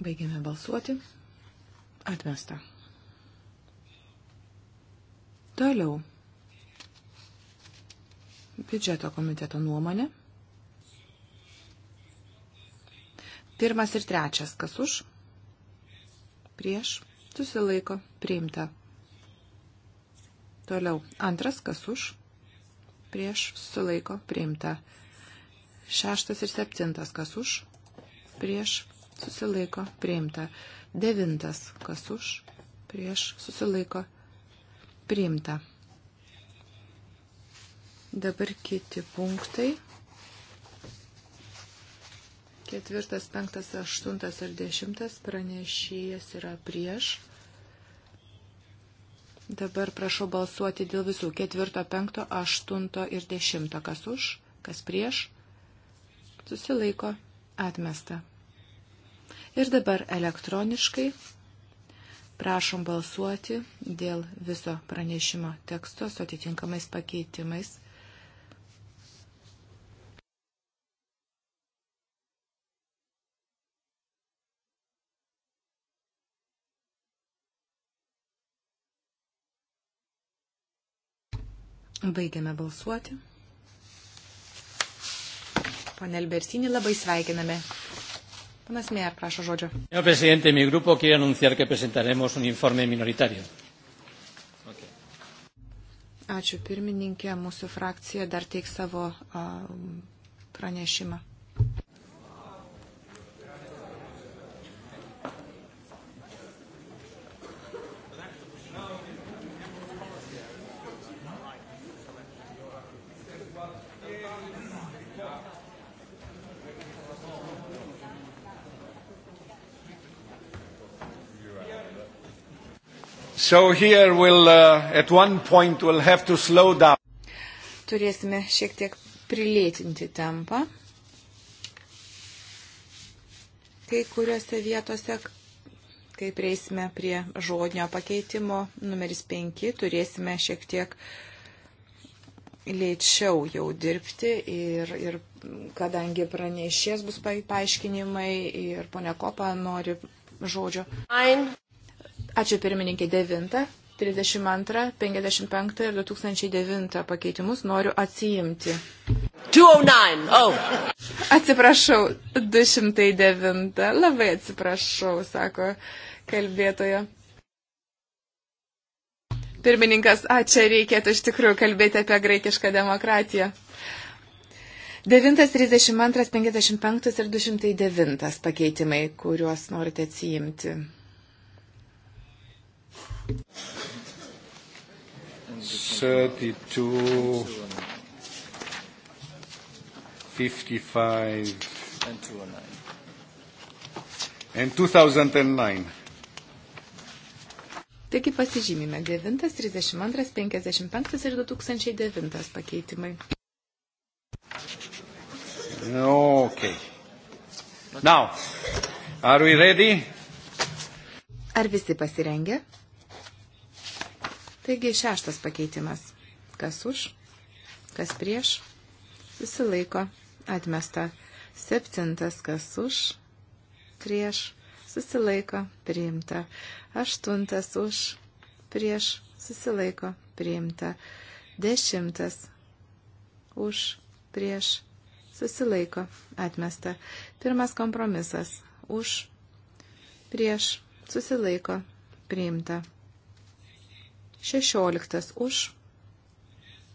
Baigėme balsuoti. Atmesta. Toliau. Biudžeto komiteto nuomonė. Pirmas ir trečias, kas už? prieš, susilaiko, priimta. Toliau, antras, kas už, prieš, susilaiko, priimta. Šeštas ir septintas, kas už, prieš, susilaiko, priimta. Devintas, kas už, prieš, susilaiko, priimta. Dabar kiti punktai. Ketvirtas, penktas, aštuntas ir dešimtas pranešėjas yra prieš. Dabar prašau balsuoti dėl visų. Ketvirto, penkto, aštunto ir dešimto. Kas už, kas prieš. Susilaiko. Atmesta. Ir dabar elektroniškai prašom balsuoti dėl viso pranešimo teksto su atitinkamais pakeitimais. Baigiame balsuoti. Pane Albertinį labai sveikiname. Panas Mėr, prašau žodžio. Señor presidente, mi grupo quiere anunciar que presentaremos un informe minoritario. Okay. Ačiū pirmininkė, mūsų frakcija dar teiks savo uh, pranešimą. So here we'll, uh, at one point we'll have to slow down. Turėsime šiek tiek prilėtinti tempą. Kai kuriuose vietose, kai prieisime prie žodinio pakeitimo numeris 5, turėsime šiek tiek lėčiau jau dirbti ir, ir kadangi pranešės bus paaiškinimai ir ponia Kopa nori žodžio. Ein. Ačiū pirmininkė 9, 32, 55 ir 2009 pakeitimus noriu atsiimti. 209, oh. Atsiprašau, 209, labai atsiprašau, sako kalbėtojo. Pirmininkas, a, čia reikėtų iš tikrųjų kalbėti apie graikišką demokratiją. 9, 32, 55 ir 209 pakeitimai, kuriuos norite atsiimti. 32, 55, and 209. And 2009. Taigi pasižymime 9, 32, 55 ir 2009 pakeitimai. Okay. Now, are we ready? Ar visi pasirengę? Taigi šeštas pakeitimas. Kas už, kas prieš, susilaiko, atmesta. Septintas, kas už, prieš, susilaiko, priimta. Aštuntas už, prieš, susilaiko, priimta. Dešimtas už, prieš, susilaiko, atmesta. Pirmas kompromisas už, prieš, susilaiko, priimta. 16 už,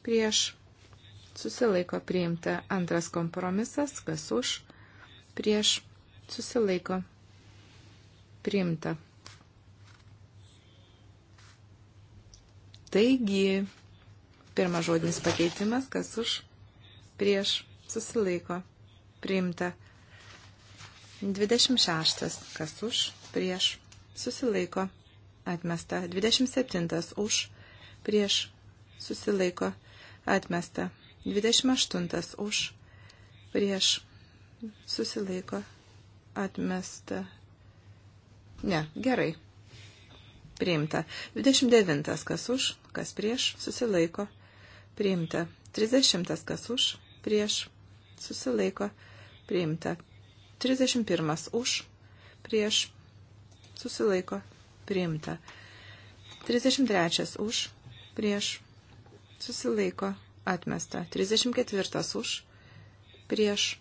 prieš, susilaiko priimta. Antras kompromisas, kas už, prieš, susilaiko priimta. Taigi, pirmas žodinis pakeitimas, kas už, prieš, susilaiko, priimta. 26. Kas už, prieš, susilaiko, priimta atmesta. 27 už, prieš, susilaiko, atmesta. 28 už, prieš, susilaiko, atmesta. Ne, gerai. Priimta. 29 kas už, kas prieš, susilaiko, priimta. 30 kas už, prieš, susilaiko, priimta. 31 už, prieš, susilaiko, priimta. 33 už, prieš, susilaiko, atmesta. 34 už, prieš.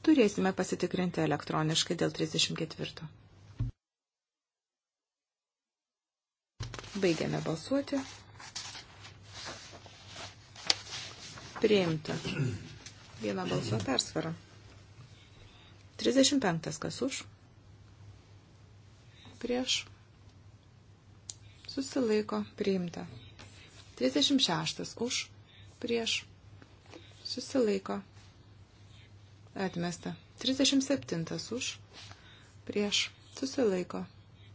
Turėsime pasitikrinti elektroniškai dėl 34. Baigiame balsuoti. Priimta. Vieną balsą persvarą. 35. Kas už? prieš susilaiko priimta. 36 už prieš susilaiko atmesta. 37 už prieš susilaiko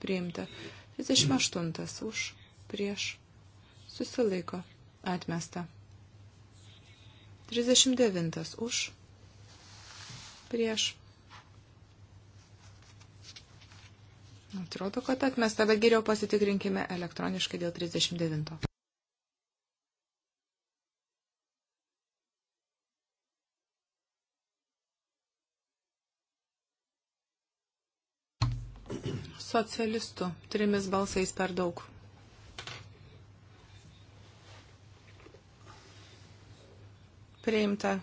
priimta. 38 už prieš susilaiko atmesta. 39 už prieš Atrodo, kad atmesta, bet geriau pasitikrinkime elektroniškai dėl 39. Socialistų trimis balsais per daug. Priimta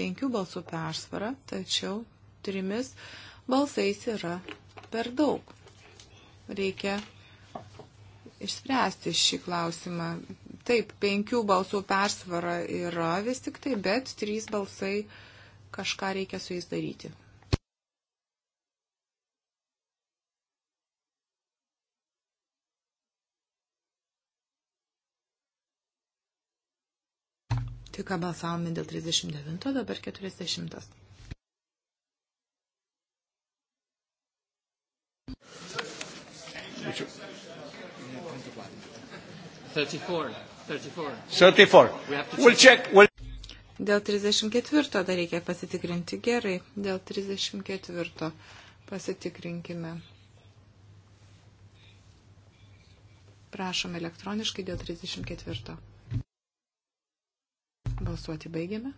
penkių balsų persvara, tačiau trimis balsais yra per daug reikia išspręsti šį klausimą. Taip, penkių balsų persvara yra vis tik tai, bet trys balsai kažką reikia su jais daryti. Tik ką balsavome dėl 39, dabar 40. 34. 34. 34. We'll check. We'll... Dėl 34 dar reikia pasitikrinti gerai. Dėl 34 pasitikrinkime. Prašom elektroniškai dėl 34. Balsuoti baigiame.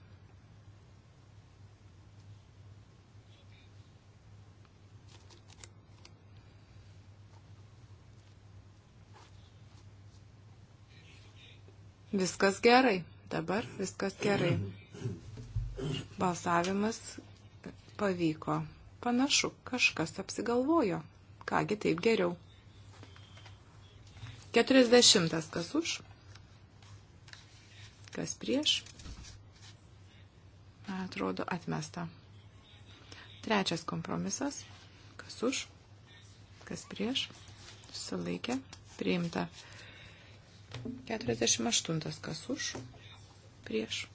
Viskas gerai. Dabar viskas gerai. Balsavimas pavyko. Panašu, kažkas apsigalvojo. Kągi taip geriau. 40. Kas už? Kas prieš? Man atrodo, atmesta. Trečias kompromisas. Kas už? Kas prieš? Susilaikė. Priimta. Priimta. 48. Kas už? Prieš.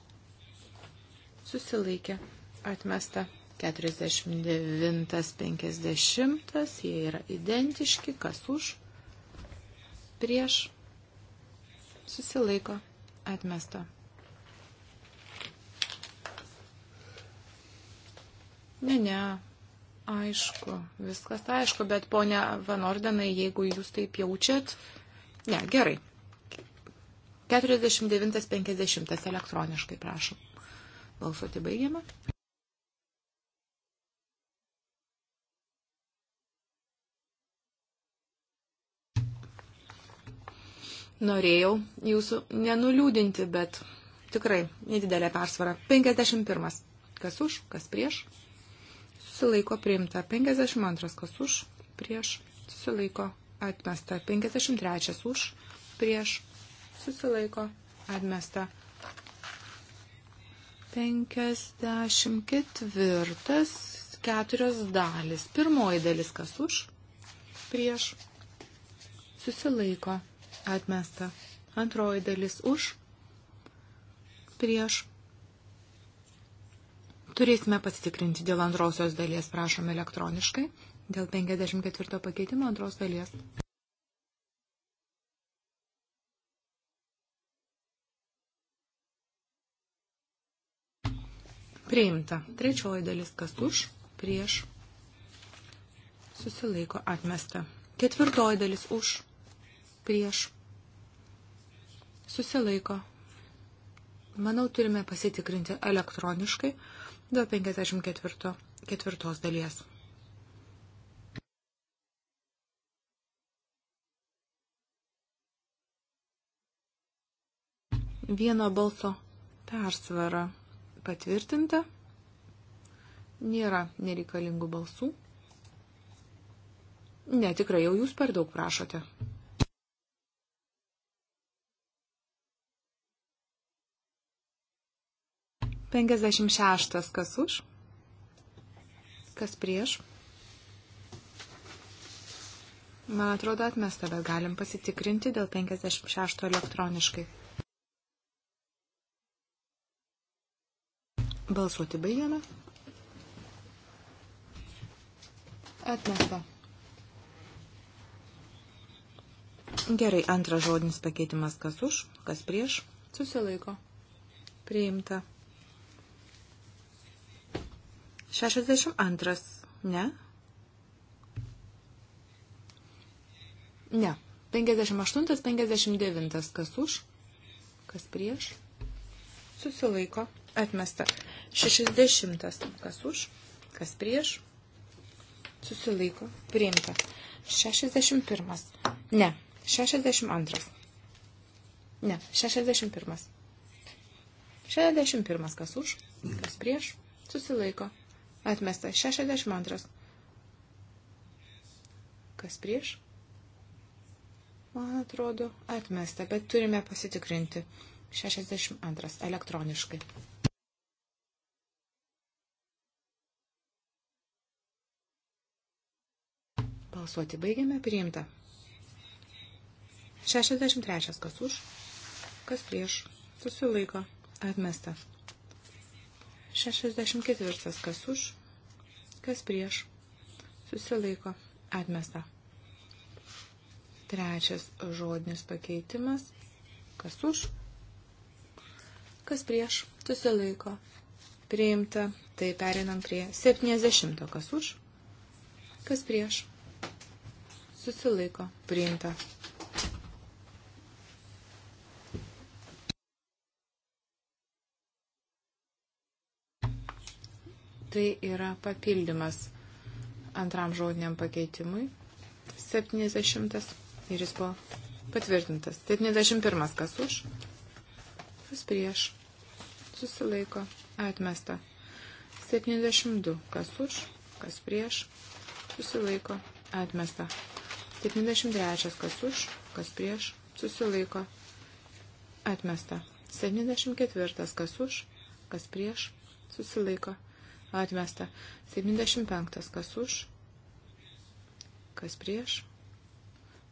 Susilaikė. Atmesta. 49, 50. Jie yra identiški. Kas už? Prieš. Susilaiko. Atmesta. Ne, ne, aišku, viskas aišku, bet ponia Vanordenai, jeigu jūs taip jaučiat, ne, gerai, 49.50 elektroniškai, prašom. Balsuoti baigiame. Norėjau jūsų nenuliūdinti, bet tikrai nedidelė persvara. 51. Kas už, kas prieš? Susilaiko priimta. 52. Kas už, prieš? Susilaiko atmesta. 53. Už, prieš? susilaiko atmesta. 54. Keturios dalis. Pirmoji dalis kas už, prieš, susilaiko atmesta. Antroji dalis už, prieš. Turėsime pasitikrinti dėl antrosios dalies, prašom elektroniškai, dėl 54 pakeitimo antros dalies. priimta. Trečioji dalis, kas už, prieš, susilaiko atmesta. Ketvirtoji dalis už, prieš, susilaiko. Manau, turime pasitikrinti elektroniškai dėl 54 ketvirtos dalies. Vieno balso persvara. Patvirtinta. Nėra nereikalingų balsų. Ne, tikrai jau jūs per daug prašote. Penkiasdešimt šeštas kas už, kas prieš. Man atrodo atmesta, bet galim pasitikrinti dėl 56 elektroniškai. Balsuoti baigiame. Atmesta. Gerai, antras žodinis pakeitimas kas už, kas prieš. Susilaiko. Priimta. 62. Ne? Ne. 58, 59. Kas už, kas prieš. Susilaiko. Atmesta. 60. Kas už, kas prieš, susilaiko, priimta. 61. Ne, 62. Ne, 61. 61. Kas už, kas prieš, susilaiko, atmesta. 62. Kas prieš? Man atrodo, atmesta, bet turime pasitikrinti. 62 elektroniškai. Balsuoti baigiame. Priimta. 63. Kas už? Kas prieš? Susilaiko. Atmesta. 64. Kas už? Kas prieš? Susilaiko. Atmesta. Trečias žodinis pakeitimas. Kas už? Kas prieš? Susilaiko. Priimta. Tai perinam prie 70. Kas už? Kas prieš? susilaiko priimta. Tai yra papildymas antram žodiniam pakeitimui 70 ir jis buvo patvirtintas. 71 kas už, kas prieš, susilaiko, atmesta. 72 kas už, kas prieš, susilaiko, atmesta. 73. Kas už, kas prieš, susilaiko, atmesta. 74. Kas už, kas prieš, susilaiko, atmesta. 75. Kas už, kas prieš,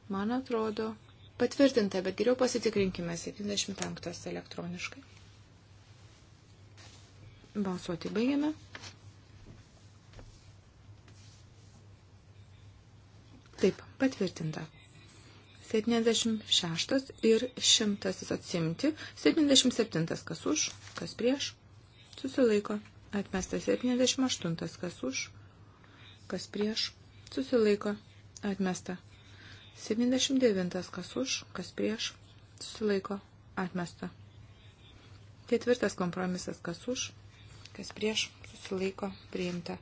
man atrodo, patvirtinta, bet geriau pasitikrinkime 75 elektroniškai. Balsuoti baigiame. Taip, patvirtinta. 76 ir 100 atsimti. 77 kas už, kas prieš. Susilaiko. Atmestas 78 kas už, kas prieš. Susilaiko. Atmesta. 79 kas už, kas prieš. Susilaiko. Atmesta. Ketvirtas kompromisas kas už, kas prieš. Susilaiko. Priimta.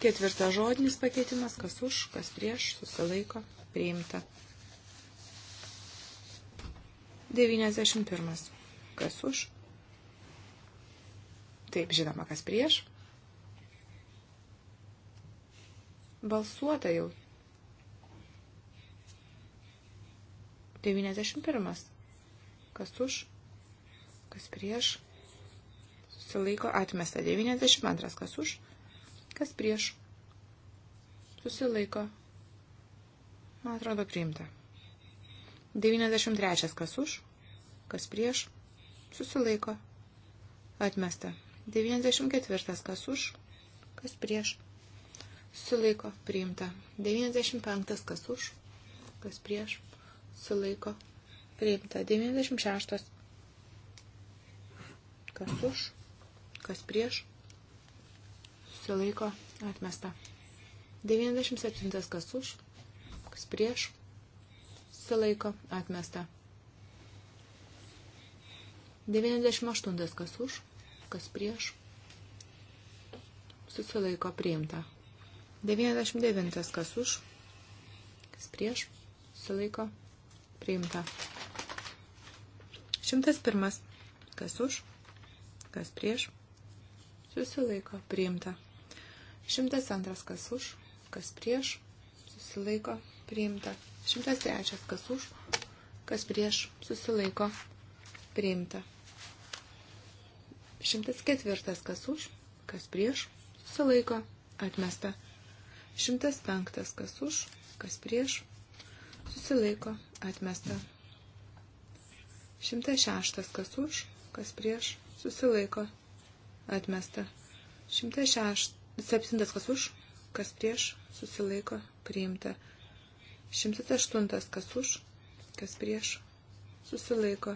Ketvirtas žodinis pakeitimas, kas už, kas prieš, susilaiko, priimta. 91. Kas už? Taip, žinoma, kas prieš. Balsuota jau. 91. Kas už? Kas prieš? Susilaiko atmesta. 92. Kas už? Kas prieš? Susilaiko. Man atrodo priimta. 93. Kas už? Kas prieš? Susilaiko. Atmesta. 94. Kas už? Kas prieš? Susilaiko. Priimta. 95. Kas už? Kas prieš? Susilaiko. Priimta. 96. Kas už? Kas prieš? susilaiko atmesta. 97 kas už, kas prieš, susilaiko atmesta. 98 kas už, kas prieš, susilaiko priimta. 99 kas už, kas prieš, susilaiko priimta. 101 kas už, kas prieš, susilaiko priimta. 102 kas už, kas prieš, susilaiko priimta. 103 kas už, kas prieš, susilaiko priimta. 104 kas už, kas prieš, susilaiko atmesta. 105 kas už, kas prieš, susilaiko atmesta. 106 kas už, kas prieš, susilaiko atmesta. 106 Septintas kas už, kas prieš, susilaiko priimta. Šimtas aštuntas kas už, kas prieš, susilaiko.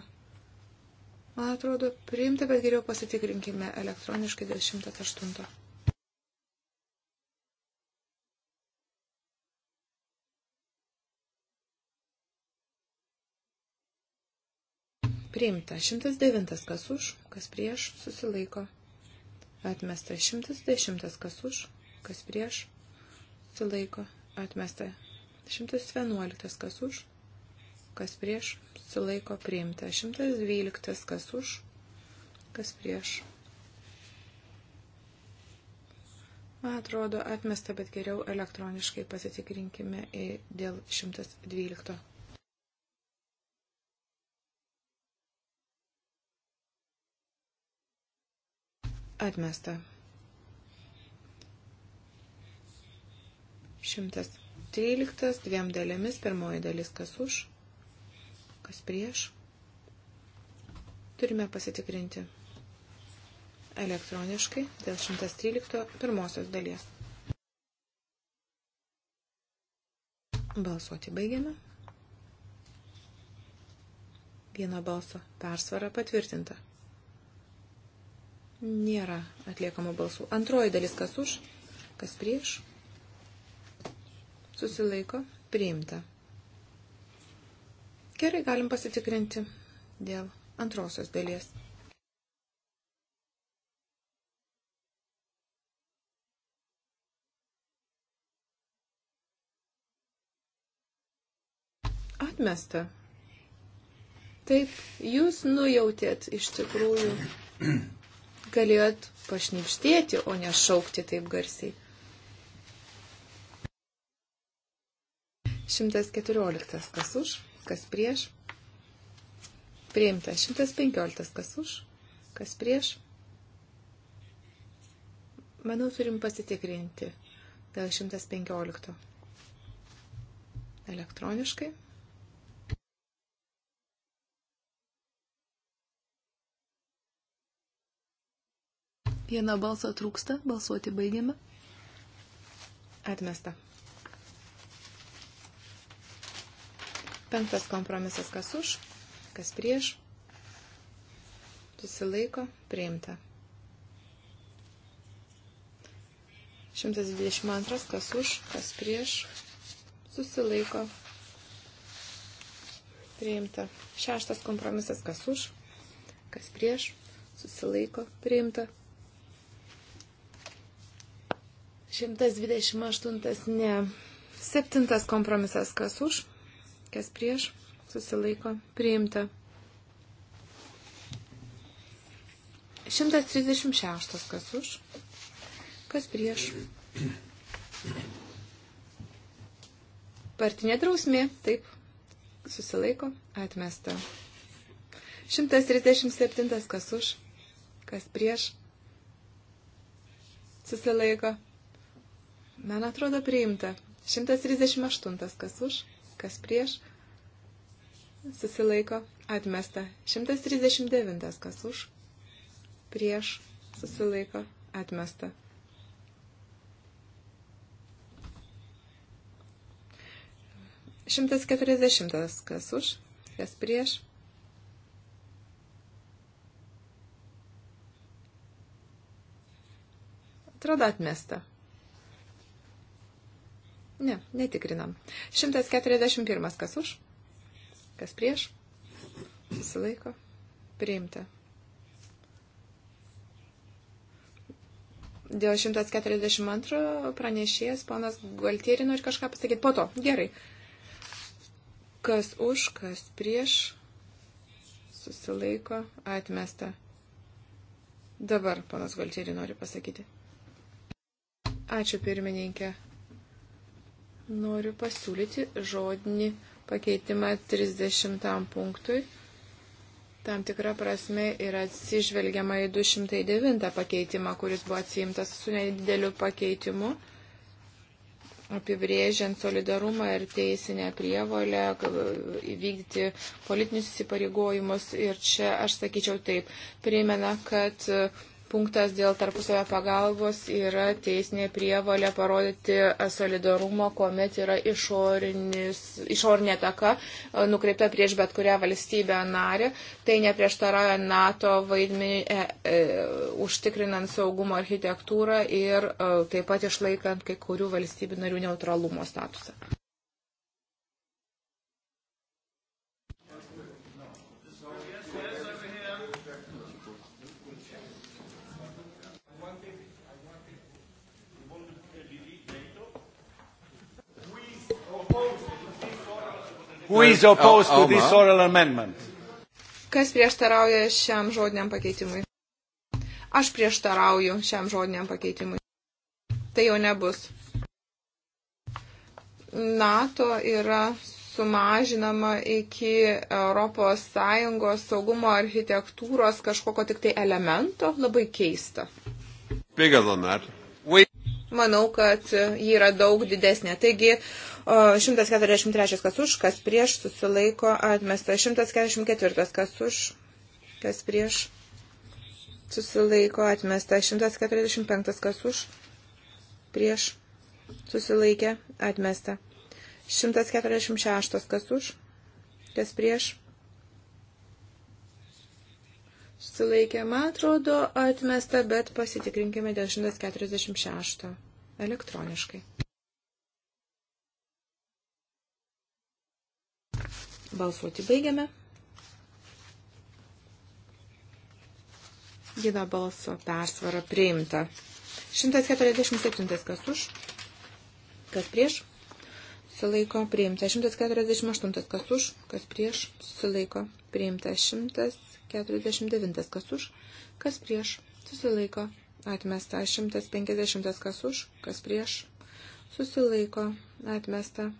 Man atrodo, priimta, bet geriau pasitikrinkime elektroniškai dėl 108. Priimta. 109. Kas už, kas prieš, susilaiko atmesta 110, kas už, kas prieš, sulaiko, atmesta 111, kas už, kas prieš, sulaiko, priimta 112, kas už, kas prieš. Man atrodo, atmesta, bet geriau elektroniškai pasitikrinkime dėl 112. Atmesta. 113 dviem dalimis, pirmoji dalis kas už, kas prieš. Turime pasitikrinti elektroniškai dėl 113 pirmosios dalies. Balsuoti baigiame. Vieno balso persvara patvirtinta. Nėra atliekamų balsų. Antroji dalis kas už, kas prieš. Susilaiko. Priimta. Gerai, galim pasitikrinti dėl antrosios dalies. Atmesta. Taip, jūs nujautėt iš tikrųjų [CLEARS THROAT] galėjot pašnipštėti, o ne šaukti taip garsiai. 114 kas už, kas prieš. Priimta 115 kas už, kas prieš. Manau, turim pasitikrinti dėl 115 elektroniškai. Vieno balso trūksta, balsuoti baigiame. Atmesta. Penktas kompromisas kas už, kas prieš. Susilaiko, priimta. 122 kas už, kas prieš. Susilaiko. Priimta. Šeštas kompromisas kas už, kas prieš. Susilaiko, priimta. 128 ne. Septintas kompromisas kas už, kas prieš, susilaiko, priimta. 136 kas už, kas prieš. Partinė drausmė, taip, susilaiko, atmesta. 137 kas už, kas prieš, susilaiko, Man atrodo priimta. 138. Kas už, kas prieš. Susilaiko. Atmesta. 139. Kas už, prieš. Susilaiko. Atmesta. Šimtas keturiasdešimtas, kas už, kas prieš. Atrodo atmesta. Ne, netikrinam. 141. Kas už? Kas prieš? Susilaiko. Priimta. Dėl 142 pranešėjas ponas Gualtieri nori kažką pasakyti. Po to. Gerai. Kas už, kas prieš? Susilaiko. Atmesta. Dabar ponas Gualtieri nori pasakyti. Ačiū pirmininkė. Noriu pasiūlyti žodinį pakeitimą 30 punktui. Tam tikra prasme yra atsižvelgiama į 209 pakeitimą, kuris buvo atsiimtas su nedideliu pakeitimu, apibrėžiant solidarumą ir teisinę prievolę, įvykdyti politinius įsipareigojimus. Ir čia aš sakyčiau taip, primena, kad punktas dėl tarpusavio pagalbos yra teisinė prievalė parodyti solidarumą, kuomet yra išorinė taka e, nukreipta prieš bet kurią valstybę narį. Tai neprieštarauja NATO vaidmenį e, e, užtikrinant saugumo architektūrą ir e, taip pat išlaikant kai kurių valstybių narių neutralumo statusą. Kas prieštarauja šiam žodiniam pakeitimui? Aš prieštarauju šiam žodiniam pakeitimui. Tai jau nebus. NATO yra sumažinama iki ES saugumo architektūros kažkoko tik tai elemento, labai keista. Manau, kad ji yra daug didesnė. Taigi, 143 kas už, kas prieš, susilaiko atmesta. 144 kas už, kas prieš, susilaiko atmesta. 145 kas už, prieš, susilaikė atmesta. 146 kas už, kas prieš, Sulaikė, man atrodo, atmesta, bet pasitikrinkime dėl 146 elektroniškai. Balsuoti baigiame. Vieno balso persvara priimta. 147 kas už, kas prieš, susilaiko priimta. 148 kas už, kas prieš, susilaiko priimta. 149 kas už, kas prieš, susilaiko atmesta. 150 kas už, kas prieš, susilaiko atmesta.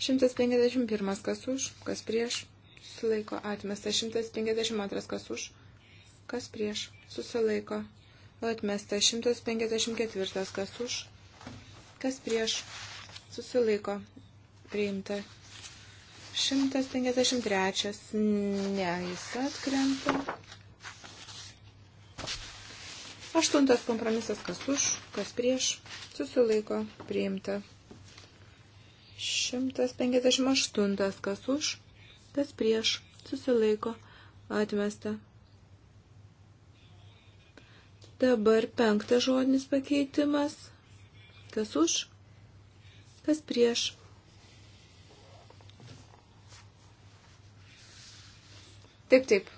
151 kas už, kas prieš, susilaiko atmesta. 152 kas už, kas prieš, susilaiko atmesta. 154 kas už, kas prieš, susilaiko priimta. 153. Ne, jis atkrenta. Aštuntas kompromisas, kas už, kas prieš, susilaiko, priimta. 158. Kas už, kas prieš, susilaiko, atmesta. Dabar penktas žodinis pakeitimas. Kas už, kas prieš. Taip, taip.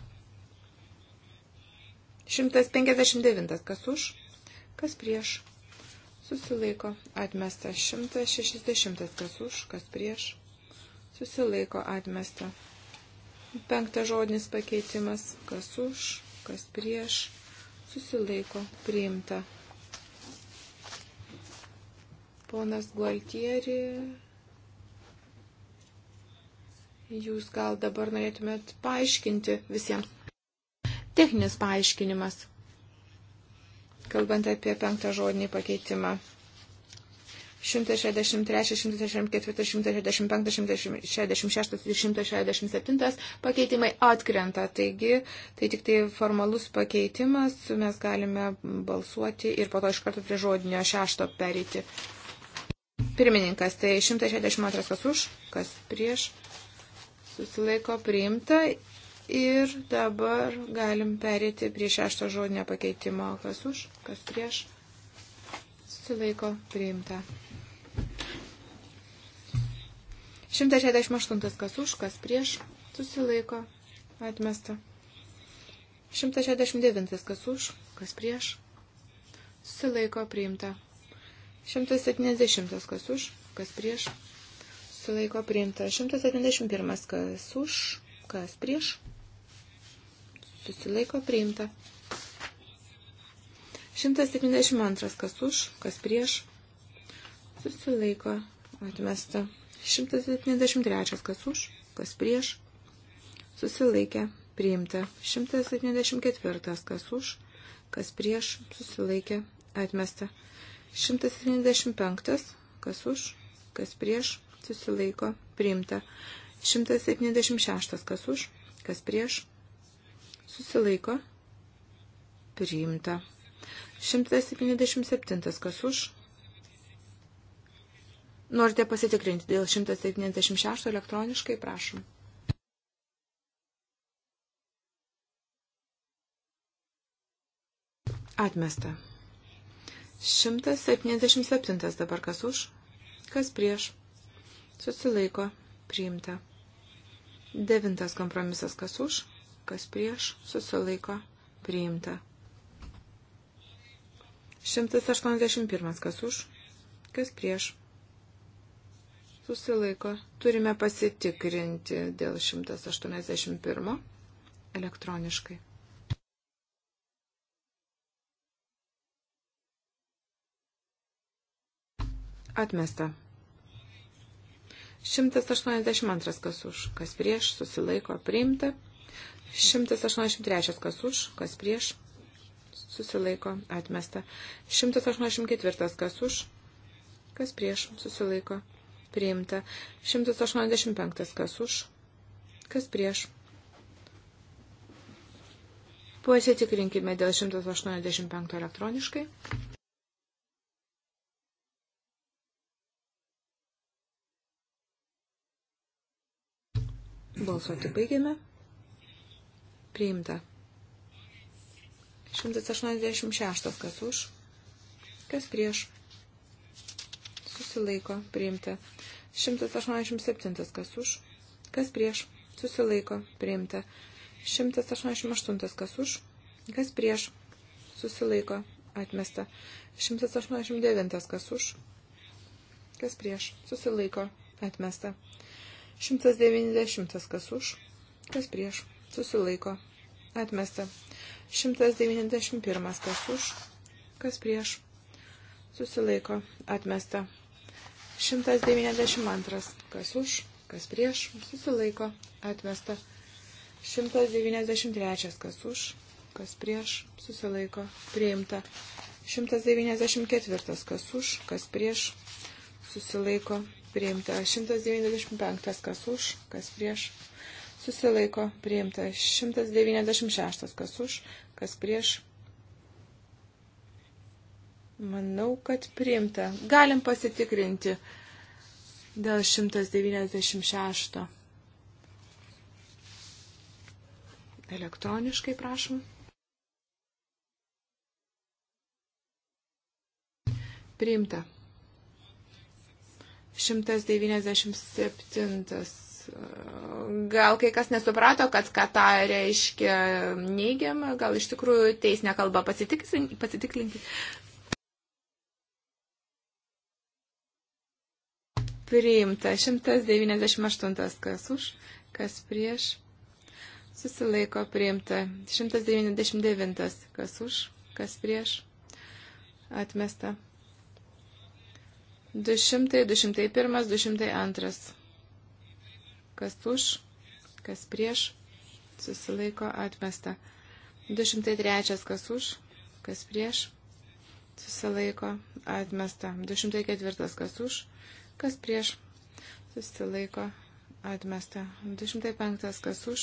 159. Kas už, kas prieš susilaiko atmesta 160, kas už, kas prieš, susilaiko atmesta. Penktas žodinis pakeitimas, kas už, kas prieš, susilaiko priimta. Ponas Gualtieri, jūs gal dabar norėtumėt paaiškinti visiems. Techninis paaiškinimas kalbant apie penktą žodinį pakeitimą. 163, 164, 165, 166 ir 167 pakeitimai atkrenta. Taigi, tai tik tai formalus pakeitimas, mes galime balsuoti ir po to iš karto prie žodinio šešto perėti. Pirmininkas, tai 162 kas už, kas prieš, susilaiko priimta Ir dabar galim perėti prie šešto žodinio pakeitimo. Kas už, kas prieš. Susilaiko priimta. 168 kas už, kas prieš. Susilaiko. Atmesta. 169 kas už, kas prieš. Susilaiko priimta. 170 kas už, kas prieš. Susilaiko priimta. 171 kas už, kas prieš susilaiko priimta. 172 kas už, kas prieš, susilaiko atmesta. 173 kas už, kas prieš, susilaikė priimta. 174 kas už, kas prieš, susilaikė atmesta. 175 kas už, kas prieš, susilaiko priimta. 176 kas už, kas prieš, susilaiko, priimta. 177 kas už. Norite pasitikrinti dėl 176 elektroniškai, prašom. Atmesta. 177 dabar kas už, kas prieš. Susilaiko, priimta. Devintas kompromisas kas už, kas prieš, susilaiko, priimta. 181. Kas už, kas prieš, susilaiko. Turime pasitikrinti dėl 181 elektroniškai. Atmesta. 182 kas už, kas prieš, susilaiko, priimta. 183 kas už, kas prieš, susilaiko, atmesta. 184 kas už, kas prieš, susilaiko, priimta. 185 kas už, kas prieš. Pasitikrinkime dėl 185 elektroniškai. Balsuoti baigėme. Priimta. 186. Kas už? Kas prieš? Susilaiko. Priimta. 187. Kas už? Kas prieš? Susilaiko. Priimta. 188. Kas už? Kas prieš? Susilaiko. Atmesta. 189. Kas už? Kas prieš? Susilaiko. Atmesta. 190. Kas už? Kas prieš? susilaiko, atmesta. 191 kas už, kas prieš, susilaiko, atmesta. 192 kas už, kas prieš, susilaiko, atmesta. 193 kas už, kas prieš, susilaiko, priimta. 194 kas už, kas prieš, susilaiko, priimta. 195 kas už, kas prieš, susilaiko priimta 196, kas už, kas prieš. Manau, kad priimta. Galim pasitikrinti dėl 196. Elektroniškai prašom. Priimta. 197 Gal kai kas nesuprato, kad ką tą reiškia neigiamą, gal iš tikrųjų teisinę kalbą pasitikrinti. Priimta 198, kas už, kas prieš. Susilaiko priimta 199, kas už, kas prieš. Atmesta. 200, 201, 202 kas už, kas prieš, susilaiko atmesta. 203 kas už, kas prieš, susilaiko atmesta. 204 kas už, kas prieš, susilaiko atmesta. 205 kas už,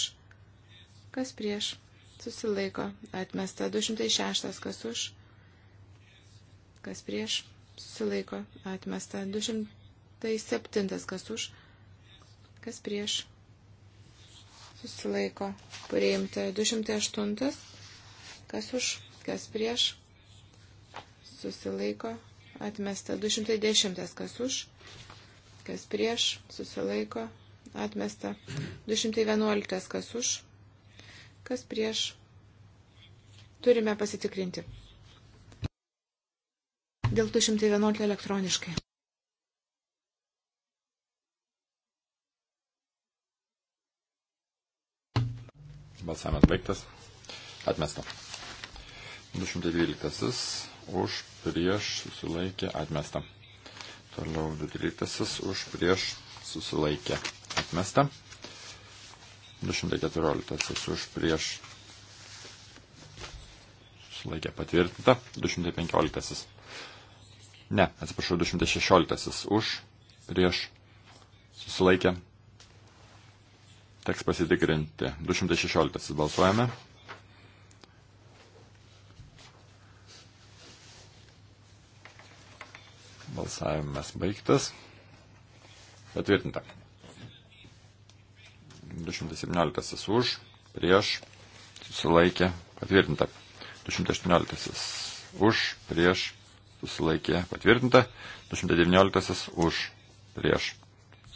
kas prieš, susilaiko atmesta. 206 kas už, kas prieš, susilaiko atmesta. 207 kas už, kas prieš susilaiko priimta 208, kas už, kas prieš susilaiko atmesta 210, kas už, kas prieš susilaiko atmesta 211, kas už, kas prieš turime pasitikrinti. Dėl 211 elektroniškai. Balsavimas baigtas. Atmesta. 212 už prieš susilaikė atmesta. Toliau 12 už prieš susilaikė atmesta. 214 už prieš susilaikė patvirtinta. 215. Ne, atsiprašau, 216 už prieš susilaikė Teks pasitikrinti. 216 balsuojame. Balsavimas baigtas. Patvirtinta. 217 už, prieš, susilaikė, patvirtinta. 218 už, prieš, susilaikė, patvirtinta. 219 už, prieš,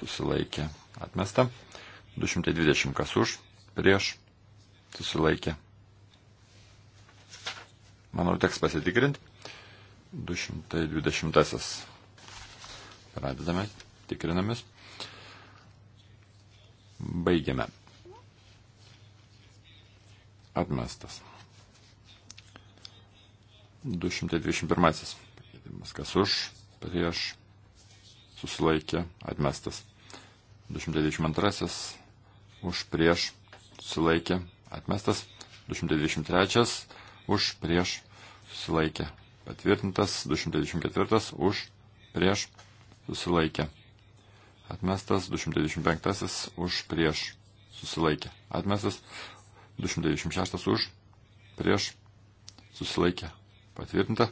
susilaikė, atmesta. 220 kas už, prieš, susilaikė. Manau, teks pasitikrinti. 220. Pradedame, tikrinamis. Baigiame. Atmestas. 221. Pakeitimas. Kas už, prieš, susilaikė, atmestas. 222 už prieš susilaikė atmestas, 223 už prieš susilaikė patvirtintas, 224 už prieš susilaikė atmestas, 225 už prieš susilaikė atmestas, 226 už prieš susilaikė patvirtinta,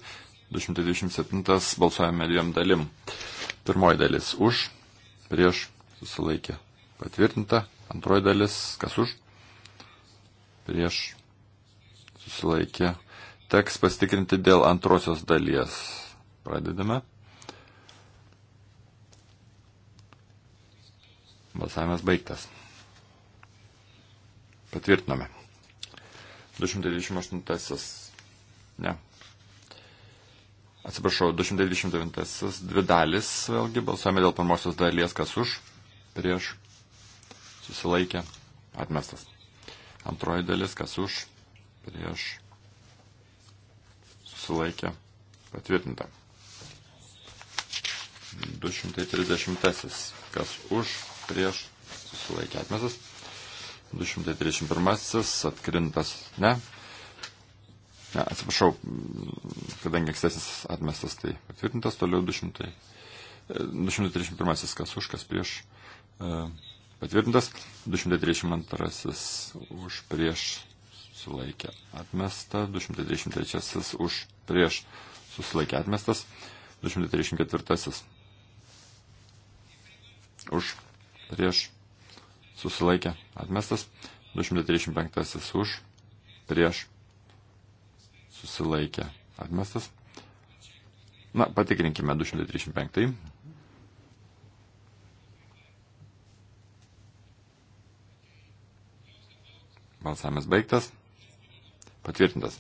227 balsuojame dviem dalim. Pirmoji dalis už prieš susilaikė patvirtinta, Antroji dalis, kas už, prieš susilaikė. Teks pastikrinti dėl antrosios dalies. Pradedame. Balsavimas baigtas. Patvirtiname. 228. Ne. Atsiprašau, 229. Dvi dalis vėlgi balsuojame dėl pirmosios dalies, kas už, prieš susilaikė, atmestas. Antroji dalis, kas už, prieš, susilaikė, patvirtinta. 230. Kas už, prieš, susilaikė, atmestas. 231. Atkrintas, ne. Ne, atsiprašau, kadangi ankstesnis atmestas, tai patvirtintas, toliau 200. 231. Kas už, kas prieš. Uh, e, patvirtintas, 232 už prieš susilaikė atmesta, 233 už prieš susilaikė atmestas, 234 už prieš susilaikė atmestas, 235 už prieš susilaikė atmestas. Na, patikrinkime 235. Balsavimas baigtas. Patvirtintas.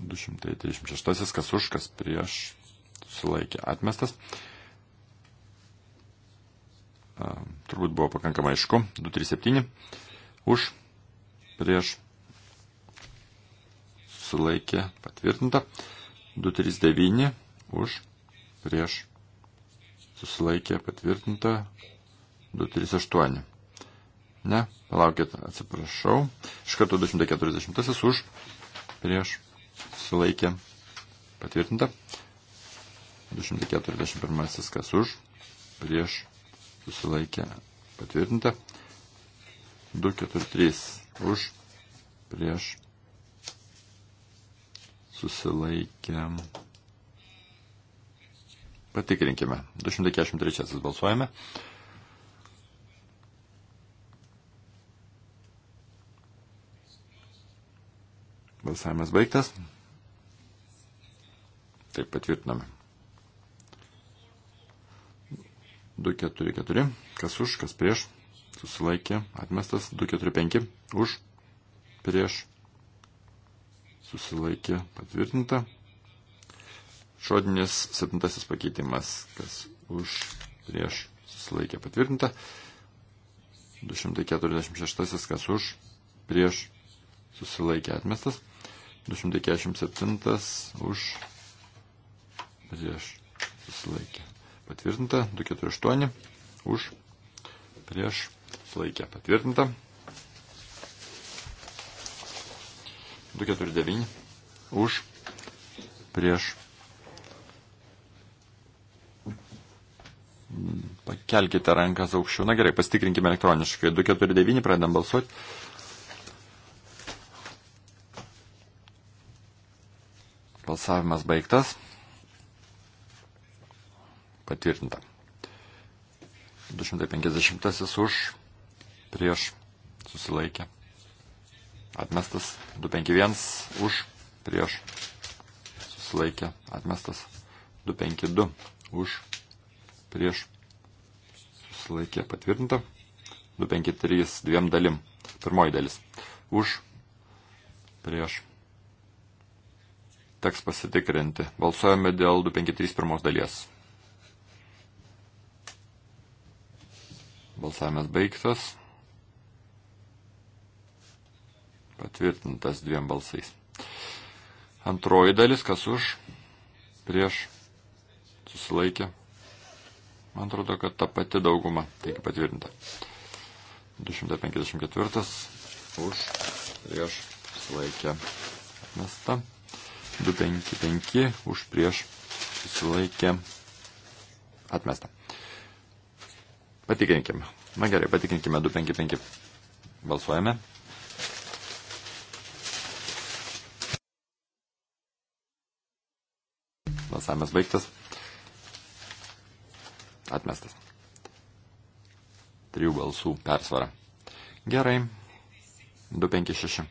236, kas už, kas prieš, sulaikė atmestas. A, turbūt buvo pakankamai aišku. 237, už, prieš, sulaikė patvirtinta. 239, už, prieš, susilaikė patvirtinta 238. Ne, palaukit, atsiprašau. Iš karto 240 už, prieš, sulaikė, patvirtinta. 241 kas už, prieš, susilaikė, patvirtinta. 243 už, prieš, susilaikė, patvirtinta Patikrinkime. 243 balsuojame. Balsavimas baigtas. Taip patvirtiname. 244. Kas už, kas prieš. Susilaikė. Atmestas. 245. Už. Prieš. Susilaikė. Patvirtinta. Šodinis septintasis pakeitimas, kas už prieš susilaikė patvirtinta. 246, kas už prieš susilaikė atmestas. 247 už prieš susilaikė patvirtinta. 248 už prieš susilaikė patvirtinta. 249 už prieš Pakelkite rankas aukščiau. Na gerai, pasitikrinkime elektroniškai. 249 pradedam balsuoti. Balsavimas baigtas. Patvirtinta. 250 už, prieš, susilaikė. Atmestas. 251 už, prieš, susilaikė. Atmestas. 252 už, prieš susilaikė patvirtinta. 253 dviem dalim. Pirmoji dalis. Už, prieš. Teks pasitikrinti. Balsuojame dėl 253 pirmos dalies. Balsavimas baigtas. Patvirtintas dviem balsais. Antroji dalis, kas už, prieš, susilaikė, Man atrodo, kad ta pati dauguma, taigi patvirtinta. 254 už prieš sulaikę atmesta. 255 už prieš sulaikę atmesta. Patikrinkime. Na gerai, patikrinkime 255. Balsuojame. Balsavimas baigtas. Atmestas. Trijų balsų persvara. Gerai. 256.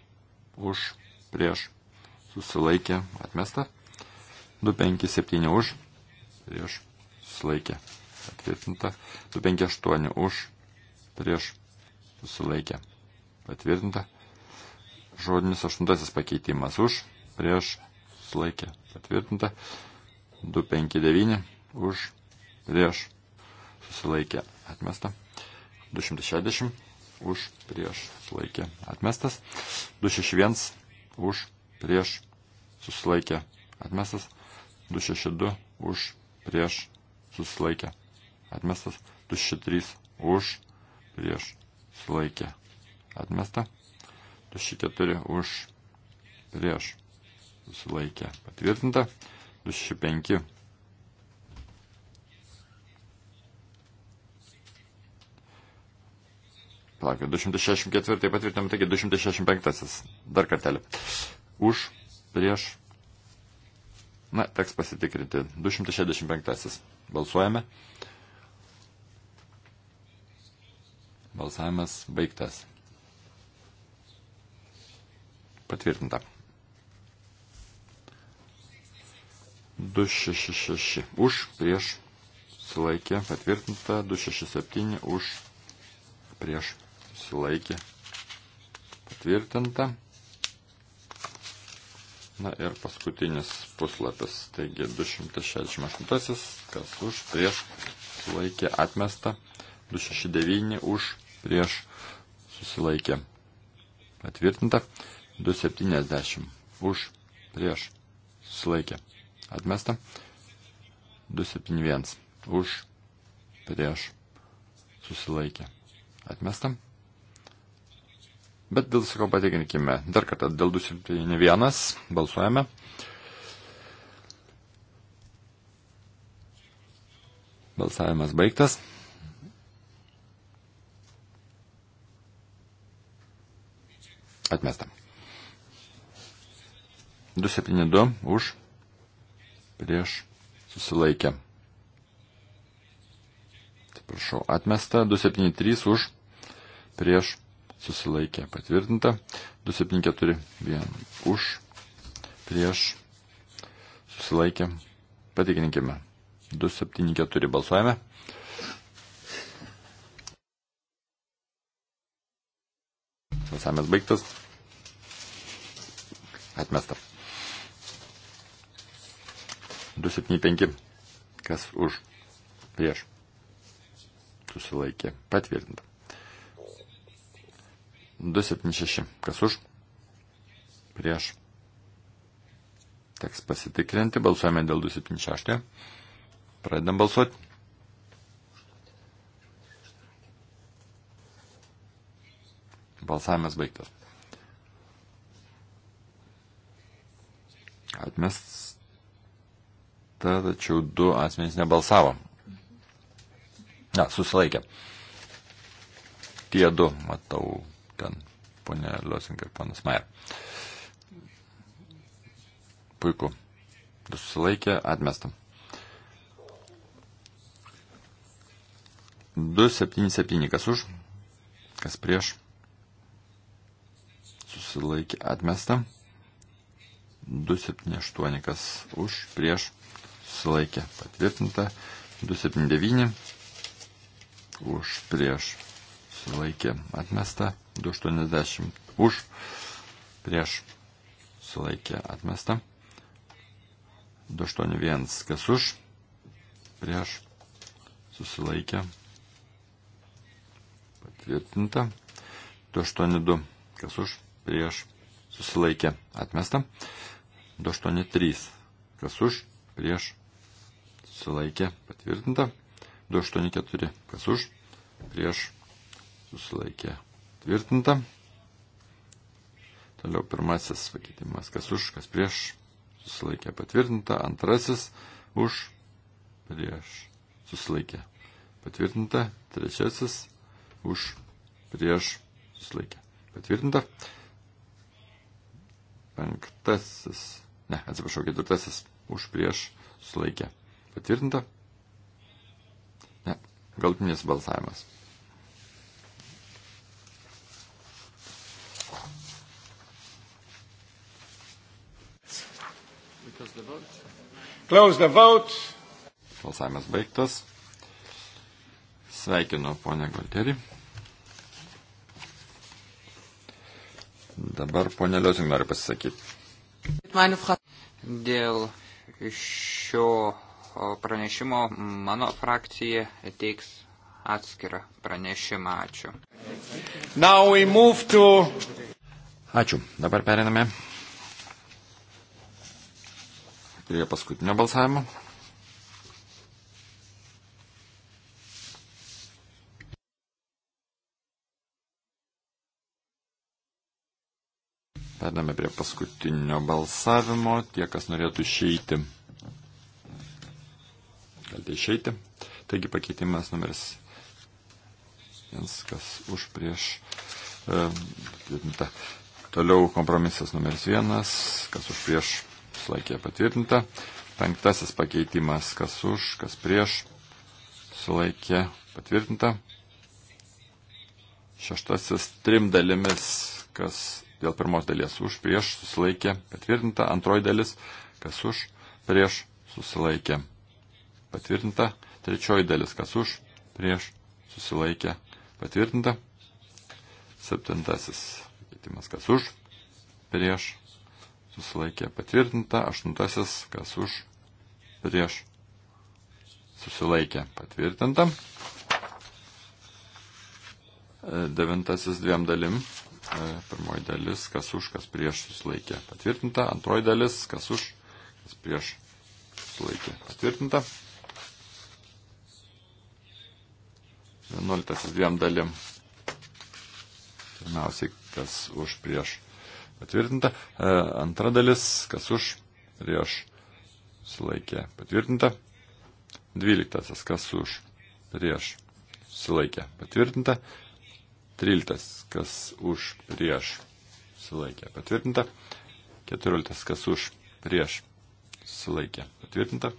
Už. Prieš. Susilaikė. Atmesta. 257 už. Prieš. Susilaikė. Patvirtinta. 258 už. Prieš. Susilaikė. Patvirtinta. Žodinis aštuntasis pakeitimas už. Prieš. Susilaikė. Patvirtinta. 259 už. Prieš susilaikė atmesta. 260 už prieš susilaikė atmestas. 261 už prieš susilaikė atmestas. 262 už prieš susilaikė atmestas. 263 už prieš susilaikė atmesta. 204 už prieš susilaikė patvirtinta. 205 Palaukit, 264 patvirtinam, taigi 265. Dar kartelį. Už, prieš. Na, teks pasitikrinti. 265. Balsuojame. Balsavimas baigtas. Patvirtinta. 266 už, prieš, sulaikė, patvirtinta, 267 už, prieš susilaikė patvirtinta. Na ir paskutinis puslapis, taigi 268, kas už, prieš, susilaikė atmesta, 269 už, prieš, susilaikė patvirtinta, 270 už, prieš, susilaikė atmesta, 271 už, prieš, susilaikė atmesta. Bet dėl sakau patikrinkime. Dar kartą dėl 271 balsuojame. Balsavimas baigtas. Atmesta. 272 už prieš susilaikę. Atsiprašau, atmesta 273 už prieš susilaikė patvirtinta. 2741 už, prieš, susilaikė. Patikrinkime. 274 balsuojame. Balsavimas baigtas. Atmesta. 275. Kas už? Prieš. Susilaikė. Patvirtinta. 276. Kas už? Prieš. Teks pasitikrinti. Balsuojame dėl 276. Pradedam balsuoti. Balsavimas baigtas. Atmestas, tačiau du asmenys nebalsavo. Ne, susilaikė. Tie du, matau, ten ponė Liosink ir ponas Majer. Puiku. Du susilaikė, atmestam. 277, kas už, kas prieš. Susilaikė, atmestam. 278, kas už, prieš. Susilaikė, patvirtinta. 279, už, prieš susilaikė atmesta, 280 už, prieš susilaikė atmesta, 281 kas už, prieš susilaikė patvirtinta, 282 kas už, prieš susilaikė atmesta, 283 kas už, prieš susilaikė patvirtinta, 284 kas už, prieš susilaikė tvirtinta. Toliau pirmasis pakeitimas, kas už, kas prieš, susilaikė patvirtinta. Antrasis už, prieš, susilaikė patvirtinta. Trečiasis už, prieš, susilaikė patvirtinta. Penktasis, ne, atsiprašau, ketvirtasis už, prieš, susilaikė patvirtinta. Ne, galtinis balsavimas. Close the vote. Balsavimas baigtas. Sveikinu, ponė Galterį. Dabar ponė Liozing nori pasisakyti. Dėl šio pranešimo mano frakcija teiks atskirą pranešimą. Ačiū. To... Ačiū. Dabar periname prie paskutinio balsavimo. Perdame prie paskutinio balsavimo. Tie, kas norėtų išeiti, galite išeiti. Taigi pakeitimas numeris vienas, kas už prieš. E, tvirtinta. Toliau kompromisas numeris vienas, kas už prieš susilaikė patvirtinta. Penktasis pakeitimas, kas už, kas prieš, susilaikė patvirtinta. Šeštasis trim dalimis, kas dėl pirmos dalies už, prieš, susilaikė patvirtinta. Antroji dalis, kas už, prieš, susilaikė patvirtinta. Trečioji dalis, kas už, prieš, susilaikė patvirtinta. Septintasis pakeitimas, kas už, prieš, susilaikė patvirtinta, aštuntasis, kas už, prieš, susilaikė patvirtinta. E, devintasis dviem dalim, e, pirmoji dalis, kas už, kas prieš, susilaikė patvirtinta, antroji dalis, kas už, kas prieš, susilaikė patvirtinta. Vienuoliktasis dviem dalim. Pirmiausiai, kas už prieš patvirtinta. E, antra dalis, kas už, prieš, sulaikė, patvirtinta. Dvyliktasis, kas už, prieš, sulaikė, patvirtinta. Tryliktas, kas už, prieš, sulaikė, patvirtinta. Keturioliktas, kas už, prieš, sulaikė, patvirtinta.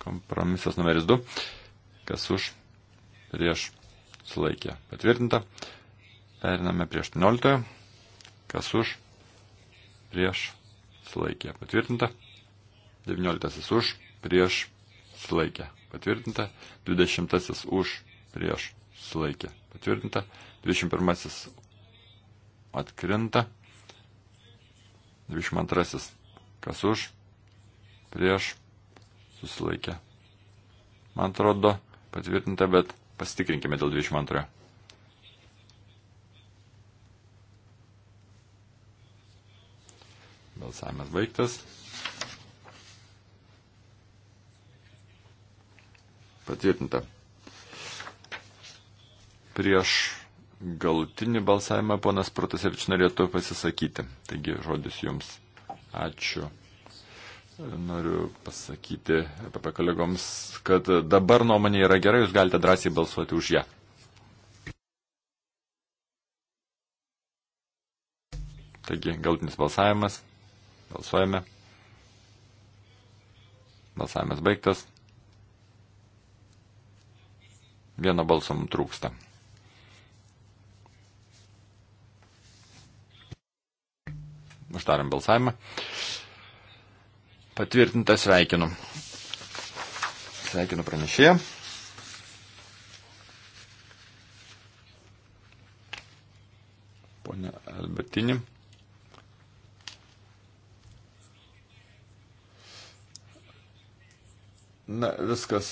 Kompromisas numeris 2, kas už, prieš, sulaikė, patvirtinta. Periname prie 18, kas už, prieš, sulaikė, patvirtinta. 19 už, prieš, sulaikė, patvirtinta. 20 už, prieš, sulaikė, patvirtinta. 21 atkrinta. 22 kas už, prieš, susilaikė. Man atrodo, patvirtinta, bet pasitikrinkime dėl 22. Balsavimas baigtas. Patvirtinta. Prieš galutinį balsavimą ponas Protasevič norėtų pasisakyti. Taigi žodis jums. Ačiū. Noriu pasakyti apie kolegoms, kad dabar nuomonė yra gera, jūs galite drąsiai balsuoti už ją. Taigi, galtinis balsavimas. Balsuojame. Balsavimas baigtas. Vieno balso mums trūksta. Uždarėm balsavimą. Patvirtinta sveikinu. Sveikinu pranešėją. Pone Albertini. Na, viskas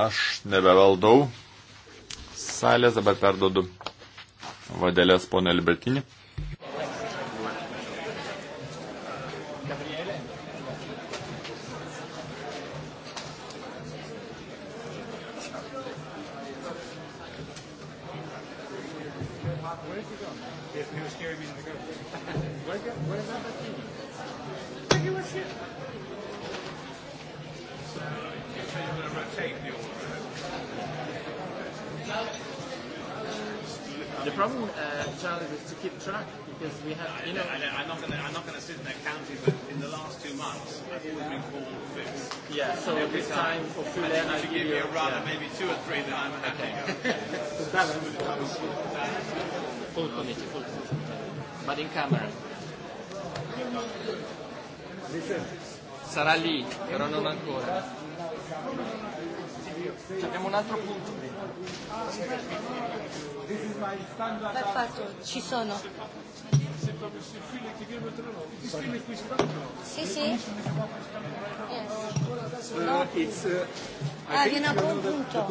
aš nebevaldau salės, dabar perdodu vadelės ponę Albertinį. The problem, uh, Charlie, is to keep track because we have. I, you know, I, I, I'm not going to. I'm not going to sit in there counting, but in the last two months, I've always been called fifth. Yeah. So every this time, time for full and then if you give me a run, yeah. maybe two or three, then I'm happy. Okay. [LAUGHS] balance. full committee, full committee, but in camera. Sarà lì, però non ancora. Abbiamo un altro punto. This is my standard per fatto, ci sono. Se proprio si fila che viene tra noi, ti stile qui stanno. Sì, sì. Yes. No, eh, it's, uh, ah, viene a buon punto.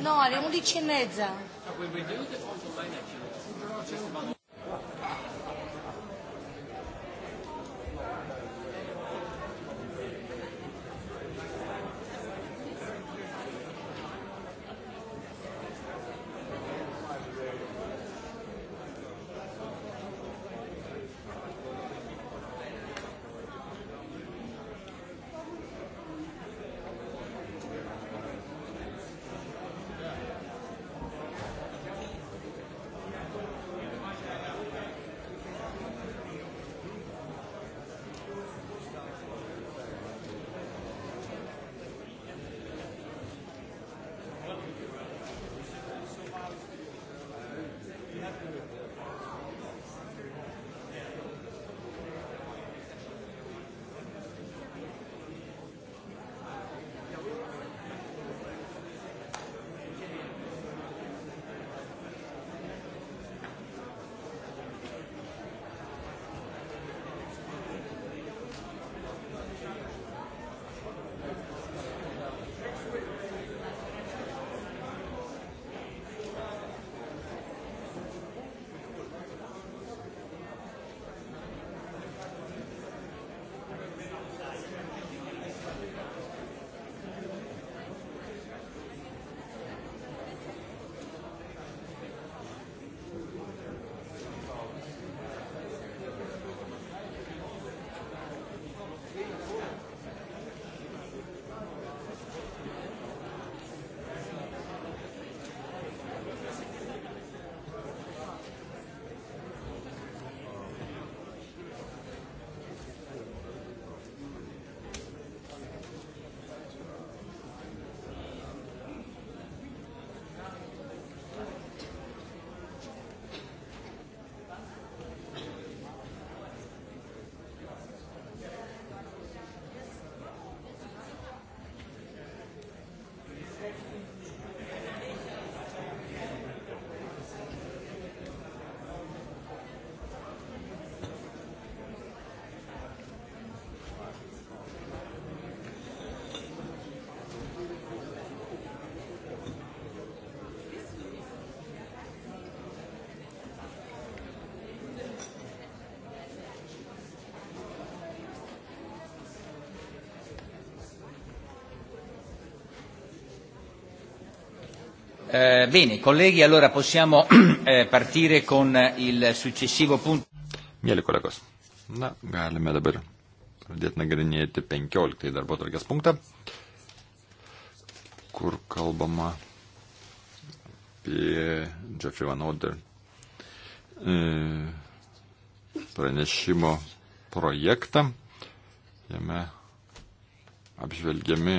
No, alle 11 e mezza. Ah, Eh, bene, colleghi, allora possiamo [CLEARS THROAT] eh, partire con eh, il successivo punto. Mėly kolegos, na, galime dabar pradėti nagrinėti e 15 darbo tvarkės punktą, kur kalbama apie Jeffrey Van Oder eh, pranešimo projektą. Jame e apžvelgiami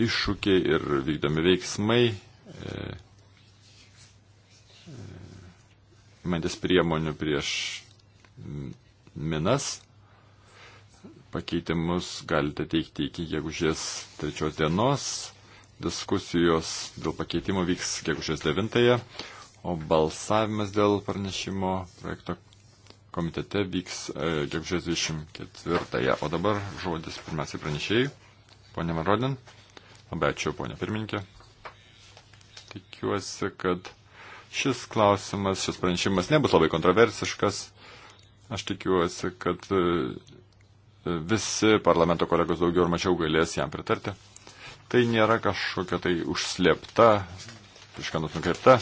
iššūkiai ir vykdomi veiksmai, e, e, imantis priemonių prieš minas. Pakeitimus galite teikti iki gegužės trečios dienos. Diskusijos dėl pakeitimo vyks gegužės devintąją, o balsavimas dėl pranešimo projekto komitete vyks e, gegužės 24. O dabar žodis pirmiausiai pranešėjai. Pone Marodin. Labai ačiū, ponia pirmininkė. Tikiuosi, kad šis klausimas, šis pranešimas nebus labai kontroversiškas. Aš tikiuosi, kad e, visi parlamento kolegos daugiau ar mažiau galės jam pritarti. Tai nėra kažkokia tai užslėpta, prieš ką nukreipta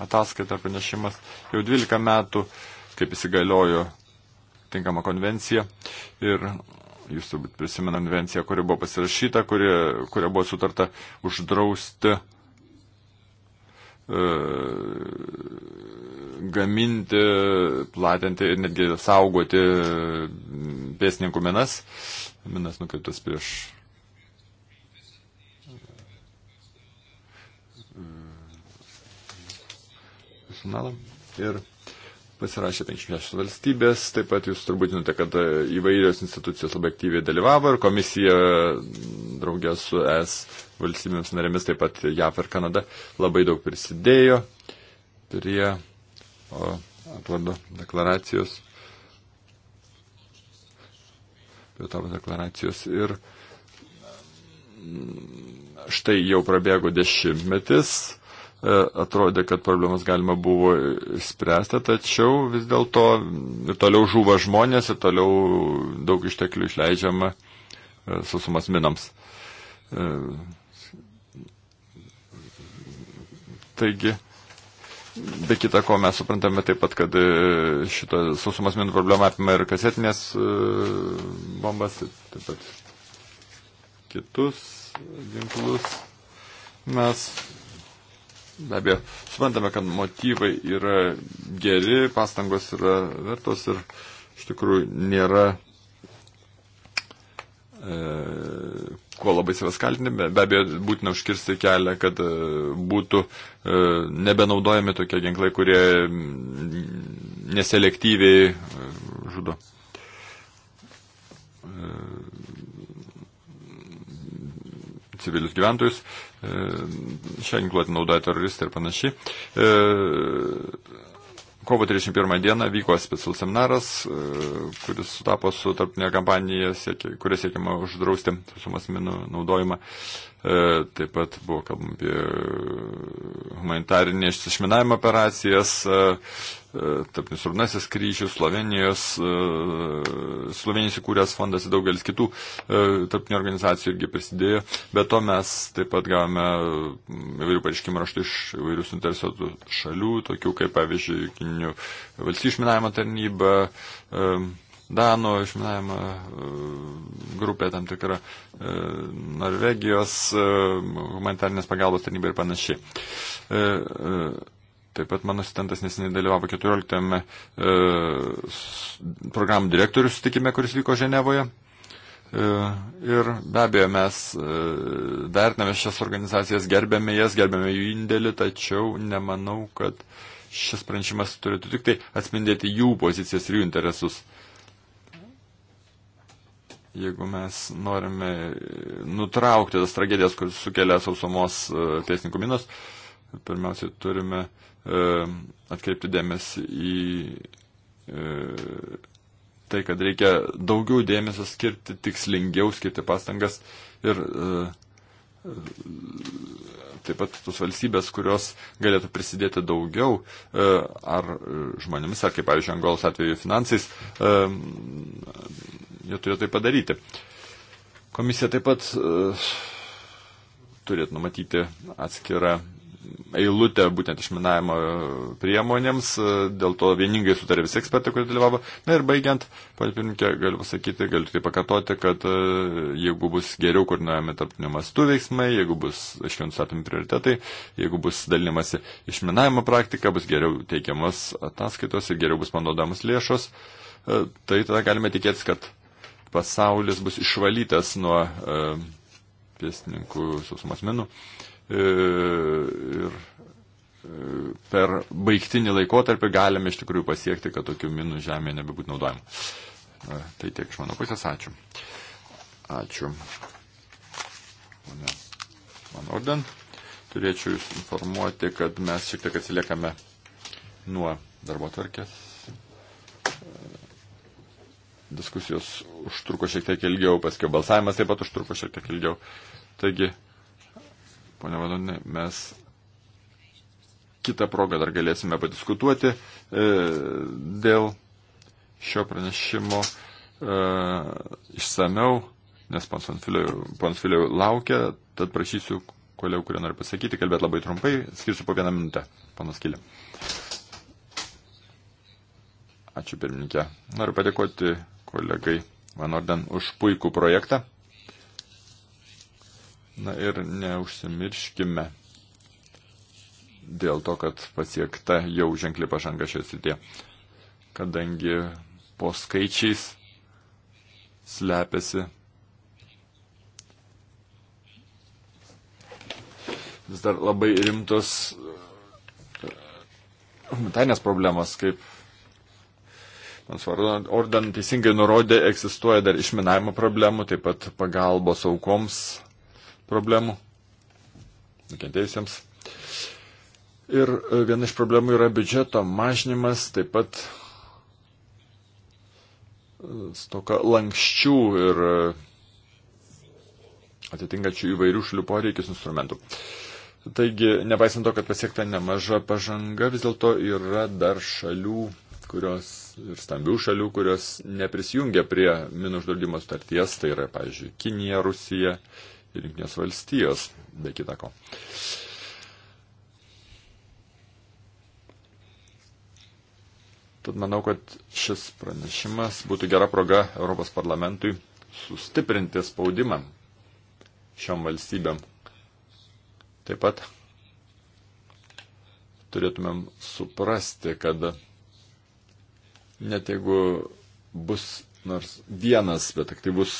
ataskaita pranešimas. Jau 12 metų, kaip įsigaliojo tinkama konvencija ir Jūs turbūt prisimenant invenciją, kuri buvo pasirašyta, kuri, kuria buvo sutarta uždrausti e, gaminti, platinti ir netgi saugoti e, pėsninkų minas. Minas nukreiptas prieš. Personalą. Ir pasirašė 56 valstybės, taip pat jūs turbūt žinote, kad e, įvairios institucijos labai aktyviai dalyvavo ir komisija draugės su ES valstybėms narėmis, taip pat JAF ir Kanada, labai daug prisidėjo prie atvardo deklaracijos, prie tavo deklaracijos ir štai jau prabėgo dešimtmetis E, atrodė, kad problemas galima buvo spręsti, tačiau vis dėlto ir toliau žuva žmonės, ir toliau daug išteklių išleidžiama e, susumas minams. E, taigi, be kita ko, mes suprantame taip pat, kad šitą susumas minų problemą apima ir kasetinės bombas, taip pat kitus ginklus. Mes Be abejo, suprantame, kad motyvai yra geri, pastangos yra vertos ir iš tikrųjų nėra e, kuo labai savęs kaltinti, be abejo, būtina užkirsti kelią, kad e, būtų e, nebenaudojami tokie ginklai, kurie neselektyviai e, žudo. E, civilius gyventojus. E, šią ginkluotę naudoja teroristai ir panašiai. E, kovo 31 dieną vyko specialus seminaras, e, kuris sutapo su tarptinė kampanija, siekia, kuria siekiama uždrausti sausumos minų naudojimą. E, taip pat buvo kalbama apie humanitarinį išsišminavimo operacijas, E, tarp Surnasis kryžius, Slovenijos, e, Slovenijos įkūręs fondas ir daugelis kitų e, tarpinių organizacijų irgi prisidėjo. Be to mes taip pat gavome įvairių pareiškimų raštų iš įvairių suinteresuotų šalių, tokių kaip pavyzdžiui, Kininių valstybių išminavimo tarnyba. Dano išminavimo grupė tam tikra, Norvegijos humanitarnės pagalbos tarnyba ir panašiai Taip pat mano asistentas nesiniai dalyvavo 14 e, programų direktorių sutikime, kuris vyko Ženevoje. E, ir be abejo, mes e, vertiname šias organizacijas, gerbėme jas, gerbėme jų indėlį, tačiau nemanau, kad šis pranešimas turėtų tik tai atspindėti jų pozicijas ir jų interesus. Jeigu mes norime nutraukti tas tragedijas, kuris sukelia sausumos pėsninkų e, minos, pirmiausiai turime uh, E, atkreipti dėmesį į e, tai, kad reikia daugiau dėmesio skirti, tikslingiau skirti pastangas ir e, taip pat tos valstybės, kurios galėtų prisidėti daugiau ar žmonėmis, ar kaip pavyzdžiui Angolos atveju finansais, jie turėtų tai padaryti. Komisija taip pat turėtų numatyti atskirą eilutę būtent išminavimo priemonėms, e, dėl to vieningai sutarė visi ekspertai, kurie dalyvavo. Na ir baigiant, palpininkė, galiu pasakyti, galiu tai pakartoti, kad e, jeigu bus geriau koordinuojami tarptinių mastų veiksmai, jeigu bus aiškiai nustatomi prioritetai, jeigu bus dalinamasi išminavimo praktika, bus geriau teikiamas ataskaitos ir geriau bus panaudojamas lėšos, e, tai tada galime tikėtis, kad pasaulis bus išvalytas nuo e, pėstininkų sausumos minų. E, E, ir e, per baigtinį laikotarpį galime iš tikrųjų pasiekti, kad tokių minų žemė nebebūtų naudojama. E, tai tiek iš mano pusės, ačiū. Ačiū. Mane. Man orden. Turėčiau jūs informuoti, kad mes šiek tiek atsiliekame nuo darbo tvarkės. Diskusijos užtruko šiek tiek ilgiau, paskui balsavimas taip pat užtruko šiek tiek ilgiau. Taigi, Pone Vadonė, mes kitą progą dar galėsime padiskutuoti e, dėl šio pranešimo e, išsameu, nes pons Filiau laukia, tad prašysiu kolegų, kurie nori pasakyti, kalbėti labai trumpai, skirsiu po vieną minutę, panas Kilė. Ačiū pirmininkė. Noriu padėkoti kolegai Van Orden už puikų projektą. Na ir neužsimirškime dėl to, kad pasiekta jau ženkli pažanga šioje srityje, kadangi po skaičiais slepiasi vis dar labai rimtos uh, humanitarinės problemas, kaip man Orden teisingai nurodė, egzistuoja dar išminavimo problemų, taip pat pagalbos aukoms problemų nukentėjusiems. Ir e, viena iš problemų yra biudžeto mažinimas, taip pat e, stoka lankščių ir e, atitinkačių įvairių šalių poreikis instrumentų. Taigi, nepaisant to, kad pasiekta nemaža pažanga, vis dėlto yra dar šalių kurios ir stambių šalių, kurios neprisijungia prie minų uždraudimo starties, tai yra, pavyzdžiui, Kinija, Rusija, uh, ir Junktinės valstijos, be kitako. Tad manau, kad šis pranešimas būtų gera proga Europos parlamentui sustiprinti spaudimą šiom valstybėm. Taip pat turėtumėm suprasti, kad net jeigu bus nors vienas, bet aktyvus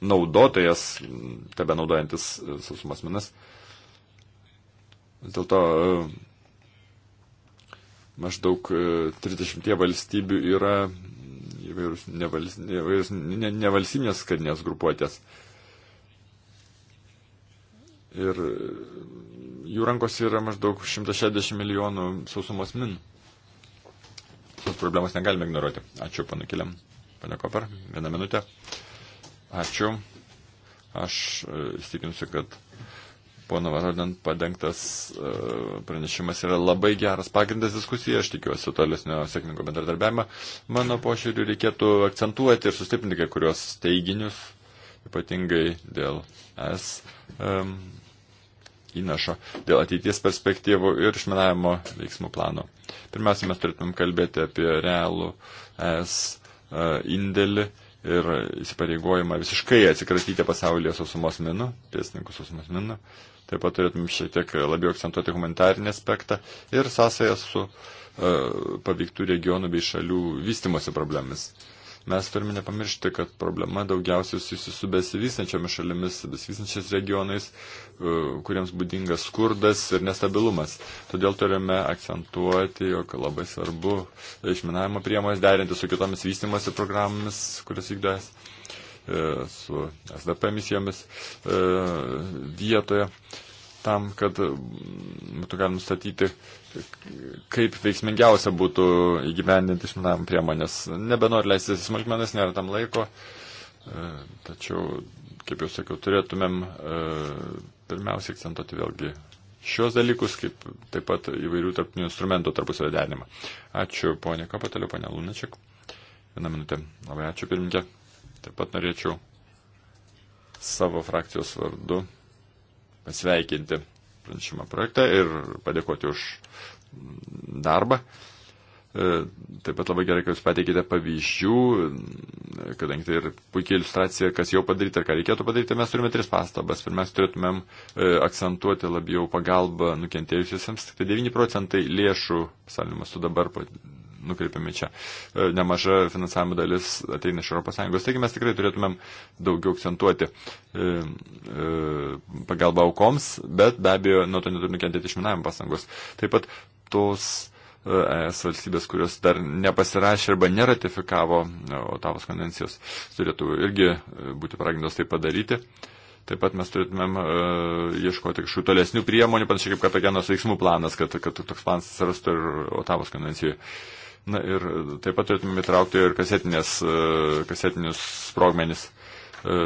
naudotojas, tebe naudojantis e, sausumos minas. Dėl to e, maždaug 30 e, valstybių yra įvairūs nevalstybinės ne, ne karinės grupuotės. Ir jų rankose yra maždaug 160 milijonų sausumos min. Tos problemos negalime ignoruoti. Ačiū panukeliam. Pane Koper, vieną minutę. Uh, Ačiū. Aš e, įstikinsiu, kad pono Varodant padengtas e, pranešimas yra labai geras pagrindas diskusijai. Aš tikiuosi tolesnio sėkmingo bendradarbiavimo. Mano pošiūriu reikėtų akcentuoti ir sustiprinti kai kurios teiginius, ypatingai dėl S. Um, įnašo dėl ateities perspektyvų ir išminavimo veiksmų plano. Pirmiausia, mes turėtumėm kalbėti apie realų es e, indėlį ir įsipareigojimą visiškai atsikratyti pasaulyje sausumos minų, pėsininkų sausumos minų. Taip pat turėtum šiek tiek labiau akcentuoti humanitarinį aspektą ir sąsąją su uh, paveiktų regionų bei šalių vystimosi problemas. Uh, Mes turime nepamiršti, kad problema daugiausiai susijusi su besivystančiomis šalimis, besivystančiais regionais, e, kuriems būdingas skurdas ir nestabilumas. Todėl turime akcentuoti, jog labai svarbu išminavimo priemonės derinti su kitomis vystimosi programomis, kurias vykdės e, su SDP misijomis e, vietoje tam, kad būtų galima nustatyti kaip veiksmingiausia būtų įgyvendinti išminavimo priemonės. Nebenoriu leisti smulkmenas, nėra tam laiko, e, tačiau, kaip jau sakiau, turėtumėm e, pirmiausiai akcentuoti vėlgi šios dalykus, kaip taip pat įvairių tarptinių instrumentų tarpusavio derinimą. Ačiū ponė Kapatelio, ponė Lunačiak. Vieną minutę. Labai ačiū pirmininkė. Taip pat norėčiau savo frakcijos vardu pasveikinti pranešimo projektą ir padėkoti už darbą. E, taip pat labai gerai, kad jūs pateikite pavyzdžių, kadangi tai ir puikiai iliustracija, kas jau padaryta ir ką reikėtų padaryti. Mes turime tris pastabas. Pirmiausia, turėtumėm e, akcentuoti labiau pagalbą nukentėjusiems. Tik tai 9 procentai lėšų, pasaulio mastu dabar nukreipiami čia. E, nemaža finansavimo dalis ateina iš ES. Taigi mes tikrai turėtumėm daugiau akcentuoti e, e, pagalbą aukoms, bet be abejo, nuo to neturime kentėti išminavimo pasangos. Taip pat tos ES valstybės, kurios dar nepasirašė arba neratifikavo Otavos konvencijos, turėtų irgi būti paragintos tai padaryti. Taip pat mes turėtumėm uh, ieškoti kažkokių tolesnių priemonių, panašiai kaip Kartagenos veiksmų planas, kad, kad toks planas atsirastų ir Otavos konvencijoje. Uh, Na ir e, taip pat turėtume įtraukti ir kasetinės, e, kasetinius sprogmenis. E,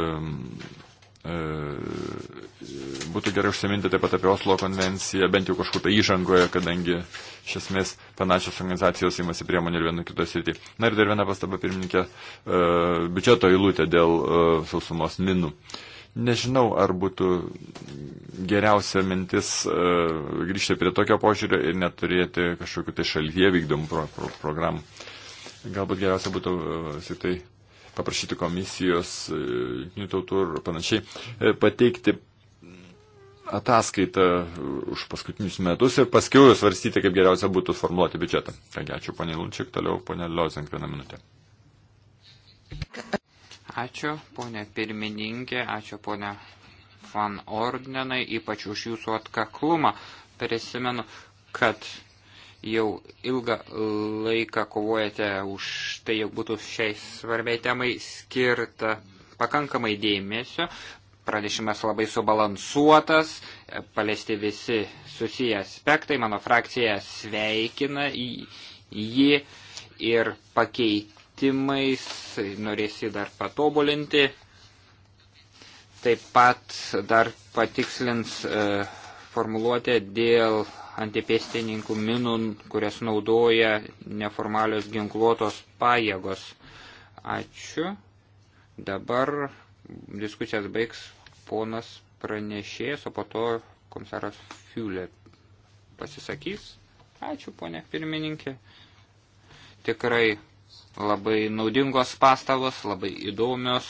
būtų gerai užsiminti taip pat apie Oslo konvenciją, bent jau kažkur tai įžangoje, kadangi iš esmės panašios organizacijos įmasi priemonė ir vienu kitos rytį. Na ir dar viena pastaba pirmininkė, biudžeto įlūtė dėl sausumos minų. Uh, Nežinau, ar būtų geriausia mintis uh, grįžti prie tokio požiūrio ir neturėti kažkokiu tai šalyje vykdomų pro, pro, programų. Galbūt geriausia būtų uh, tai paprašyti komisijos, e, jungtinių uh, tautų ir panašiai, uh, pateikti ataskaitą už paskutinius metus ir paskui svarstyti, kaip geriausia būtų formuoti biudžetą. Kągi, ačiū ponė Lunčiak, toliau ponė Liozink vieną minutę. Ačiū, ponė pirmininkė, ačiū, ponė Van Ordenai, ypač už jūsų atkaklumą. Prisimenu, kad jau ilgą laiką kovojate už tai, jog būtų šiai svarbiai temai skirta pakankamai dėmesio. Pranešimas labai subalansuotas, paliesti visi susiję aspektai. Mano frakcija sveikina jį ir pakeit pakeitimais, norės jį dar patobulinti. Taip pat dar patikslins e, formuluotę dėl antipėstininkų minų, kurias naudoja neformalios ginkluotos pajėgos. Ačiū. Dabar diskusijas baigs ponas pranešėjas, o po to komisaras Fiulė pasisakys. Ačiū, ponė pirmininkė. Tikrai labai naudingos pastavos, labai įdomios,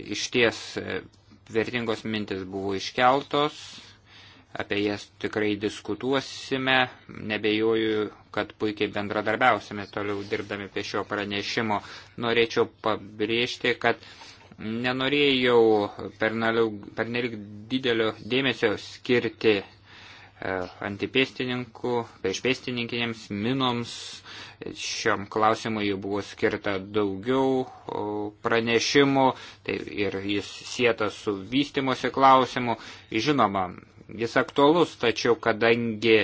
iš ties e, vertingos mintis buvo iškeltos, apie jas tikrai diskutuosime, nebejoju, kad puikiai bendradarbiausime toliau dirbdami prie šio pranešimo. Norėčiau pabrėžti, kad nenorėjau pernelik per didelio dėmesio skirti E, antipėstininkų, priešpėstininkiniams e, minoms. Šiam klausimui jau buvo skirta daugiau pranešimų tai ir jis sieta su vystimosi klausimu. Žinoma, jis aktualus, tačiau kadangi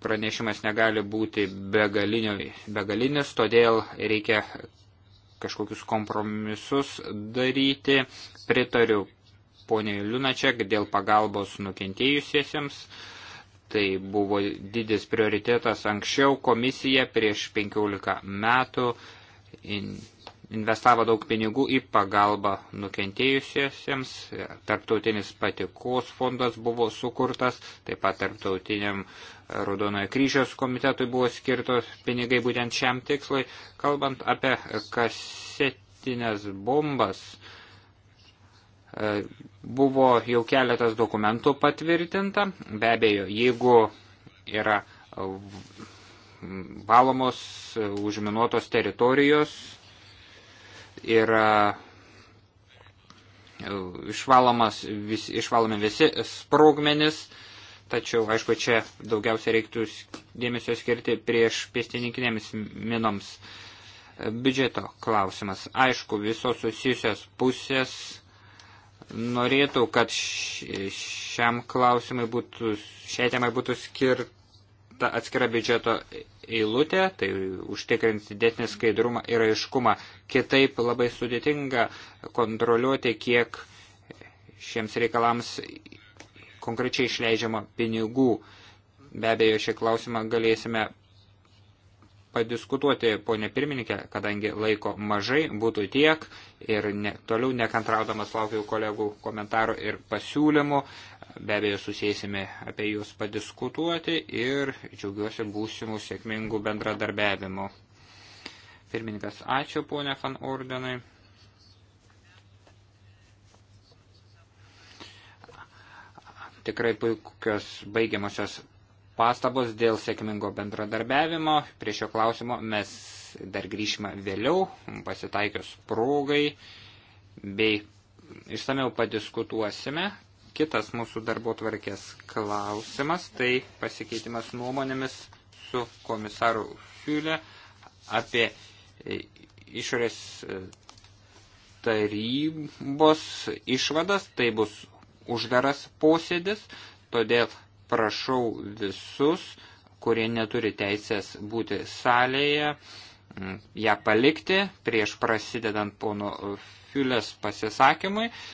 pranešimas negali būti begalinis, todėl reikia kažkokius kompromisus daryti. Pritariu poniai Liunačiak dėl pagalbos nukentėjusiesiems. Tai buvo didis prioritetas anksčiau. Komisija prieš 15 metų in, investavo daug pinigų į pagalbą nukentėjusiesiems. Tarptautinis patikos fondas buvo sukurtas, taip pat tarptautiniam Raudonojo kryžiaus komitetui buvo skirtos pinigai būtent šiam tikslui. Kalbant apie kasetinės bombas, uh, E, buvo jau keletas dokumentų patvirtinta. Be abejo, jeigu yra valomos, užminuotos teritorijos, yra e, išvalomas, vis, išvalomi visi sprogmenis, tačiau, aišku, čia daugiausia reiktų dėmesio skirti prieš pėstininkinėms minoms. E, biudžeto klausimas. Aišku, visos susijusios pusės norėtų, kad šiam klausimai būtų, šiai temai būtų skirta atskira biudžeto eilutė, tai užtikrins didesnį skaidrumą ir aiškumą. Kitaip labai sudėtinga kontroliuoti, kiek šiems reikalams konkrečiai išleidžiama pinigų. Be abejo, šį klausimą galėsime padiskutuoti, ponė pirmininkė, kadangi laiko mažai būtų tiek ir ne, toliau nekantraudamas laukiu kolegų komentarų ir pasiūlymų. Be abejo, susėsime apie juos padiskutuoti ir džiaugiuosi būsimų sėkmingų bendradarbiavimų. Pirmininkas, ačiū ponė Fan Ordenai. Tikrai puikios baigiamosios pastabos dėl sėkmingo bendradarbiavimo. Prie šio klausimo mes dar grįžime vėliau, pasitaikius progai, bei išsameu padiskutuosime. Kitas mūsų darbo tvarkės klausimas - tai pasikeitimas nuomonėmis su komisaru Fiulė apie e, išorės e, tarybos išvadas. Tai bus uždaras posėdis, todėl prašau visus, kurie neturi teisės būti salėje, mm, ją palikti prieš prasidedant pono Fiulės pasisakymui.